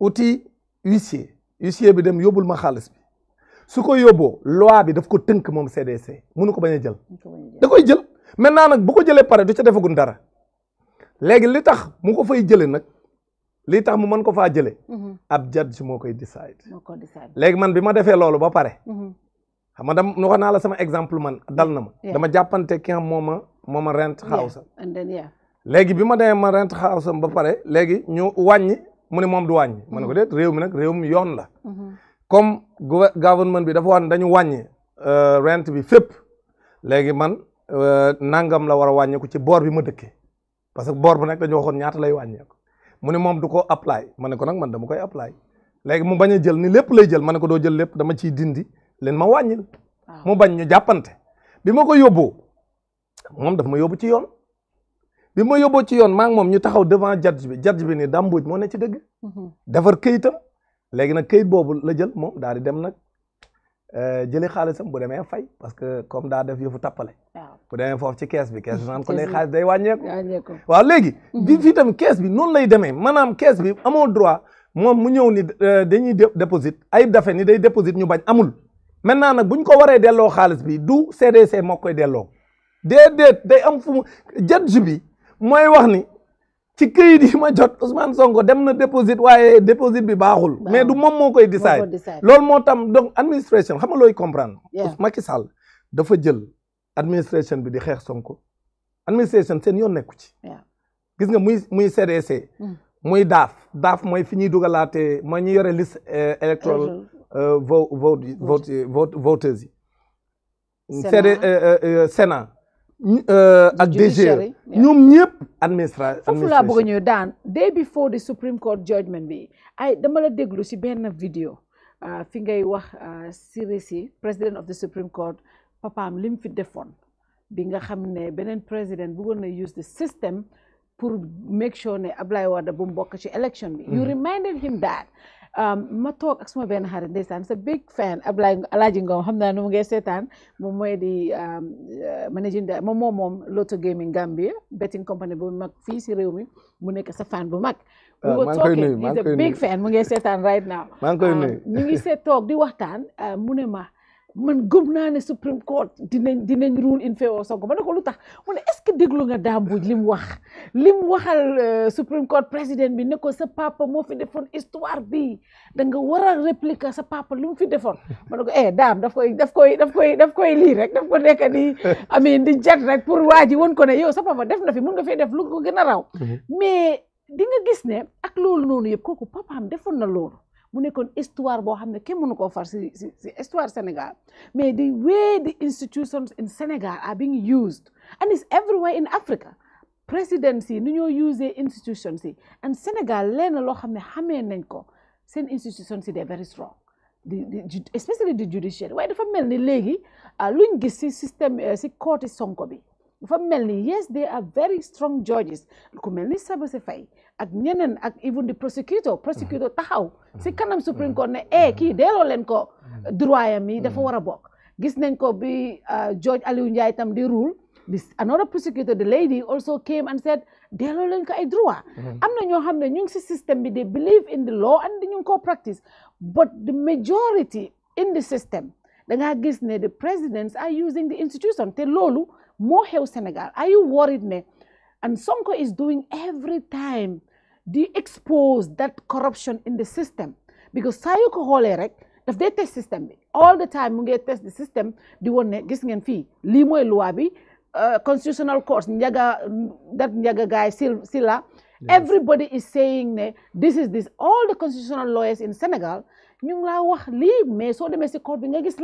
outil huissier huissier bi dem yóbbul ma xaalis bi su ko yóbboo loi bi daf ko tënk moom CDC mënu ko bañ jël. da koy jël maintenant nag bu ko jëlee pare du ca defagun dara léegi li tax mu ko fay jëlee nag. li tax mu mën ko faa jëlee. Mhm. ab judge moo koy décide. moo man bi ma defee loolu ba pare. Mhm. xam nga dama waxoon naa la sama exemple man dal na ma. dama jàppante ki nga ma moo ma rent house léegi bi ma demee ma rent house ba pare léegi ñu wàññi mu ne moom du wàññi. ma ne ko mm-hmm. déet réew mi nag mi yoon la. Mm-hmm. comme gouvernement bi dafa wax ne dañu wàññi euh, rent bi fépp léegi man euh, nangam la war a wàññeeku ci boor bi ma dëkke parce que boor bi nekk dañu waxoon ñaata lay wàññeeku mu ne moom du ko apply ma ne ko nag man dama koy apply léegi mu bañ a jël ni lépp lay jël ma ne ko doo jël lépp dama ciy dindi. leen ma wàññil ah. mu bañ ñu jàppante bi ma ko yóbboo moom daf ma yóbbu ci yoon bi ma yóbboo ci yoon maa ngi moom ñu taxaw devant judge bi judge bi ni Dame Mbodj moo ne ci dëgg mhm. defar këyitam léegi nag kayit boobu la jël mom daal di dem nag euh, jëli xaalisam bu demee fay parce que comme daa def yëfu tappale bu demee foofu ci kees bi kees bi naan ko léegi xaalis day wàññeeku waaw léegi bi mhm. fii tamit kees bi noonu lay demee maanaam kees bi amoo droit moom mu ñëw ni euh, dañuy déposite ayib dafe ni day déposite ñu bañ amul maintenant nag bu ñu ko waree delloo xaalis bi du CDC moo koy delloo déedéet day am fu mu judge bi mooy wax ni ci këyit yi ma jot Ousmane Sonko dem na déposit waaye déposit bi baaxul. mais du moom moo koy décide loolu moo tam don administration xam nga looy comprendre. Macky Sall dafa jël administration bi di xeex Sonko administration seen yoon nekku ci. gis nga muy muy CDC. Mm. muy daaf DAF mooy fi ñuy dugalaatee mooy ñu yore liste eh, électorale. vo vote vote voteuse euh, euh, euh, yi. Sénat ak DG ñoom ñëpp administration foofu laa bëgg a ñëw daan day before the Supreme Court judgment bi ay dama la déglu si benn vidéo fi ngay wax Sirisi president of the Supreme Court papaam lim fi defoon bi nga xam ne beneen président bëggoon na use the system pour make sure ne Ablaye Wade bu mu bokk ci election bi you mm-hmm. reminded him that Um, ma toog ak suma benn xarit ndeysaan sa big fan Ablaye Alaaji Ngom xam naa nu mu ngi seetaan moom mooy di um, uh, managing director moom moom moom Lotto Gaming Gambia betting company bu mag fii si réew mi mu nekk sa fan bu mag. Ah, maa ngi koy nuyu maa big fan mu ngi seetaan right now. maa ngi koy um, toog di waxtaan uh, mu ma. man gëm naa ne Supreme Court dinañ dinañ rule in favor Sonko ma ne ko lu tax mu ne est-ce que déglu nga Dambouj li mu wax li mu waxal euh, Supreme Court président bi ne ko sa papa moo fi defoon histoire bi da nga war a répliquer sa papa lu fi defoon ma ne ko eh daam daf koy daf koy daf koy daf lii rek daf ko nekk di amee di jat rek pour waa ji woon ko ne yow sa papa def na fi mun nga fee def lu ko gën a raw mm-hmm. mais di nga gis ne ak loolu noonu yëpp kooku papaam defoon na loolu mu nekkoon histoire boo xam ne kenn mënu koo far si si si histoire Sénégal mais the way the institutions in Sénégal are being used and it's everywhere in Africa présidence yi ni ñoo use institutions yi and Sénégal leena loo xam ne xamee nañ ko seen institutions yi they very strong di especially the judiciary waaye dafa mel ni léegi ah, luñ gis si système eh, si kooti sonko bi For me, yes they are very strong judges ku mel ni Sabasy Faye ak ñeneen ak even the prosecutor prosecutor mm-hmm. taxaw si mm-hmm. kanam Supreme mm-hmm. Court ne eh kii delloo leen ko droit am yi dafa war a bokk gis nañ ko bi uh, George Aliou Ndiaye tam di rule this another prosecutor the lady also came and said delloo leen ko ay droit am na ñoo xam ne ñu ngi bi they believe in the law and ñu ngi ko practice but the majority in the system da ngaa gis ne the presidents are using the institution te loolu morreu Senegal. Are you worried, me? And Sonko is doing every time de expose that corruption in the system because saa yu ko xoolee rek daf test système all the time mu test the system, di want ne gis ngeen fii lii euh, constitutional court njaga that njaga guy si everybody is saying ne this is this all the constitutional lawyers in Sénégal ñu ngi laa wax lii so soo demee si court bi gis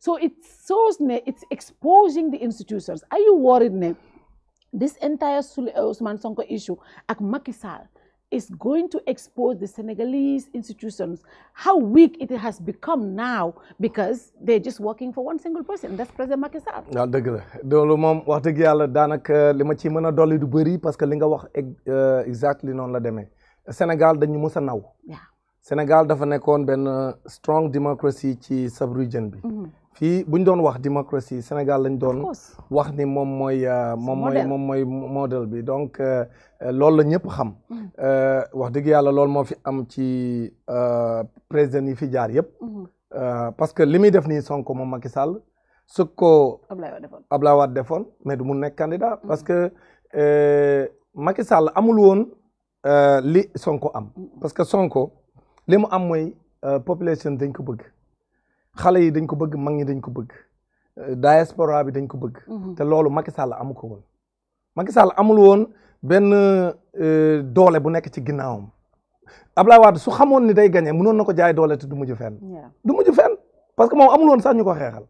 so it shows, it's exposing the institutions. Are you worried, ne? This entire uh, Usman Sonko issue, ak is going to expose the Senegalese institutions, how weak it has become now because they're just working for one single person, that's President Macky Sall. waaw ah, dëgg la loolu moom wax dëgg yàlla daanaka li ma ci mën euh, exactly non la deme. Sénégal dañu mës a naw. Sénégal dafa nekkoon benn strong democracy ci sub-région bi. Mm-hmm. fii bu ñu doon wax démocratie Sénégal lañ doon wax ni moom mooy euh, moom mooy moom mooy modèle bi donc euh, loolu la ñëpp xam mm-hmm. euh, wax dëgg yàlla loolu moo fi am ci président yi fi jaar yëpp mm-hmm. parce que li muy def nii Sonko moom Macky Sall su ko Ablaye Wade defoon mais du mu nekk candidat mm-hmm. parce que Macky Sall amul woon li Sonko am parce que Sonko li mu am mooy population dañ ko bëgg xale yi dañ ko bëgg mag ñi dañ ko bëgg euh, diaspora bi dañ ko bëgg mhm. te loolu Macky Sall amu ko woon Macky Sall amul woon benn euh, doole bu nekk ci ginnaawam Ablaye Wade su xamoon ni day gagné mënoon na ko jaay doole te du mujj fenn du mujj fenn parce que moom amul woon sax ñu ko xeexal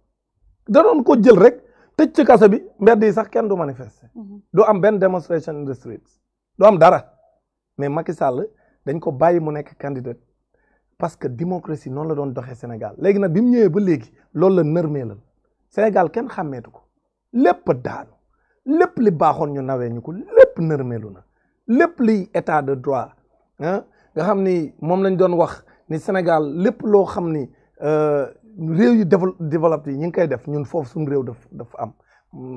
da doon ko jël rek te ci kaso bi mbedd yi sax kenn du manifester mhm. du am benn démonstration in the streets doo am dara mais Macky Sall dañ ko bàyyi mu nekk candidat parce que démocratie noonu la doon doxee Sénégal léegi nag bi mu ñëwee ba léegi loolu la nërmeelal Sénégal kenn xàmmeetu ko lépp daanu lépp li baaxoon ñu nawee ñu ko lépp nërmeelu na lépp liy état de droit nga xam ni moom lañ doon wax ni Sénégal lépp loo xam ni euh, réew yu développé yi ñu ngi koy def ñun foofu suñu réew daf dafa am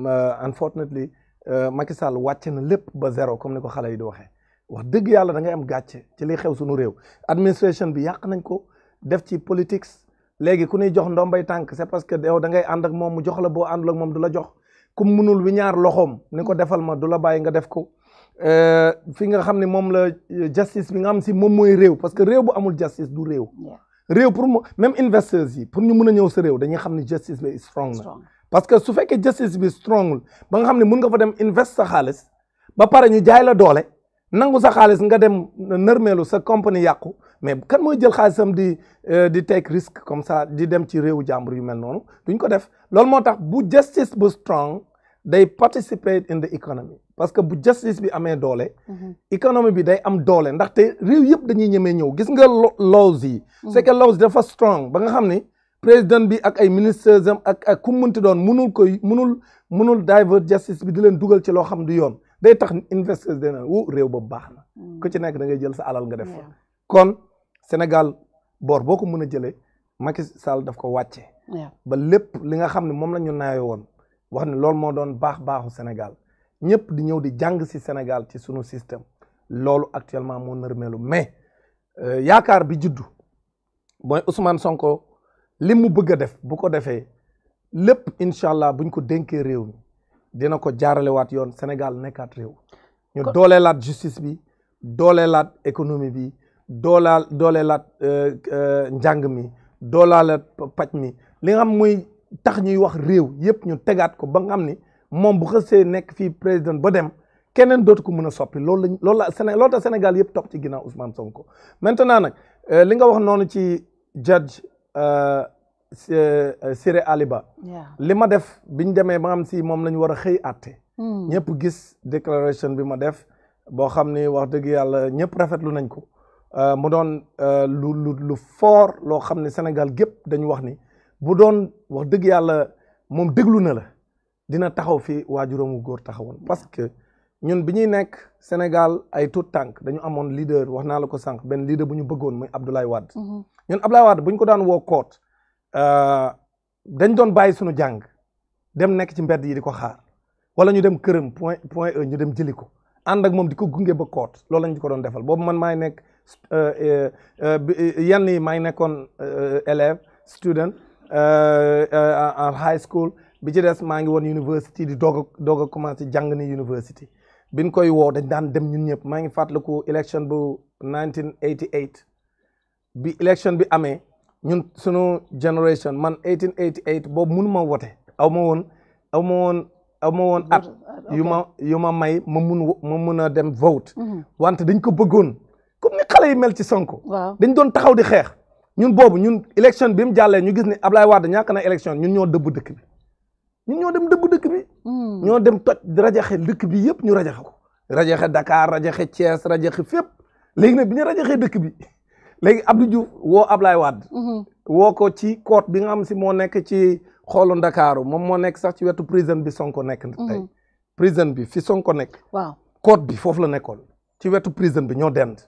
euh, unfortunately euh, Macky Sall wàcce na lépp ba zéro comme ni ko xale yi di waxee wax dëgg yàlla da ngay am gàcce ci li xew suñu réew administration bi yàq nañ ko def ci politique léegi ku ñuy jox ndombay tànk c'est parce que yow da ngay ànd moom mu jox la boo àndul ak moom du la jox ku munul wi ñaar loxoom ni ko defal ma du la bàyyi nga def ko euh, fi nga xam ne moom la euh, justice bi nga xam si moom mooy réew parce que réew bu amul justice du réew réew pour mu même investors yi pour ñu mun a ñëw sa réew dañuy xam ne justice bi strong parce que su fekkee justice bi strongul ba nga xam ne mun nga fa dem invest sa xaalis ba pare ñu jaay la doole nangu sa xaalis nga dem nërmeelu sa compagnie yàqu mais kan mooy jël xaalisam di euh, di take risque comme ça di dem ci réewu jàmbur yu mel noonu duñ ko def loolu moo tax bu justice bu strong day participate in the economy parce que bu justice bi amee doole. économie mhm. bi day am doole ndaxte réew yëpp dañuy ñemee ñëw gis nga laws yi. Mhm. c'est que laws dafa strong ba nga xam ni président bi ak ay ministres am ak ak ku mu doon munul koy munul munul divert justice bi di leen dugal ci loo xam du yoon. day tax investisseurs dina wu rew ba baxna hmm. ku ci nek da ngay jël sa alal nga def kon Senegal bor boko meuna jëlé Macky Sall daf ko wàcce. ba lepp li nga xamni mom lañu nayo won wax ni lool mo doon bax baxu senegal ñepp di ñew di jang si senegal ci sunu système loolu actuellement moo melu mais euh, yaakar bi juddu moy Ousmane Sonko limu bëgg def bu ko defee lepp inshallah buñ ko denké réew dina ko jaaralewaat yoon Sénégal nekkaat réew ñu dooleelaat justice bi dooleelaat économie bi doolaa dooleelaat euh, euh, njàng mi dooleelaat paj mi li nga xam muy tax ñuy wax réew yëpp ñu tegaat ko ba nga xam ni moom bu xësee nekk fii président ba dem keneen dootu ko mën a soppi loolu lañ loolu la Séné loolu Sénégal yëpp topp ci ginnaaw Ousmane Sonko maintenant nag euh, li nga wax noonu ci judge Euh, Siré Aliba. li ma def bi ñu demee ba am si moom la ñu war a xëy àtte. Hmm. ñëpp gis déclaration bi ma def boo xam ni wax dëgg yàlla ñëpp rafetlu nañ ko euh, mu doon euh, lu lu foor loo xam ne Sénégal gépp dañu wax ni bu doon wax dëgg yàlla moom déglu na la dina taxaw fi waajuramu góor taxawoon parce que ñun bi ñuy nekk Sénégal ay tout tànk dañu amoon leader wax naa la ko sànq benn leader bu ñu bëggoon muy Abdoulaye Wade. Mm-hmm. ñun Abdoulaye Wade bu ñu ko daan woo koot. Euh, dañ doon bàyyi suñu jàng dem nekk ci mbedd yi di ko xaar wala ñu dem këram point point e ñu dem jëli ko ànd ak moom di ko gunge ba koot loolu lañ ko doon defal boobu man maay nekk euh, euh, yan yi maay nekkoon élève student en high school bi ci des maa ngi woon university di doog a doog a commencé jàng ni university biñ koy woo dañ daan dem ñun ñëpp maa ngi fàttaliku élection bu 1988 bi élection bi amee ñun sunu génération man 1888 boobu mënu ma wote aw ma woon aw ma woon aw ma woon at ah, yu ma yu ma may ma mun ma mun a dem vote mhm. wante dañ ko bëggoon comme ni xale yi mel ci Sonko dañ doon taxaw di xeex ñun boobu ñun élection bi mu jàllee ñu gis ni Ablaye Wade ñàkk na élection ñun ñoo dëbb dëkk bi ñun ñoo dem dëbb dëkk bi mhm. ñoo dem toj rajaxe dëkk bi yëpp ñu rajaxe ko rajaxe Dakar rajaxe Thiès rajaxe fépp léegi nag bi ñu rajaxee dëkk bi léegi Abdou Diouf woo Ablaye Wade. Mhm. woo ko ci cote bi nga xam si moo nekk ci xoolu Ndakaaru moom moo nekk sax ci wetu prison bi Sonko nekk. tey mhm. prison bi fi Sonko nekk. waaw cote bi foofu la nekkoon ci wetu prison bi ñoo dend.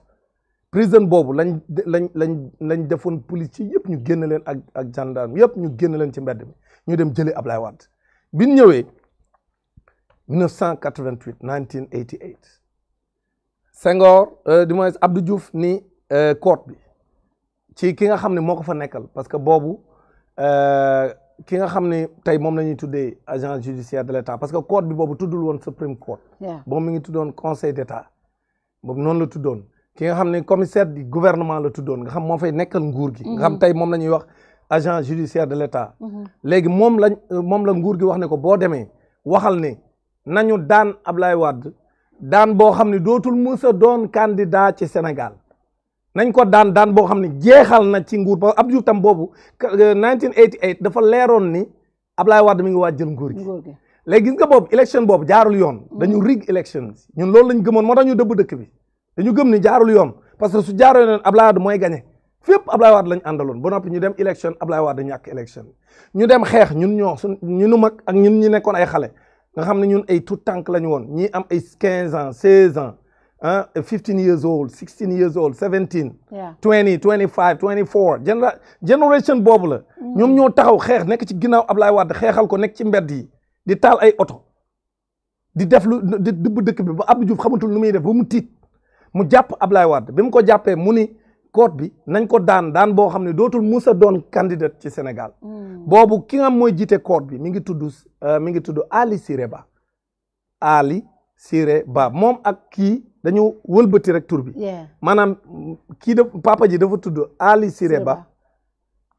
prison boobu lañ lañ lañ lañ defoon police ci yëpp ñu génn leen ak ak gendarme yëpp ñu génn leen ci mbedd mi ñu dem jëlee Ablaye Wade bi ñu ñëwee 1988 1988 Senghor euh, du moins Abdou Diouf ni euh, cote bi. ci ki nga xam ne moo ko fa nekkal parce que boobu euh, ki nga xam ne tey moom la ñuy tuddee agent judiciaire de l' état parce que code bi boobu tuddul woon supreme court. boobu mi ngi tuddoon conseil d' état boobu noonu la tuddoon. ki nga xam ne commissaire du gouvernement la tuddoon nga xam moo fay nekkal nguur gi. nga xam mm-hmm. tey mom la ñuy wax agent judiciaire de l' état. Mm-hmm. léegi moom lañ moom la nguur gi wax ne ko boo demee waxal ne nañu daan Ablaye Wade daan boo xam ne dootul musa doon candidat ci Sénégal. nañ ko daan daan boo xam ne jeexal na ci nguur ba Abdou Diouf tam boobu 1988 euh, dafa leeroon ni Ablaye Wade mi ngi waaj jël nguur gi. léegi nga boobu élection boobu jaarul yoon. dañu mm. rig élection ñun loolu lañ gëmoon moo tax ñu dëbb dëkk bi dañu gëm ni jaarul yoon parce que su jaarul yoon Ablaye Wade mooy gagné. fépp Ablaye Wade lañ àndaloon ba noppi ñu dem élection Ablaye Wade ñàkk élection ñu dem xeex ñun ñoo suñ ñu nu mag ak ñun ñu nekkoon ay xale nga xam ne ñun ay tout tànk la ñu woon ñii am ay 15 ans 16 ans uh, 15 years old 16 years old 17. Yeah. 20 25 24 genera generation boobu la. Mm. ñoom ñoo taxaw xeex nekk ci ginnaaw Ablaye Wade xeexal ko nekk ci mbedd yi di taal ay oto di def lu di dëbb dëkk bi ba Abdou Diouf xamatul nu muy def ba mu tiit mu jàpp Ablaye Wade bi ko jàppee mu ni code bi nañ ko daan daan boo xam ne dootul musa doon candidate ci senegal mm. boobu ki nga mooy jiite code bi mi ngi tudd uh, mi ngi tudd Ali Sireba Ali. siire Ba moom ak kii dañu wëlbati rek tur bi. maanaam kii de papa ji dafa tudd Ali Siré Ba.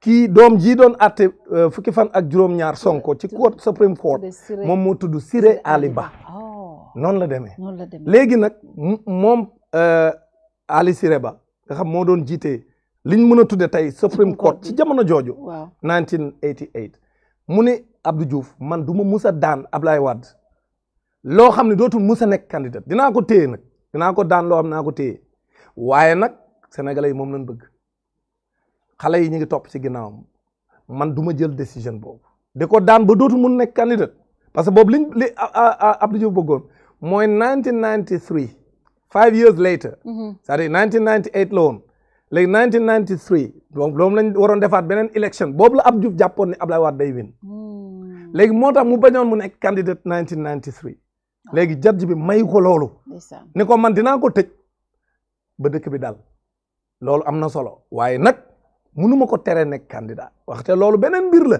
kii doom ji doon àtte euh, fukki fan ak juróom-ñaar Sonko ci cour Supreme Court moom moo tudd Siré Ali Ba. Oh. noonu la demee léegi nag moom euh, Ali Siré Ba nga xam moo doon jiite liñ mën a tudde tey Supreme Court ci jamono jooju. waaw 1988 mu ne Abdou Diouf man du ma mus a daan Ablaye Wade. loo xam ne dootul mus a nekk candidat dinaa ko téye nag dinaa ko daan loo xam naa ko téye waaye nag sénégalais yi moom lañ bëgg xale yi ñu ngi topp ci ginnaawam man duma ma jël décision boobu di ko daan ba dootul mun nekk candidat parce que boobu liñ li Abdou Diouf bëggoon mooy 1993 five years later mm-hmm. c'est-à-dire 1998 la woon léegi 1993 donc loom lañ waroon defaat beneen élection boobu la Abdou Diouf jàppoon ne Ablaye Wade day win mm. léegi moo tax mu bañoon mu nekk candidat 1993 léegi jaj bi may ko loolu ni ko man dinaa ko tëj ba dëkk bi dal loolu am na solo waaye nag mënuma ko tere nekk candidat waxte loolu beneen mbir la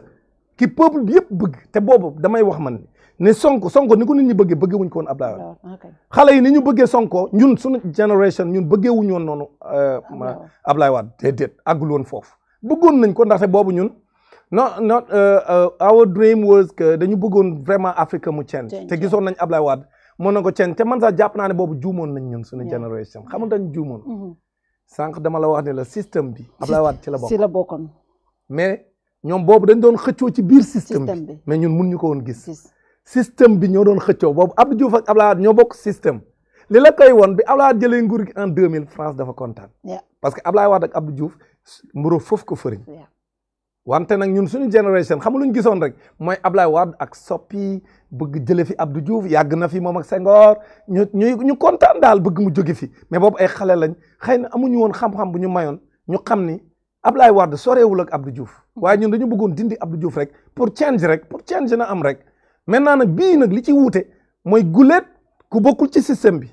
ki peuple bi yëpp bëgg te boobu damay wax man ne sonko sonko ni ko nit ñi bëggee bëggee wuñ ko woon yi ni ñu bëggee sonko ñun suñu génération ñun bëggee wuñu woon noonu euh, Abdoulaye Wade déedéet àggul woon foofu bëggoon nañ ko ndaxte boobu ñun not not uh, uh, our dream was da ñu bëggoon vraiment Afrique mu change te gisoon nañ Ablaye Wade mën na ko change te man sax jàpp naa ne boobu juumoon nañ ñun suñu génération xam nga dañ juumoon mm-hmm. sànq dama la wax ne la système bi Ablaye Wade ci la bokk ci la bokkoon mais ñoom boobu dañ doon xëccoo ci biir système bi mais ñun mun ñu ko woon gis système bi ñoo doon xëccoo boobu Abdou Diouf ak ñoo bokk système li la koy woon bi Ablaye Wade jëlee nguur gi en 2000 France dafa kontaan parce que Ablaye Wade ak Abdou Diouf mburu foofu ko fëriñ wante nag ñun suñu génération xam lu ñu gisoon rek mooy Ablaye Wade ak soppi bëgg jële fi Abdou Diouf yàgg na fi moom ak Senghor ñu ñu ñu kontaan daal bëgg mu jóge fi mais boobu ay xale lañ xëy na amuñu woon xam-xam bu ñu mayoon ñu xam ni Ablaye Wade soreewul ak Abdou Diouf waaye ñun dañu bëggoon dindi Abdou Diouf rek pour change rek pour change na am rek maintenant nag bii nag li ci wuute mooy guleet ku bokkul ci système bi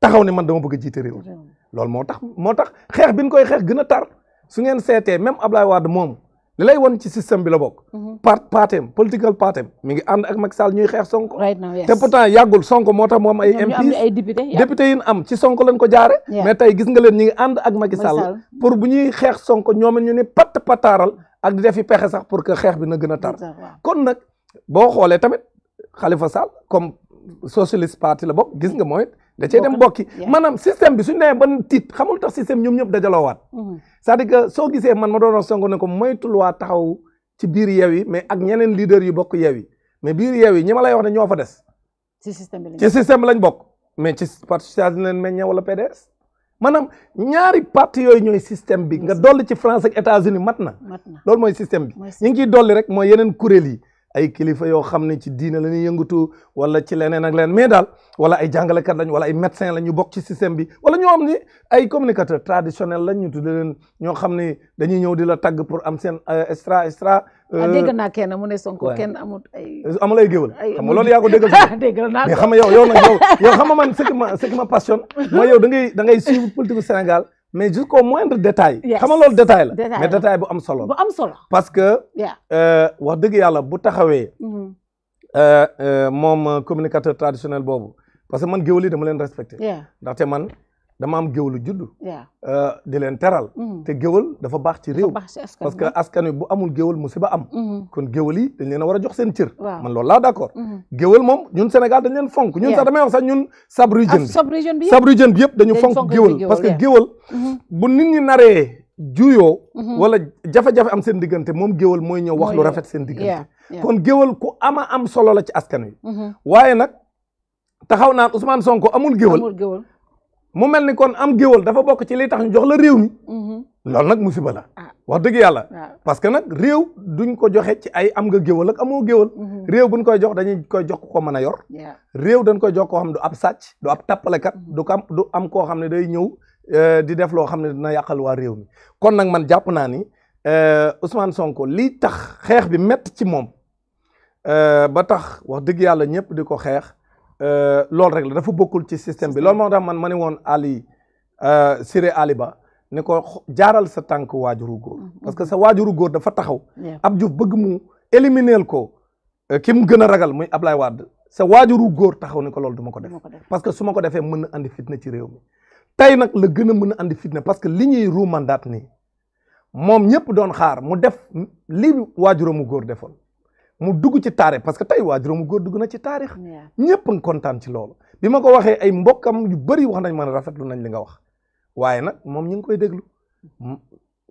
taxaw ne man dama bëgg a jiite réew loolu moo tax moo tax xeex bi ñu koy xeex gën a tar su ngeen seetee même Ablaye Wade moom lay won ci système bi la bok mhm. part partem political partem mi ngi and ak Macky Sall ñuy xex Sonko. te pourtant yàggul Sonko moo tax mu am ay. MPs député yi am ci Sonko lañ ko jaaré mais tay gis nga leen ñi ngi and ak Macky Sall. pour bu ñuy xex Sonko ñoom ñu ni pat pataral ak di def yi pexé sax pour que xex bi na gëna tar. kon nak bo xolé tamit Khalifa Sall comme socialist parti la bok gis nga moy da Mana dem bokki manam système bi suñu né ban tit. xamul tax système ñoom dajalo wat mhm. c'est-à-dire que soo gisee man ma doon wax Sonko ne ko moytul waa taxaw ci biir Yewwi mais ak ñeneen leader yu bokk Yewwi mais biir Yewwi ñi ma lay wax ne ñoo fa des. ci système bi ci système lañ bokk. mais ci parti socialiste lañ meññee wala PDS. maanaam ñaari parti yooyu ñooy système bi nga dolli ci France ak États-Unis mat na. mat na loolu mooy système bi. ñu ngi ciy dolli rek mooy yeneen kuréel yi. ay kilifa yoo xam ne ci diina la ñuy yëngatu wala ci leneen ak leneen mais daal wala ay jàngalekat lañ wala ay médecin la ñu bokk ci système bi wala ñoo xam ne ay communicateur traditionel lañ ñu tudde leen ñoo xam ne dañuy ñëw di la tagg pour am seen euh, extra extra. Ah, euh, dégg naa kenn mu ne Sonko kenn euh, amul ay. amul ay géwal xam nga loolu yaa ko déggal si. Ah, xam nga yow yow nag yow yow xam man ce qui ma ma passionne mooy yow da ngay da ngay suivre politique Sénégal. mais jusqu'au moindre détail xam nga loolu détail la mais détail bu am solo bu am solo parce que euh, wax dëgg yàlla bu taxawee mm-hmm. euh, euh, moom communicateur traditionnel boobu parce que man géwël yi dama leen respecte ndaxte man dama am géwlu judd. Euh, di leen teral. Mm-hmm. te géwal dafa baax ci réew. parce que askan wi bu amul géwal musiba am. Mm-hmm. kon géwal yi dañ leen a war a jox seen cër. man loolu laa d' accord. Mm-hmm. géwal moom ñun Sénégal dañ leen fonk. ñun sax damay wax sax ñun sab région ah, bi sab région bi yëpp dañu fonk géwal parce que géwal. bu nit ñi naree juyoo. wala jafe-jafe am seen diggante moom géwal mooy ñëw wax lu rafet seen diggante. kon géwal ku ama am solo la ci askan wi. waaye nag taxaw naan Ousmane Sonko amul géwal. mu melni ni kon am géwal dafa bok ci li tax ñu jox la rew mi mhm. lool nak musiba la ah. wax deug yalla parce que nak rew duñ ko joxe ci ay am nga géwal ak amo géwal mhm. rew buñ koy jox dañuy koy jox ko mëna yor rew dañ koy jox ko xam du ab satch du ab kat mhm. du kam du am ko xam day ñew euh, di def lo xam dina yakal wa rew mi kon nak man japp na ni euh, Ousmane Sonko li tax xex bi met ci euh ba tax wax deug yalla ñepp di ko Euh, loolu rek la dafa bokkul ci système bi loolu ma tax man ma ne woon Ali euh, Siré Ali Ba ne ko jaaral sa tànk waajuru góor mm-hmm. parce que sa waajuru góor dafa taxaw ab Diouf bëgg mu éliminer ko euh, ki mu gën a ragal muy Ablaye Wade sa waajuru góor taxaw ne ko loolu duma ko def parce que su ma ko defee mën na andi fitna ci réew mi tey nag la gën a mën a andi fitna parce que li ñuy mandaat ni moom ñëpp doon xaar mu def li mu góor defoon mu dugg ci taarix parce que tey mu góor dugg na ci taarix. ñëpp a kontaan ci loolu. bi ma ko waxee ay mbokkam yu bëri wax nañ man rafetlu nañ li nga wax waaye nag moom ñu ngi koy déglu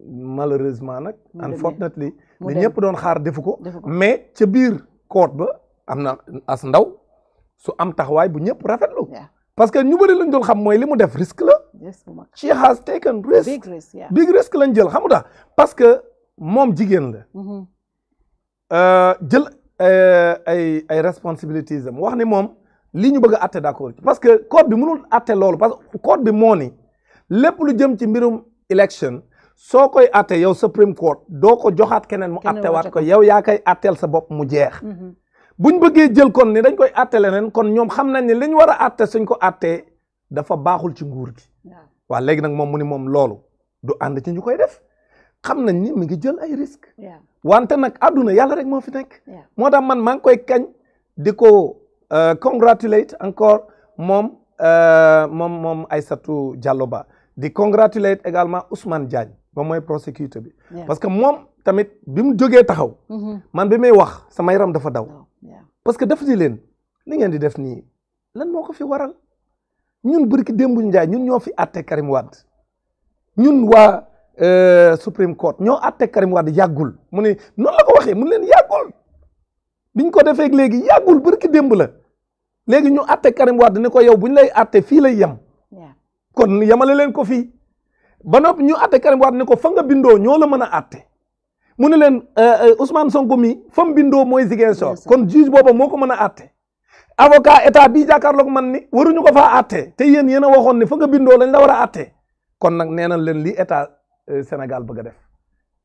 malheureusement nag. unfortunately li ñëpp doon xaar defu ko. mais ca biir koot ba am na as ndaw su am taxawaay bu ñëpp rafetlu. parce que ñu bëri lañ doon xam mooy li mu def risque la. she has taken risk. big risk lañ jël xam nga parce que moom jigéen la. Mm-hmm. Euh, jël euh, ay ay responsabilités am wax ni moom li ñu bëgg a atte d'accord parce que code bi mënul atte loolu parce que bi moo ni lépp lu jëm ci mbirum élection soo koy atte yow Supreme Court doo ko joxaat keneen mu attewaat ko yow yaa koy atteel sa bopp mu jeex mm-hmm. bu ñu bëggee jël kon ni dañ koy atte leneen kon ñoom xam nañ ne li ñu war a atte suñ ko atte dafa baaxul ci nguur gi waaw léegi nag moom mu ni moom loolu du ànd ci ñu koy def xamnañ ni mi ngi jël ay risque wante nak aduna yalla rek mo fi nek man mang koy kagn diko euh, congratulate encore mom euh, mom mom Aïssatou Diallo Ba di congratulate également Ousmane Diagne ba moy prosecutor bi parce que mom tamit bi joge taxaw mm-hmm. man bi may wax sama yaram dafa daw oh, parce que daf di len li ngeen di def ni lan moko fi waral ñun burki dembu njaay ñun fi Karim wad ñun waa Euh, Supreme Court ñoo atte Karim Wade yàggul mu ne noonu ko waxee mu leen yàggul biñ ko defee léegi yàggul barki démb la léegi ñu atte Karim Wade ne ko yow bu ñu lay àtte fii lay yem. kon yemale leen ko fii ba noppi ñu àtte Karim Wade ne ko fa nga bindoo ñoo la mën a àtte mu ne leen euh, euh, Ousmane Sonko mi fa mu bindoo mooy Ziguinchor. kon juge booba moo ko mën a àtte. avocat état bii jàkkaarloog man ni waru ko faa atte te yéen yéen a waxoon ne fa nga bindoo lañ la war a àtte kon nag nee na leen lii état. Sénégal bëgg a def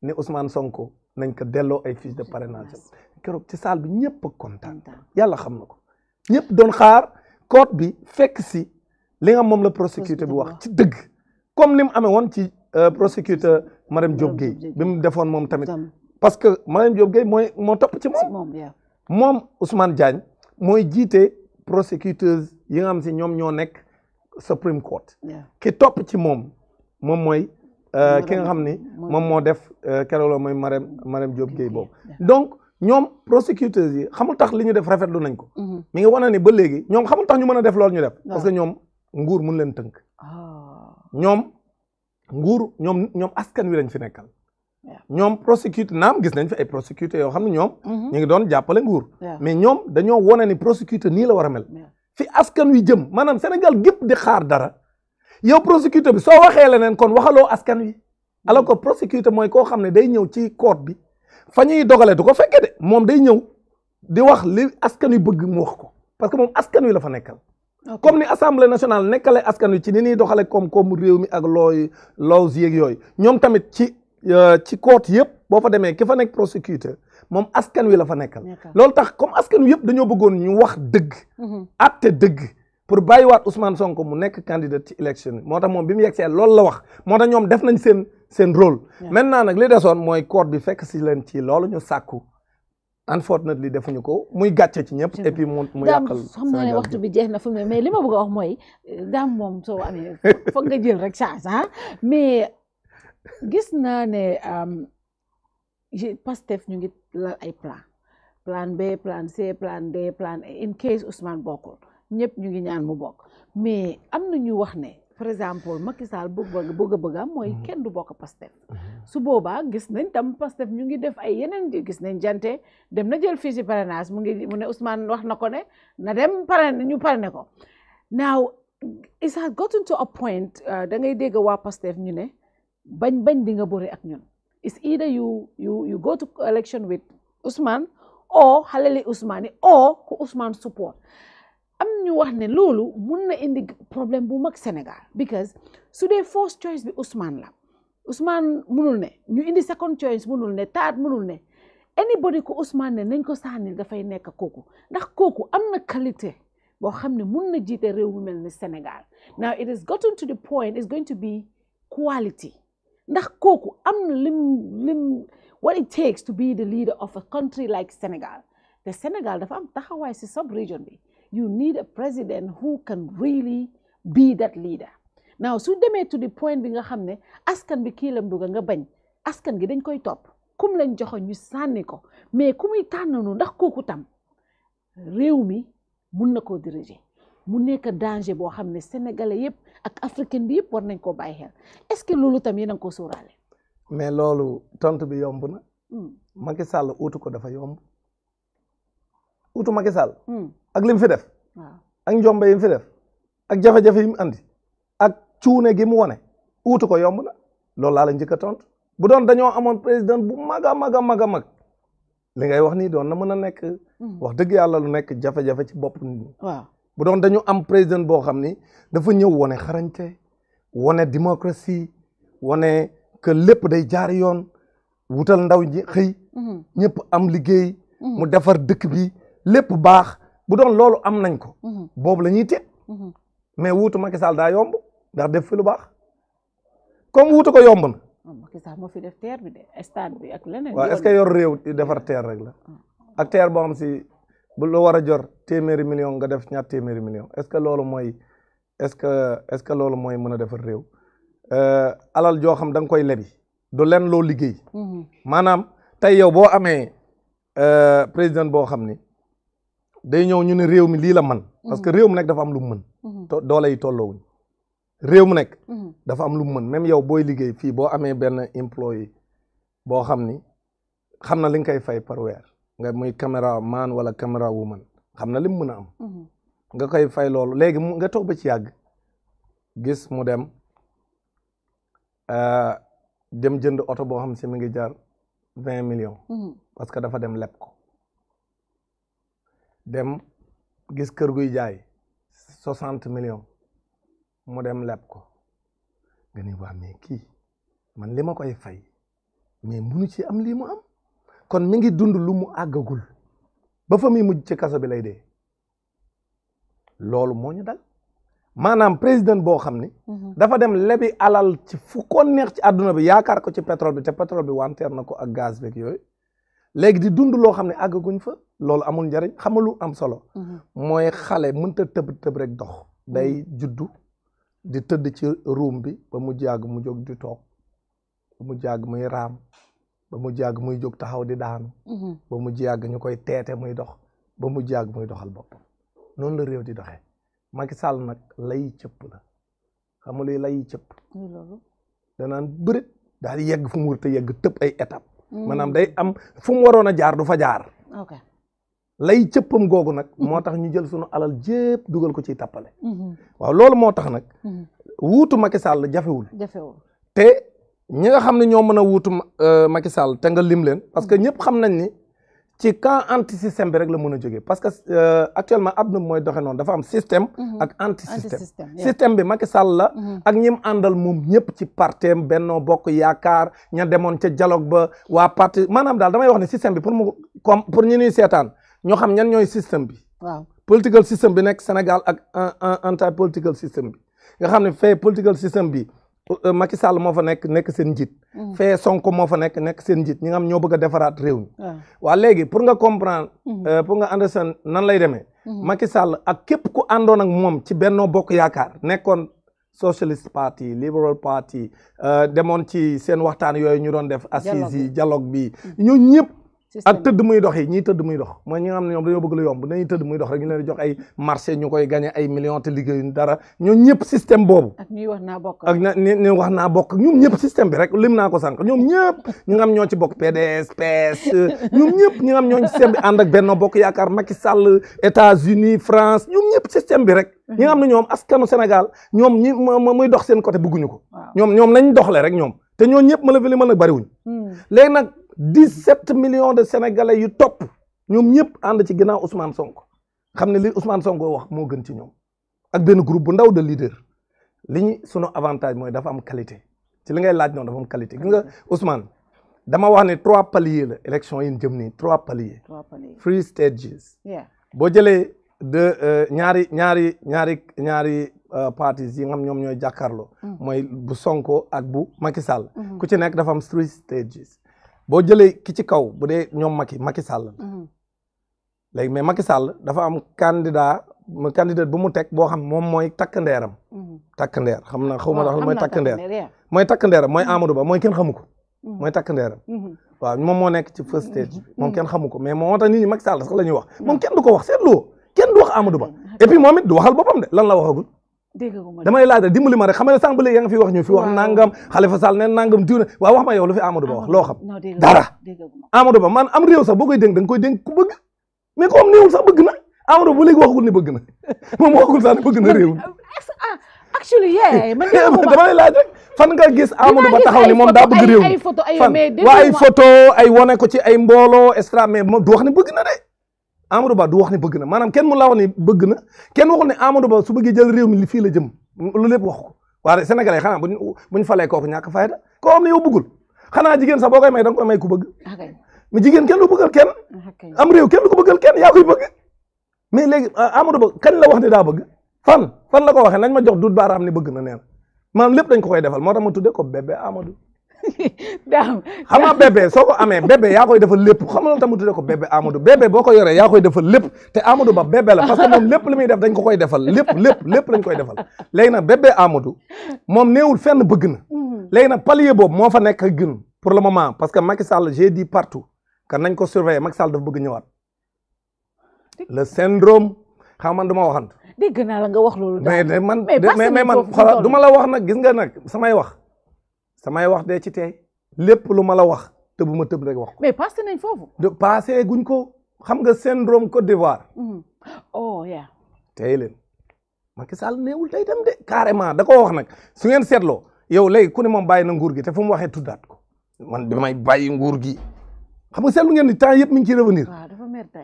ni Ousmane Sonko nañ ko delloo ay fiche de pare parrainage keroog ci salle bi ñëpp a kontaan yàlla xam na ko ñëpp doon xaar court bi fekk si li nga moom la prosécuteur bi wax ci dëgg comme ni mu amee woon ci euh, prosécuteur Madame Diop Gueye bi mu defoon moom tamit parce que Madame Diop Gueye mooy moo topp ci moom moom Ousmane Diagne mooy jiite prosécuteurs yi nga xam si ñoom ñoo nekk Supreme Court ki topp ci moom moom mooy Euh, ki nga xam ni moom moo def euh, keroog la mooy Marème Marème Diop Guèye donc ñoom prosecuteurs yi xamul tax li ñu def rafetlu nañ ko mm-hmm. mi ngi wane ni ba léegi ñoom xamul tax ñu mën a def loolu ñu def parce que ñoom nguur mun leen tënk ah. ñoom nguur ñoom ñoom askan wi lañ fi nekkal ñoom prosecute naam gis nañ fi ay prosécuteur yoo xam ne ñoom mm-hmm. ñu ngi doon jàppale nguur mais ñoom dañoo wane ni prosécuteur nii la war a mel fi askan wi jëm maanaam Sénégal gépp di xaar dara yow prosécuteur bi soo waxee leneen kon waxaloo askan wi alors que prosécuteur mooy koo xam ne day ñëw ci court bi fa ñuy dogalee du ko fekkee de moom day ñëw di wax li askan wi bëgg mu wax ko parce que moom askan wi la fa nekkal. comme ni assemblée nationale nekkale askan wi ci ni ñuy doxalee koom-koomu réew mi ak looy laws yeeg yooyu ñoom tamit ci euh, ci court yépp boo fa demee ki fa nekk prosécuteur moom askan wi la fa nekkal. loolu tax comme askan wi yëpp dañoo bëggoon ñu wax dëgg. àtte mhm. dëgg. pour bàyyiwaat Ousmane Sonko mu nekk candidat ci élection moo tax moom bi mu yegsee loolu la wax moo tax ñoom def nañ seen seen rôle. maintenant nag li desoon mooy code bi fekk si leen ci loolu ñu sàkku. unfortunately defuñu ko muy gàcce ci ñëpp. et puis mu mu yàqal xam nga ne waxtu bi jeex na fu mu mais li ma bëgg a wax mooy daam moom soo amee foog nga jël rek chance ah mais gis naa ne euh, Pastef ñu ngi lal ay plan plan B plan C plan D plan in case Ousmane bokkul. ñëpp ñu ngi ñaan mu bokk mais am na ñu wax ne par exemple Macky Sall bëgg bëgg a bëgg am mooy mhm. kenn du bokk Pastef mhm. su boobaa gis nañ tam Pastef ñu ngi def ay yeneen gis nañ jante dem na jël fii si parrainage mu ngi mu ne Ousmane wax na ko ne na dem parrain ñu ne ko now it has gotten to a point euh, da ngay dégg waa Pastef ñu ne bañ bañ di nga bëri ak ñun it's either you you you go to election with Ousmane or xaleli Ousmane yi or ku Ousmane support am ñu wax ne loolu mun na indi problème bu mag Sénégal because su first choice bi Ousmane la Ousmane munul ne ñu indi second choice munul ne taat munul ne anybody ko Ousmane ne nañ ko saanil dafay nekk kooku ndax kooku am na qualité boo xam ne mun na jiite réew mu mel Sénégal now it has gotten to the point it's going to be quality ndax kooku am lim lim what it takes to be the leader of a country like Sénégal The Sénégal dafa am taxawaay si sub region bi you need a president who can really be that leader now su demee to the point bi nga xam ne askan bi kii lam dugga nga bañ askan gi dañ koy topp kum lañ joxoon ñu sànni ko mais ku muy tànnanu ndax kooku tam réew mi mun na koo diriger mu nekk danger boo xam ne sénégalais yëpp ak africain bi yëpp war nañ koo bàyyi xel est-ce que loolu tam yéen a ngi ko sóoraale mais loolu tontu bi yomb na hmm. Macky Sall ko dafa yomb uutu Macky ak li fi def. ak njombe yi fi def ak jafe-jafe yi mu andi ak cuune gi mu wane uutu ko yomb na loolu laa la njëkk a tontu bu doon dañoo amoon président bu mag a mag a mag a mag li ngay wax nii doon na mën a nekk. Hmm. wax dëgg yàlla lu nekk jafe-jafe ci bopp nit ñi. waaw bu doon dañu am président boo xam ni dafa ñëw wane xarañte wane démocratie wane que lépp day jaar yoon wutal ndaw ñi xëy. Hmm. ñëpp am liggéey. Hmm. mu defar dëkk bi lépp baax. bu doon loolu am nañ ko. Mhm. boobu lañuy ñuy mhm. mais wutu Macky Sall daa yomb ndax def fi lu baax comme wutu ko yomb na. Oh, Macky Sall mo fi def terre bi de stade bi ak leneen. waaw est-ce que yor réew di defar terre rek la. Ah. ak terre boo xam si bu lu war a jor téeméeri million nga def ñaar téeméeri million est-ce que loolu mooy est-ce que est-ce que loolu mooy mën a defar réew euh, alal joo xam da nga koy lebi du len loo liggéey. Mhm. maanaam tey yow boo amee euh, président boo xam ni. day ñëw ñu ne réew mi lii la man parce que mhm. réew mu nekk dafa am lu mu mën mhm. doole yi tolloowuñ réew mu nekk mhm. dafa am lu mu mën même yow booy liggéey fii boo amee benn employé boo xam ni xam na li nga koy fay par weer nga muy caméra man wala caméra woman xam na li mu mën a am nga koy fay loolu léegi nga toog ba ci yàgg gis mu dem euh, dem jënd oto boo xam si mi ngi jaar vingt millions parce que dafa dem leb ko dem gis kër guy jaay soixante million mu dem leb ko nga ni waa mais kii man li ma koy fay mais munu ci am lii am kon mi ngi dund lu mu àggagul ba fa mu mujj ci kaso bi lay de loolu moo ñu dal maanaam président boo xam ni mhm. dafa dem lebi alal ci fu ko neex ci àdduna bi yaakaar ko ci pétrole bi te pétrole bi wanteer na ko ak gaz beeg yooyu léegi di dund loo xam ne àggaguñ fa loolu amul njariñ xam nga lu am solo. Mhm. mooy xale mënta tëb tëb rek dox. Mhm. day juddu di tëdd ci ruum bi ba mu jàgg mu jóg di toog ba mu jàgg muy raam ba mu jàgg muy jóg taxaw di daanu. Mhm. ba mu jàgg ñu koy teete muy dox ba mu jàgg muy doxal boppam noonu la réew di doxee Macky Sall nag lay cëpp la xam nga lay cëpp. danaan bëri daal yegg fu mu war yegg tëb ay étape mm. maanaam day am fu mu waroon a jaar du fa jaar. lay cëppam googu nag mhm. moo tax ñu jël sunu alal jépp dugal ko ci tàppale mhm. waaw loolu moo tax nag mhm. wuutu Macky Sall jafewul jafewul te ñi nga xam ne ñoo mën a wuutu euh, Macky Sall te nga lim leen parce que ñëpp xam nañ ni ci camp antisystème bi rek la mun a jógee parce que euh, actuellement àdduna mooy doxe noon dafa am système ak antisystème système bi Macky Sall la ak ñim àndal moom ñëpp ci parteem Benno Bokk Yaakaar ña demoon ca jaloog ba waa parti maanaam daal damay wax ne système bi pour mu comme pour seetaan ñoo xam ñan ñooy système bi. waaw political système bi nekk Sénégal ak anti political système bi nga xam ne fee political système bi euh, Macky Sall moo fa nekk nekk seen njiit. Mm. fee Sonko moo fa nekk nekk seen njiit ñi nga xam ñoo bëgg a defaraat réew mi. waa léegi pour nga comprendre. Mm-hmm. Euh, pour nga understand nan lay demee. Mm-hmm. Macky Sall ak képp ku àndoon ak moom ci Benno Bokk Yaakaar nekkoon. socialist party liberal party euh, demoon ci seen waxtaan yooyu ñu doon def assise yi dialogue bi mm-hmm. ñoo ñëpp ak tëdd muy yi ñiy tëdd muy dox mooy ñi nga xam ne ñoom dañoo bëgg lu yomb dañuy tëdd muy dox rek ñu leen di jox ay marché ñu koy gagné ay millions te liggéeyuñ dara ñoom ñëpp wax naa bokk. ak ñi wax naa ñoom ñëpp bi rek lim naa ko sànq ñoom ñëpp ñi nga xam ñoo ci bokk PDS PS ñoom ñëpp ñi nga xam ñoo ci système bi ànd ak Benno Bokk Yaakaar Macky Sall États-Unis France ñoom bi rek. ñi nga xam ne ñoom askanu Sénégal ñoom ñi muy dox seen côté bëgguñu ko. ñoom ñoom nañ doxle rek ñoom te ñoo ñëpp ma la fi limal hmm. nag bariwuñ 17 million de sénégalais yu top ñoom ñëpp ànd ci ginnaaw Ousmane Sonko xam ne li Ousmane Sonko wax moo gën ci ñoom ak benn groupe bu ndaw de leader li ñu sunu avantage mooy dafa am qualité ci li ngay laaj noonu dafa am qualité gis nga Ousmane dama wax ne trois paliers la élection yi jëm nii trois paliers. trois paliers three stages. boo jëlee de euh, ñaari ñaari ñaari ñaari euh, parties yi nga xam ñoom ñooy jàkkaarloo. Mm. mooy bu Sonko ak bu Macky Sall. Mm-hmm. ku ci nekk dafa am three boo jëlee ki ci kaw bu dee ñoom Macky Macky Sall la. Mhm. léegi mais Macky Sall dafa am candidat mu candidat bu mu teg boo xam moom mooy takk ndeeram. Mhm. takk ndeer xam na xaw ma la mooy takk ndeer mooy takk ndeeram mooy mhm. Amadou Ba mooy kenn xamu ko. mooy takk ndeeram. waaw moom moo nekk ci first stage bi moom kenn xamu ko mais moo tax nit ñi Macky Sall sax la ñuy wax moom kenn du ko wax seetlu woo kenn du wax Amadou Ba et puis moom it du waxal boppam de lan la waxagul. damay laaj rek dimbali ma rek xam nga sànq ba léegi yaa ngi fi wax ñu fi wax nangam Khalifa Sall ne nangam diw na waaw wax ma yow fi Amadou Ba wax loo dara Amadou Ba man am réew sax boo koy dénk da nga ku bëgg mais ko am néewul sax bëgg na Amadou Ba léegi waxagul ne bëgg na moom waxagul sax ne bëgg na réew actually yeah man damay laaj rek fan nga gis Amadou Ba ni moom daa bëgg réew fan waa ay photo ay wane ko ay mbooloo extra mais moom du wax ne bëgg na de Amadou Ba du wax ne bëgg na maanaam kenn mu laa wax ne bëgg na kenn waxul ne Amadou Ba su bëggee jël réew mi li fii la jëm lu lépp wax ko waaye sénégalais xanaa buñ buñ falee kooku ñàkk fayda koo xam ne yow bëggul xanaa jigéen sax boo koy may da nga koy ku bëgg mais jigéen kenn du bëggal kenn am réew kenn du ko bëggal kenn yaa koy bëgg mais léegi euh, Amadou Ba kañ la wax ne daa bëgg fan fan la ko waxee nañ ma jox dut am ne bëgg na neen maanaam lépp dañ ko koy defal moo tax ma tudde ko bébé Amadou daaw xam nga soo ko amee bébé yaa koy defal lépp xam nga loolu tamit ko bébé Amadou bébé boo ko yoree yaa defal lépp te Amadou ba bébé la parce que moom lépp li muy def dañ ko koy defal lépp lépp lépp lañ koy defal léegi nag bébé Amadou moom néewul fenn bëgg na mhm. léegi nag palier boobu moo fa nekk gën pour le moment parce que Macky Sall j'ai partout que nañ ko surveiller Macky Sall dafa bëgg ñëwaat le syndrome xam man du ma waxant dégg naa la nga wax loolu mais man mais man xoolal du la wax nag gis nga nag samay wax samay wax de ci te lépp lu ma la wax te bu ma tëb rek wax ko. mais passé nañ foofu. de guñ ko xam nga syndrome Côte d'Ivoire. Mm-hmm. oh te tey leen Macky Sall néewul tey tam de carrément da koo wax nag su ngeen seetloo yow léegi ku ne moom bàyyi na nguur gi te fu mu waxee tuddaat ko man damay bàyyi nguur gi xam nga seetlu ngeen ni ta yëpp mi ngi ciy revenir.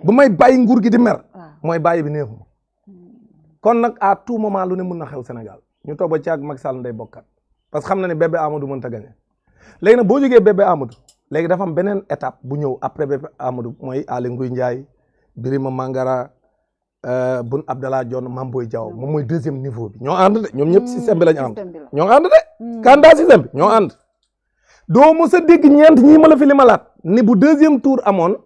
bu may bàyyi nguur gi di mer. mooy bàyyi bi neexuma. Mm-hmm. kon nag à tout moment lu ne mun na xew Sénégal ñu toog ba caag Macky Sall nday bokkaat. parce que xam na ne bébé Amadou mënut a gagné léegi nag boo jógee bébé Amadou léegi dafa am beneen étape bu ñëw après bébé Amadou mooy Aly Ngouille Ndiaye Birima Mangara euh, Boun Abdallah Dionne Mame Boye Diao moom mooy deuxième niveau bi ñoo ànd de ñoom ñëpp système bi la ñoo ànd de. candidat hmm. système bi ñoo ànd. doo mos a dégg ñeent ñii ma la fi limalaat ni bu deuxième tour amoon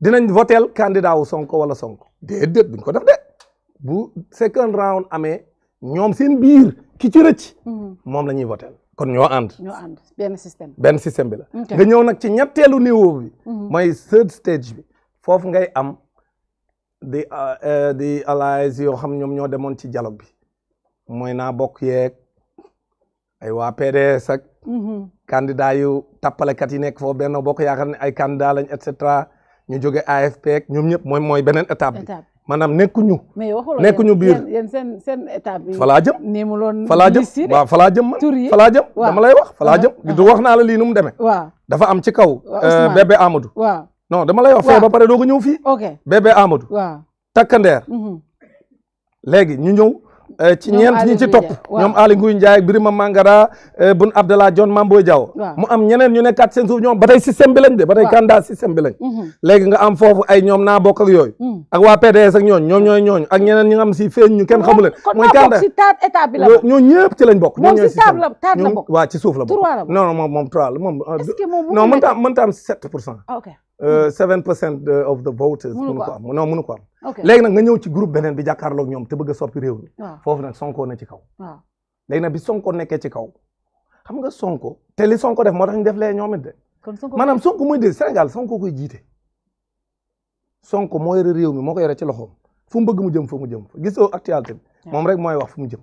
dinañ votel candidat wu Sonko wala Sonko déedéet duñ ko def de bu second round amee ñoom seen biir. ki ci rëcc. Mhm. moom la ñuy voteel kon ñoo ànd. ñoo ànd benn système. benn système bi la. nga ñëw nag ci ñetteelu niveau bi. Mhm. mooy third stage bi foofu ngay am di euh, di alliés yoo xam ñoom ñoo demoon ci dialogue bi mooy naa bokk yeeg ay waa PDS ak. Mhm. candidat yu tappalekat yi nekk foofu benn bokk kam ne ay candidat lañ et ñu jóge AFP ak ñoom ñëpp mooy mooy beneen étape bi. ma nekkuñu. nekku biir mais yéen seen seen état bi. falaa jëm ni mu loon falaa jëm waaw falaa jëm man jëm dama lay wax falaa jëm du wax naa la lii nu mu demee. waaw dafa am ci kaw. Euh, bébé Amadou. waaw non dama lay wax. fee ba pare doo ko ñëw fii. ok bébé Amadou. waaw takkandeer. Mhm. léegi ñu ñëw. Euh, ci ñeent ñi ci topp ñoom Aly Ngouille Ndiaye ak Birima Mangara euh, Boun Abdallah Dionne Mame Boye Diao mu am ñeneen ñu nekkaat seen suuf ñoom ba tey système bi de ba tey candidat système bi lañ mhm. nga am foofu ay ñoom naa bokk ak yooyu mhm. ak waa PDS ak ñooñ ñoom ñooy ñooñu ak ñeneen ñi nga am si ñoo ñëpp ñoo ñooy système waaw ci suuf la bokk non cent ah, Euh, seven percent of the voters mënu ko am non mënu ko am nag nga ñëw ci groupe beneen bi jàkkaarloog ñoom te bëgg soppi réew mi foofu nag Sonko na ci kaw léegi nag bi Sonko nekkee ci kaw xam nga Sonko te li Sonko def moo tax def lee ñoom it de maanaam Sonko muy de Sénégal Sonko koy jiite Sonko moo yore réew mi moo ko yore ci loxoom fu mu bëgg mu jëm fa mu jëm gisoo actualité bi moom rek mooy wax fu mu jëm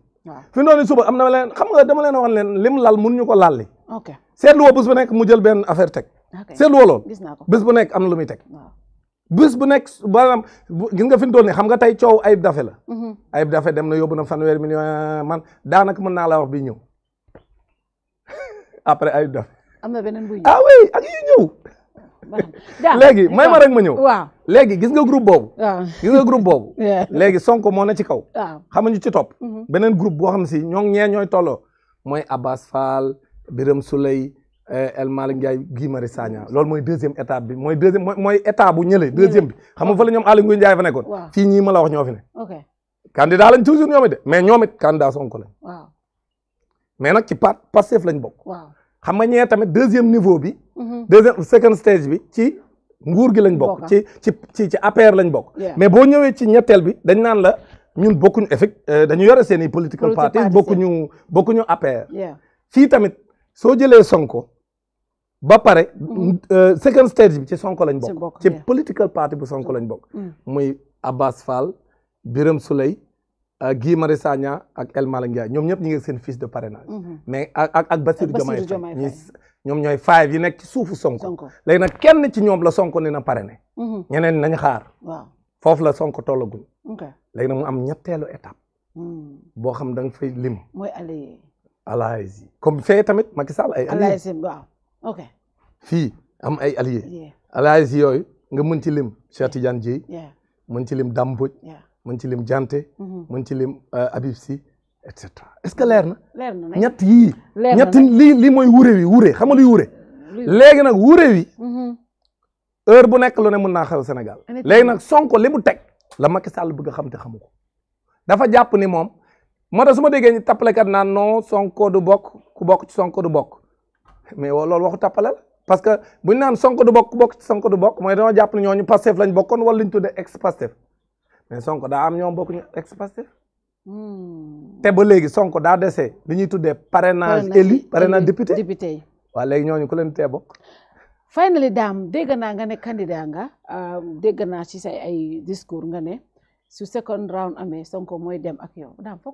fi noonu suba am na leen xam nga dama leen waxoon leen lim lal mënuñu ko lalli seetlu wo bés ba nekk mu jël benn affaire teg seetlu woloon bés bu nekk am na lu muy teg bés bu nekk maanaam gis nga fi mu toll nii xam nga tey coow Ayib Daffé la mhm. Ayib Daffé dem na yóbbu na fanweeri million man daanaka mën naa la wax bi ñëw après Ayib Daffé am na beneen buy ñëw ah ma rek ma ñëw waaw léegi gis nga groupe boobu gis nga groupe boobu léegi Sonko moo na ci kaw xam nga ñu ci topp mhm. beneen groupe boo xam si ñoo ñee ñooy tolloo mooy Abbas Fall Birame Souley Eh, El Malick Ndiaye Guy Marius Sagna loolu mooy deuxième étape bi mooy deuxième mooy état bu ñële deuxième bi xam nga oh. fële ñoom Aly Ngouille Ndiaye fa nekkoon fii ñii la wax ñoo fi ne ok candidat lañ toujours ñoom it de mais ñoom it candidat Sonko lañ waaw mais nag ci part la lañ bokk waaw xam nga ñee tamit deuxième niveau bi mhm. deuxième second stage bi ci nguur gi lañ bokk ci ci ci ci APR lañ bokk mais boo ñëwee ci ñetteel bi dañ naan la ñun bokkuñu effect euh, dañu yore seen i political parties bokkuñu bokkuñu APR fii tamit soo jëlee Sonko ba pare mm-hmm. euh, second stage bi ci Sonko lañ bokk ci political party bu Sonko lañ bokk mm. muy Abbas Fall Birame Souley euh, Guy Marius Sagna ak El Malick Ndiaye ñoom ñëpp ñi ngi seen fiche de parrainage mm-hmm. mais ak ak Bassirou Diomaye ñoom ñooy five yi nekk ci suufu Sonko léegi na kenn ci ñoom la Sonko ni na parrainé mm-hmm. ñeneen nañ xaar waaw foofu la Sonko tollaguñ léegi na mu am ñetteelu étape mm. boo xam da nga fay lim mooy alliés alliés yi ok fii am ay alliés. alliés yooyu nga mën ci lim Cheikh Tidiane Dieye. mën ci lim Dame Mbodj. mën ci lim Dianté. Mm-hmm. mën ci lim euh, Habib Sy est ce que leer na. leer yi ñett li li moy wure wi wure xam nga li wure. léegi nag wure wi. Mm-hmm. heure bu nekk lu ne mën naa xew Sénégal. léegi nag Sonko li mu teg. la Macky Sall bëgg a xam te xamu ko. dafa jàpp ni moom moo tax su ma déggee ñu tappalekat naan non Sonko du bokk ku bokk ci Sonko du bokk. mais loolu waxu tàppale la parce que bu ñu naan Sonko du bokk bokk ci Sonko du bokk mooy dañoo jàpp ne ñooñu Pastef lañ bokkoon wala liñ tuddee ex Pastef mais Sonko daa am ñoom bokkuñu ex Pastef hmm. te ba léegi Sonko daa dese li ñuy tuddee parrainage élu parrainage député député yi waa léegi ñooñu ku leen tee bokk finally daam dégg naa nga ne candidat nga euh, dégg naa ci say ay discours nga ne su second round amee Sonko mooy dem ak yow daam foo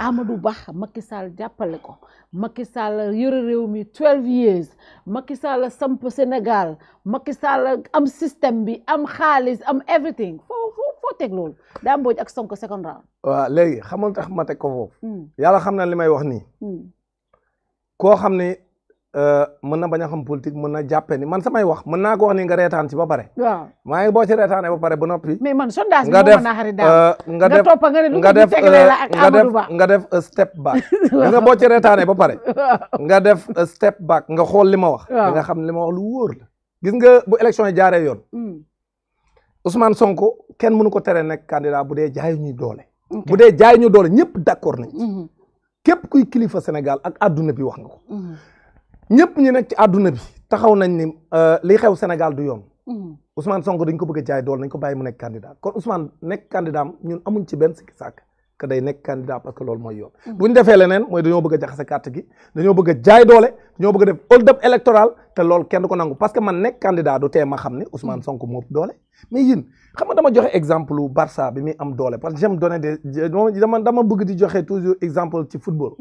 Amadou Ba Macky Sall jàppale ko Macky Sall yore réew mi 12 years Macky Sall samp Sénégal Macky Sall am système bi am xaalis am everything foo foo foo teg loolu daa ak Sonko second round. waaw léegi xamul ko foofu. Hmm. yàlla xam na li may wax nii. Hmm. Eh, mën na bañ xam politique mën na jàppe ni man samay wax mën ko wax ni nga rétan ci ba pare. wa ma ngi bo ci rétané ba pare bu nopi mais man sondage mo moo xari eh, a nga def eh, nga def nga def nga step back. nga bo ci rétané ba pare. nga def step back nga xol lima wax. nga xam lima wax lu wóor la. gis nga bu élection jaaré yoon. Hmm. Ousmane Sonko kenn mënu ko téré nek candidat bu dee jaay ñu doolé bu jaay ñu doolé ñepp d'accord nañ hmm. képp kuy kilifa Sénégal ak aduna bi wax nga ko. Hmm. ñëpp ñi nekk ci àdduna bi taxaw nañ ni euh, li xew Sénégal du yoon mhm. Ousmane Sonko dañ ko bëgg a jaay dool nañ ko bàyyi mu nekk candidat kon Ousmane nekk candidat am ñun amuñ ci benn sikki sàkk que day nekk candidat parce que loolu mooy yoon. Mhm. bu ñu defee leneen mooy dañoo bëgg a a jaay doole dañoo bëgg a def hold up électoral te loolu kenn du nangu parce que man nekk candidat du tee ma xam ne Ousmane mhm. Sonko moo doole. mais yéen xam nga dama joxe exemple barsa bi muy am doole parce que j'aime donner des dama dama bëgg di joxe toujours exemple ci football.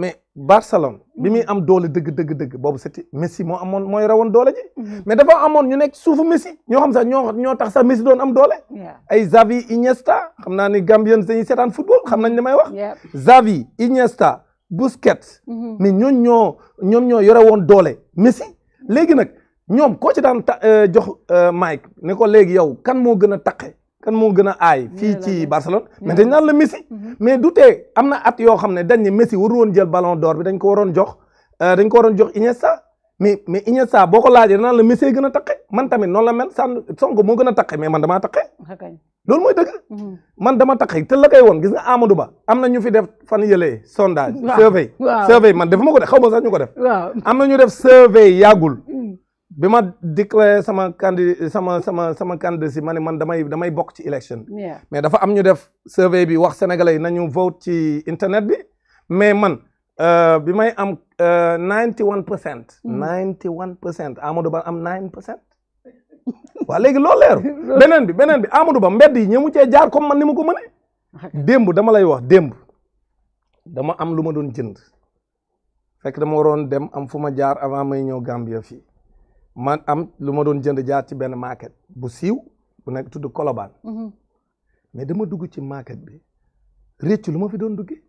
mais Barcelone bi muy mm. am doole dëgg dëgg dëgg boobu c'était Messi moo amoon mooy rawoon doole ji. Mm. mais dafa amoon ñu nekk suufu Messi ñoo xam sax ñoo ñoo tax sax Messi doon am doole. ay Xavi Iniesta xam naa ni Gambien dañuy seetaan football xam nañ li may wax. Xavi Iniesta Busquets. Mm-hmm. mais ñooñu ñoo ñoom ñoo yore woon doole Messi léegi nag ñoom koo si daan ta euh, jox euh, Mike ne ko léegi yow kan moo gën a taqe. kan moo gën a aay fii ci Barcelone mais dañ naan la Messi mais du am na at yoo xam ne dañ ne Messi waru woon jël ballon d'or bi dañ ko waroon jox euh, dañ ko waroon jox sa mais mais Iniesta boo ko laajee naan la Messi gën a taqe man tamit noonu la mel sàn Sonko moo gën a taqe mais man damaa taqe ah, loolu mooy dëgg mm-hmm. man dama taqe te la koy woon gis nga Ba am na ñu fi def fan yëlee sondage survey survey man defuma ko def xaw ma sax ñu ko def am na ñu def survey yàggul bi ma déclaré sama candi sama sama sama candidat si ma ne man damay damay bokk ci élection bi mais dafa am ñu def survey bi wax sénégalais yi nañu vote ci internet bi mais man euh, bi may am 91 pour cent 91 pour cent Amadou Ba am 9 pour cent waaw léegi loolu leeru beneen bi beneen bi Amadou Ba mbedd yi ñëmu cee jaar comme man ni ma ko mënee démb dama lay wax démb dama am lu ma doon jënd fekk dama waroon dem am fu ma jaar avant may ñëw Gambia fii man am lu ma doon jënd jaar ci benn market bu siw bu nekk tudd Colobane. Mhm. mais dama dugg ci market bi réccu lu ma fi doon duggee.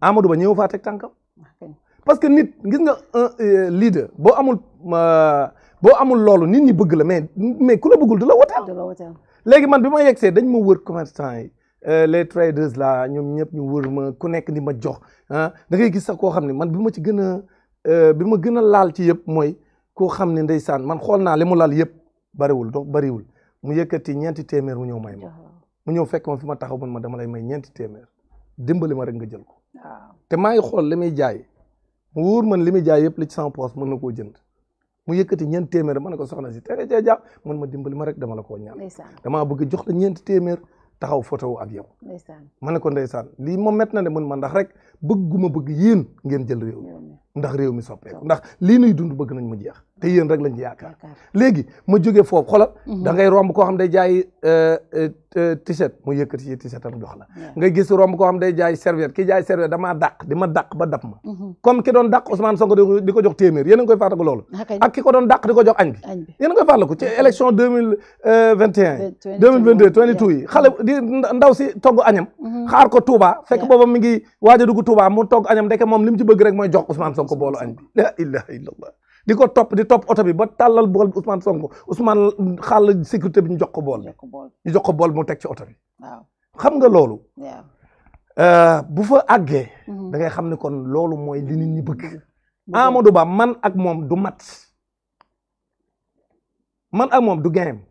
Amadou Ba ñëw faa teg tànkam. Ah, parce que nit gis nga un euh, euh, leader boo amul boo amul loolu nit ñi bëgg la mais mais ku la bëggul du la woteel. léegi man bi ma yegsee dañ ma wër commerçant yi euh, les traders la ñoom ñëpp ñu wër ma ku nekk ni ma jox ah da ngay gis sax koo xam ne man bi ma ci gën a bi ma gën a laal ci yëpp mooy. ko xamni ne ndeysaan man xool na lemula liyep lal yëpp bariwul donc bariwul mu yëkkati ñenti témèr mu ñëw may ma mu ñëw fekk ma fi ma taxaw man ma dama lay may ñenti témèr dimbali ma rek nga jël ko te may xol limi jaay mu man limi jaay yeb li ci sama poos mëna ko jënd mu yëkkati ñenti témèr ko soxna ci téré mën man ma dimbali ma rek dama la ko ñaan dama bëgg jox la ñenti témèr taxaw photo ak yow ma mané ko ndeysaan li mo met na ne man ma ndax rek bëgguma bëgg yeen ngeen jël réew ndax réew mi soppé ndax li nuy dund bëgg nañ mu jeex te yéen rek lañ ci yaakaar léegi ma jógee foofu xoolal mhm. da ngay romb koo xam day jaay euh, euh, euh, t-shirt mu yëkkati ci t-shirt am jox la ngay gis romb koo xam day jaay serviette ki jaay serviette damaa dàq di ma dàq ba dab ma mhm. comme ki doon dàq Ousmane Sonko di ko jox téeméer yéen a ngi koy fàttaliku loolu ah, ko doon dàq di ko jox añ bi yéen a ngi koy fàttaliku ci élection deux mille vingt et yi xale di ndaw si togg añam mhm. ko Touba fekk booba mi ngi waaj ku dugg Touba mu togg añam ndeke moom li mu ci bëgg rek mooy jox Ousmane Sonko boolu añ bi di ko topp di topp oto bi ba tàllal bool bi Ousmane Sonko Ousmane xàll sécurité bi ñu jox ko bool bi ñu jox ko bool mu teg ci oto xam nga loolu euh, bu fa àggee mm-hmm. da ngay xam ne kon loolu mooy li nit ñi bëgg mm-hmm. Mm-hmm. Amadou Ba man ak moom du mat man ak moom du gaynam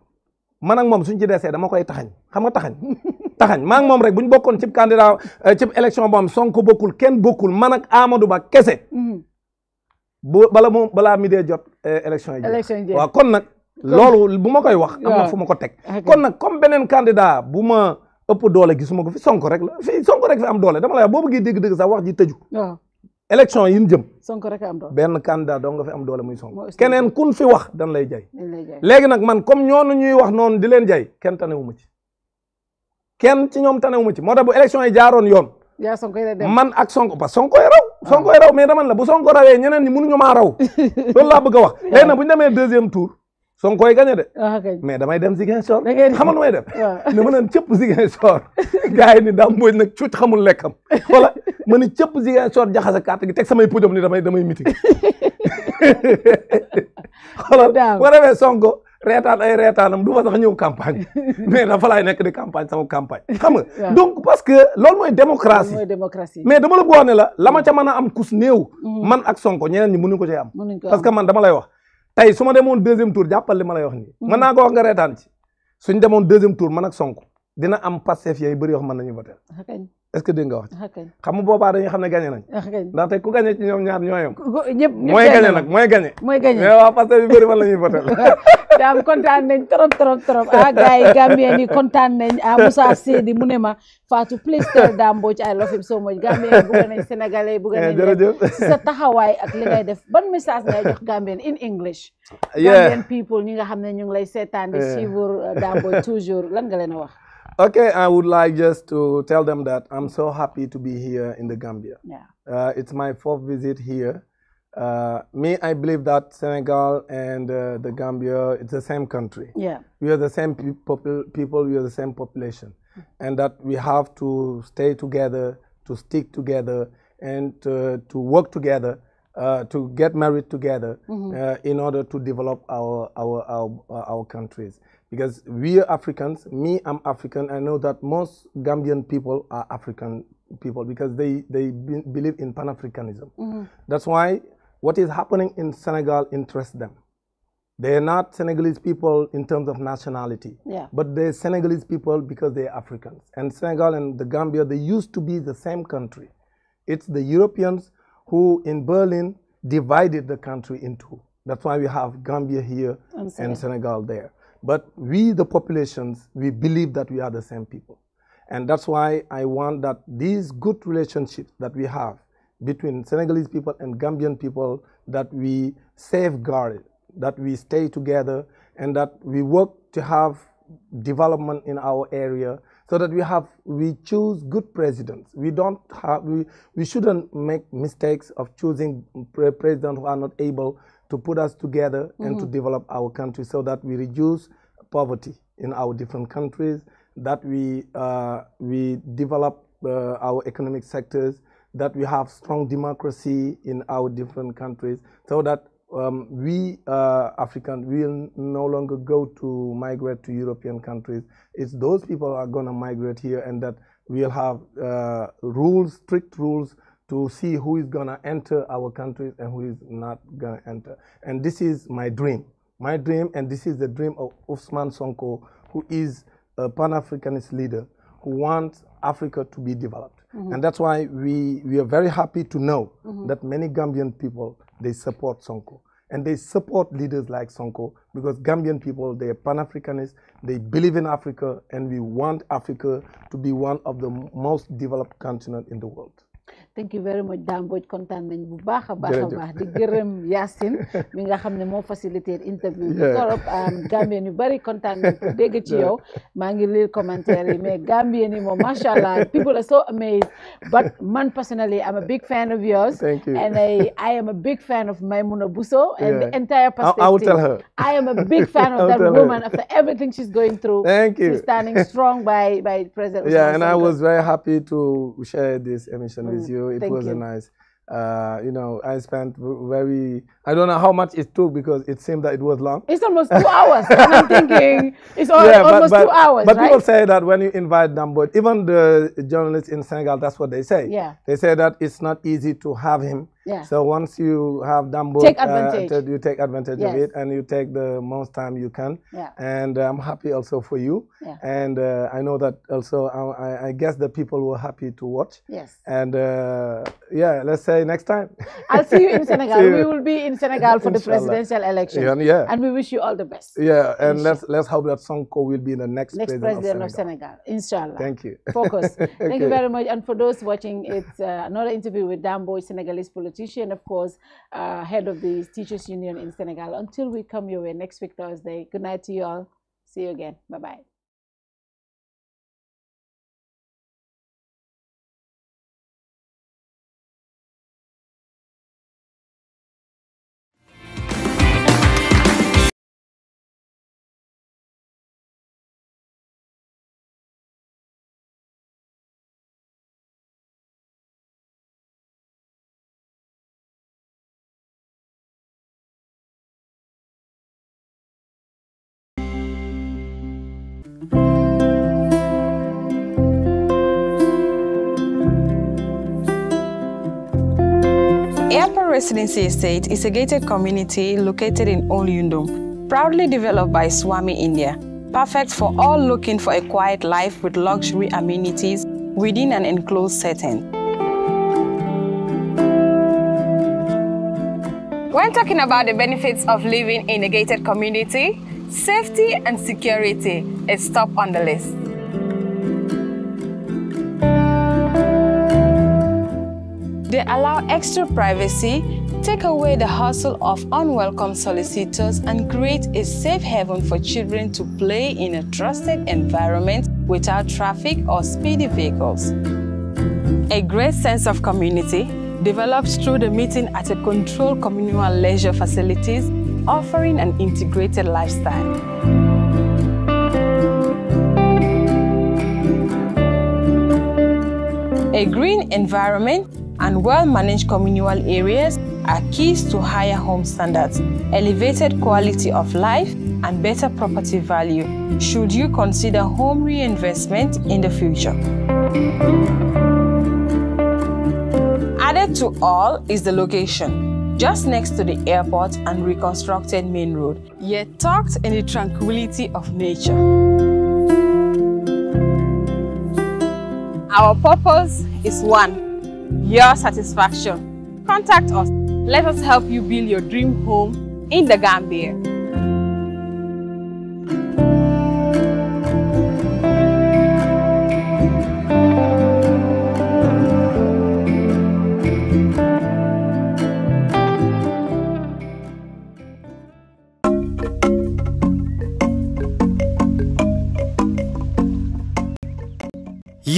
man ak moom suñ ci desee dama koy taxañ xam nga taxañ taxañ maa moom rek bu ñu bokkoon cib candidat euh, cib élection boo am Sonko bokkul kenn bokkul man ak Amadou Ba kese bu bala moom balaa mi dee jot eh, élection yi waaw kon nag loolu bu ma koy wax am fu ma ko teg kon nag comme beneen candidat bu ma ëpp doole gisuma ko fi sonko rek la fi sonko rek fi am doole dama lay wax boo bëggee dégg-dégg sax wax ji tëju élection yi ñu jëm sonko rek am doole benn candidat doo nga fi am doole muy sonko keneen kun fi wax dan lay jay léegi nag man comme ñoonu ñuy wax noonu di leen jay kenn tanewuma ci kenn ci ñoom tanewuma ci moo tax bu élection yi jaaroon yoon man ak sonko parce que Ah. sonkoy raw mais dama la bu sonko rawee ñeneen ñi mënuñu maa raw loolu laa bëgg a wax léegi nag bu ñu demee deuxième tour sonkoy gagné de ah, mais damay dem Ziguinchor xamal may dem ne ma naan cëpp Ziguinchor gars yi ni daam mbooj nag cuuc xamul lekkam wala ma ni cëpp Ziguinchor jaxase carte gi teg samay podium ni damay damay meeting xoolal bu ko defee sonko reetaan ay reetaanam du ma sax ñëw campagne mais dafa laay nekk di campagne sama campagne xam nga donc parce que loolu mooy démocratie mais dama la ko wax ne la la ma ca mm-hmm. mën am kus néew mm-hmm. man ak Sonko ñeneen ñi mënuñu ko cee am parce man dama lay wax tey su ma demoon deuxième tour jàppal li ma lay wax nii mm-hmm. mën naa ko wax nga reetaan ci suñ demoon deuxième tour man ak Sonko dina am Pastef yooyu bëri yoo xam mën nañu voter ah, est-ce que dégg nga wax ah, xam nga boobaa dañuy xam ne gagné nañ ah, ndaxte ku gagné ci ñoom ñaar ñooyam mooy gagné nag mooy gagné mooy gagné mais waa parce que bi bëri man la a votel daam kontaan nañ trop trop trop ah gars yi Gambien yi kontaan nañ ah Moussa Seydi mu ne ma Fatou please tell Dame Mbodj I love him so much Gambien bugg nañ Sénégalais bugg nañ eh, jërëjëf sa taxawaay ak li def ban message ngay jox Gambien in English Gambien people ñi nga xam ne ñu ngi lay seetaan eh. lan nga leen a wax Okay, I would like just to tell them that I'm so happy to be here in the Gambia. Yeah. Uh, it's my fourth visit here. Uh, me, I believe that Senegal and uh, the Gambia, it's the same country. Yeah. We are the same pe people, we are the same population. Mm. And that we have to stay together, to stick together, and uh, to work together, uh, to get married together mm -hmm. in order to develop our, our, our, our countries because we are Africans. Me, I'm African. I know that most Gambian people are African people because they, they be, believe in Pan Africanism. Mm -hmm. That's why what is happening in Senegal interests them. They are not Senegalese people in terms of nationality, yeah. but they're Senegalese people because they are Africans. And Senegal and the Gambia, they used to be the same country. It's the Europeans who in Berlin divided the country in two. That's why we have Gambia here and Senegal there. But we, the populations, we believe that we are the same people. And that's why I want that these good relationships that we have between Senegalese people and Gambian people, that we safeguard, that we stay together, and that we work to have development in our area so that we have we choose good presidents we don't have we, we shouldn't make mistakes of choosing presidents who are not able to put us together mm -hmm. and to mm-hmm. develop our country so that we reduce poverty in our different countries, that we, uh, we develop uh, our economic sectors, that we have strong democracy in our different countries, so that um, we uh, Africans will no longer go to migrate to European countries. It's those people are going to migrate here and that we'll have uh, rules, strict rules to see who is going to enter our countries and who is not going to enter. And this is my dream. My dream, and this is the dream of Usman Sonko, who is a Pan Africanist leader who wants Africa to be developed. Mm -hmm. And that's why we, we are very happy to know mm -hmm. that many Gambian people, they support Sonko. And they support leaders like Sonko because Gambian people, they are Pan-Africanists, they believe in Africa, and we want Africa to be one of the most developed continent in the world thank you very much Dame content kontaan nañ bu baax a baax a baax di gërëm Yacine mi nga xam ne moo faciliter interview bi torop Gambien yu bari kontaan nañ pour dégg ci yow maa ngi lire commentaire yi mais Gambien yi moom macha people are so amazed but man personally I'm a big fan of yours Thank you. and I I am a big fan of Maimouna Bousso and the entire perspective I will tell her I am a big fan of that woman after everything she's going through thank you she's standing strong by by President yeah and I was very happy to share this emission with mm, you. It Thank was you. a nice. Uh, you know, I spent very, I don't know how much it took because it seemed that it was long. It's almost two hours. I'm thinking it's all, yeah, almost but, but, two hours. But right? people say that when you invite them, but even the journalists in Senegal, that's what they say. Yeah. They say that it's not easy to have him yeah. So once you have done take uh, advantage. Uh, you take advantage yes. of it and you take the most time you can. Yeah. And uh, I'm happy also for you. Yeah. And uh, I know that also, I, I, guess the people were happy to watch. Yes. And uh, yeah, let's say next time. I'll see you in Senegal. you. We will be in Senegal for the presidential election. Yeah, yeah. And we wish you all the best. Yeah. And let's let's hope that Sonko will be the next, next president, president of, Senegal. of Senegal. Inshallah. Thank you. Focus. Thank okay. you very much. And for those watching, it's uh, another interview with Dumbo, Senegalese political politician, of course, uh, head of the Teachers Union in Senegal. Until we come your way next week, Thursday, good night to you all. See you again. Bye bye. Residency Estate is a gated community located in Olyundum, proudly developed by Swami India. Perfect for all looking for a quiet life with luxury amenities within an enclosed setting. When talking about the benefits of living in a gated community, safety and security is top on the list. allow extra privacy, take away the hustle of unwelcome solicitors, and create a safe haven for children to play in a trusted environment without traffic or speedy vehicles. A great sense of community develops through the meeting at a controlled communal leisure facilities, offering an integrated lifestyle. A green environment and well-managed communal areas are keys to higher home standards, elevated quality of life, and better property value should you consider home reinvestment in the future. Added to all is the location, just next to the airport and reconstructed main road, yet tucked in the tranquility of nature. Our purpose is one, your satisfaction. Contact us. Let us help you build your dream home in the Gambia.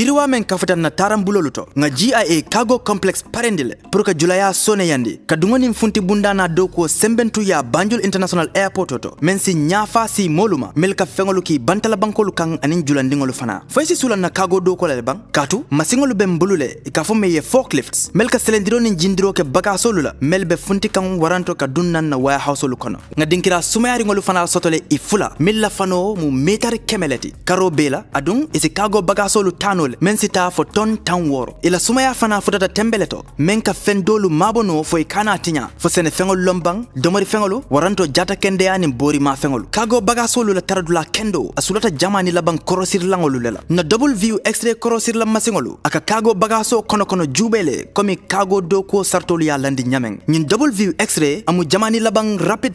yiriwa men na taram luto nga GIA cargo complex parendile proka julaya sone yandi ka ni funti bundana do ko sembentu ya Banjul International Airport oto men si nyafa si moluma mel ka fengolu ki bantala bankolu kang anin julandingolu fana foysi sulan na cargo doko ko le bang katu masingolu ben bulule ka fo ye forklifts mel ka selendiro ni jindiro ke bagasolu la mel be funti kang waranto ka dunnan na waya houseolu kono nga dinkira ngolu fana sotole ifula la fano mu metar kemeleti karo bela adun isi cargo bagasolu tanole men sita fo ton tan woro ila sumaya fana futata le to men ka fen maabo mabono fo e kana tinya fo sene fengol lombang domori fengolu waranto jata kendeya nin bori ma fengolu kago bagasolu la taradula kendo asulata ni laban korosir langolu lela na double view extra korosir la a aka kago bagaso kono kono jubele komi kago do ko sartolu ya landi nyamen nyin double view extra amu jama ni laban rapid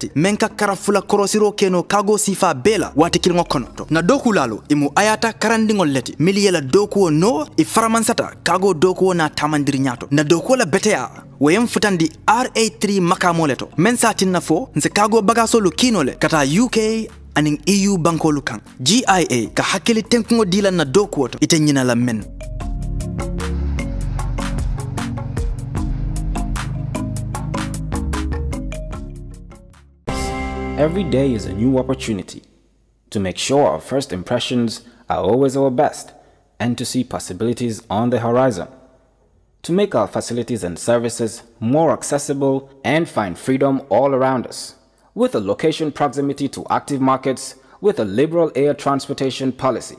ti men ka karafula korosiro keno kago sifa bela waati kiliŋo kono to na dokulalo imu ayata karandiŋol leti miliyela la dokuwo no e faramansata kago dokuwo na tamandiri ñaato na dokuwo la beteya woyen futandi ra3 makamo le to men sa tinna fo nse kago bagasolu kino le kata uk aniŋ eu bankolu kan gia ka hakkili tenkuŋo dilan na dokuwo to ite ñina la men Every day is a new opportunity to make sure our first impressions are always our best. and to see possibilities on the horizon. To make our facilities and services more accessible and find freedom all around us. With a location proximity to active markets, with a liberal air transportation policy.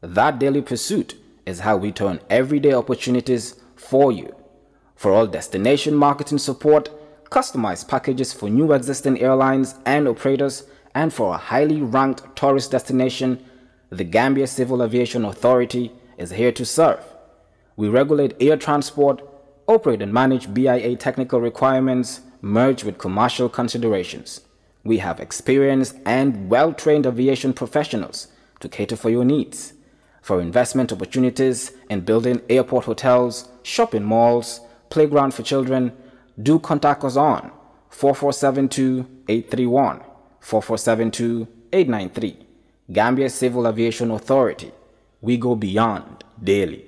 That daily pursuit is how we turn everyday opportunities for you. For all destination marketing support, customized packages for new existing airlines and operators, and for a highly ranked tourist destination the Gambia Civil Aviation Authority is here to serve. We regulate air transport, operate and manage BIA technical requirements merged with commercial considerations. We have experienced and well-trained aviation professionals to cater for your needs. For investment opportunities in building airport hotels, shopping malls, playground for children, do contact us on 4472-831, 4472-893. Gambia Civil Aviation Authority, we go beyond daily.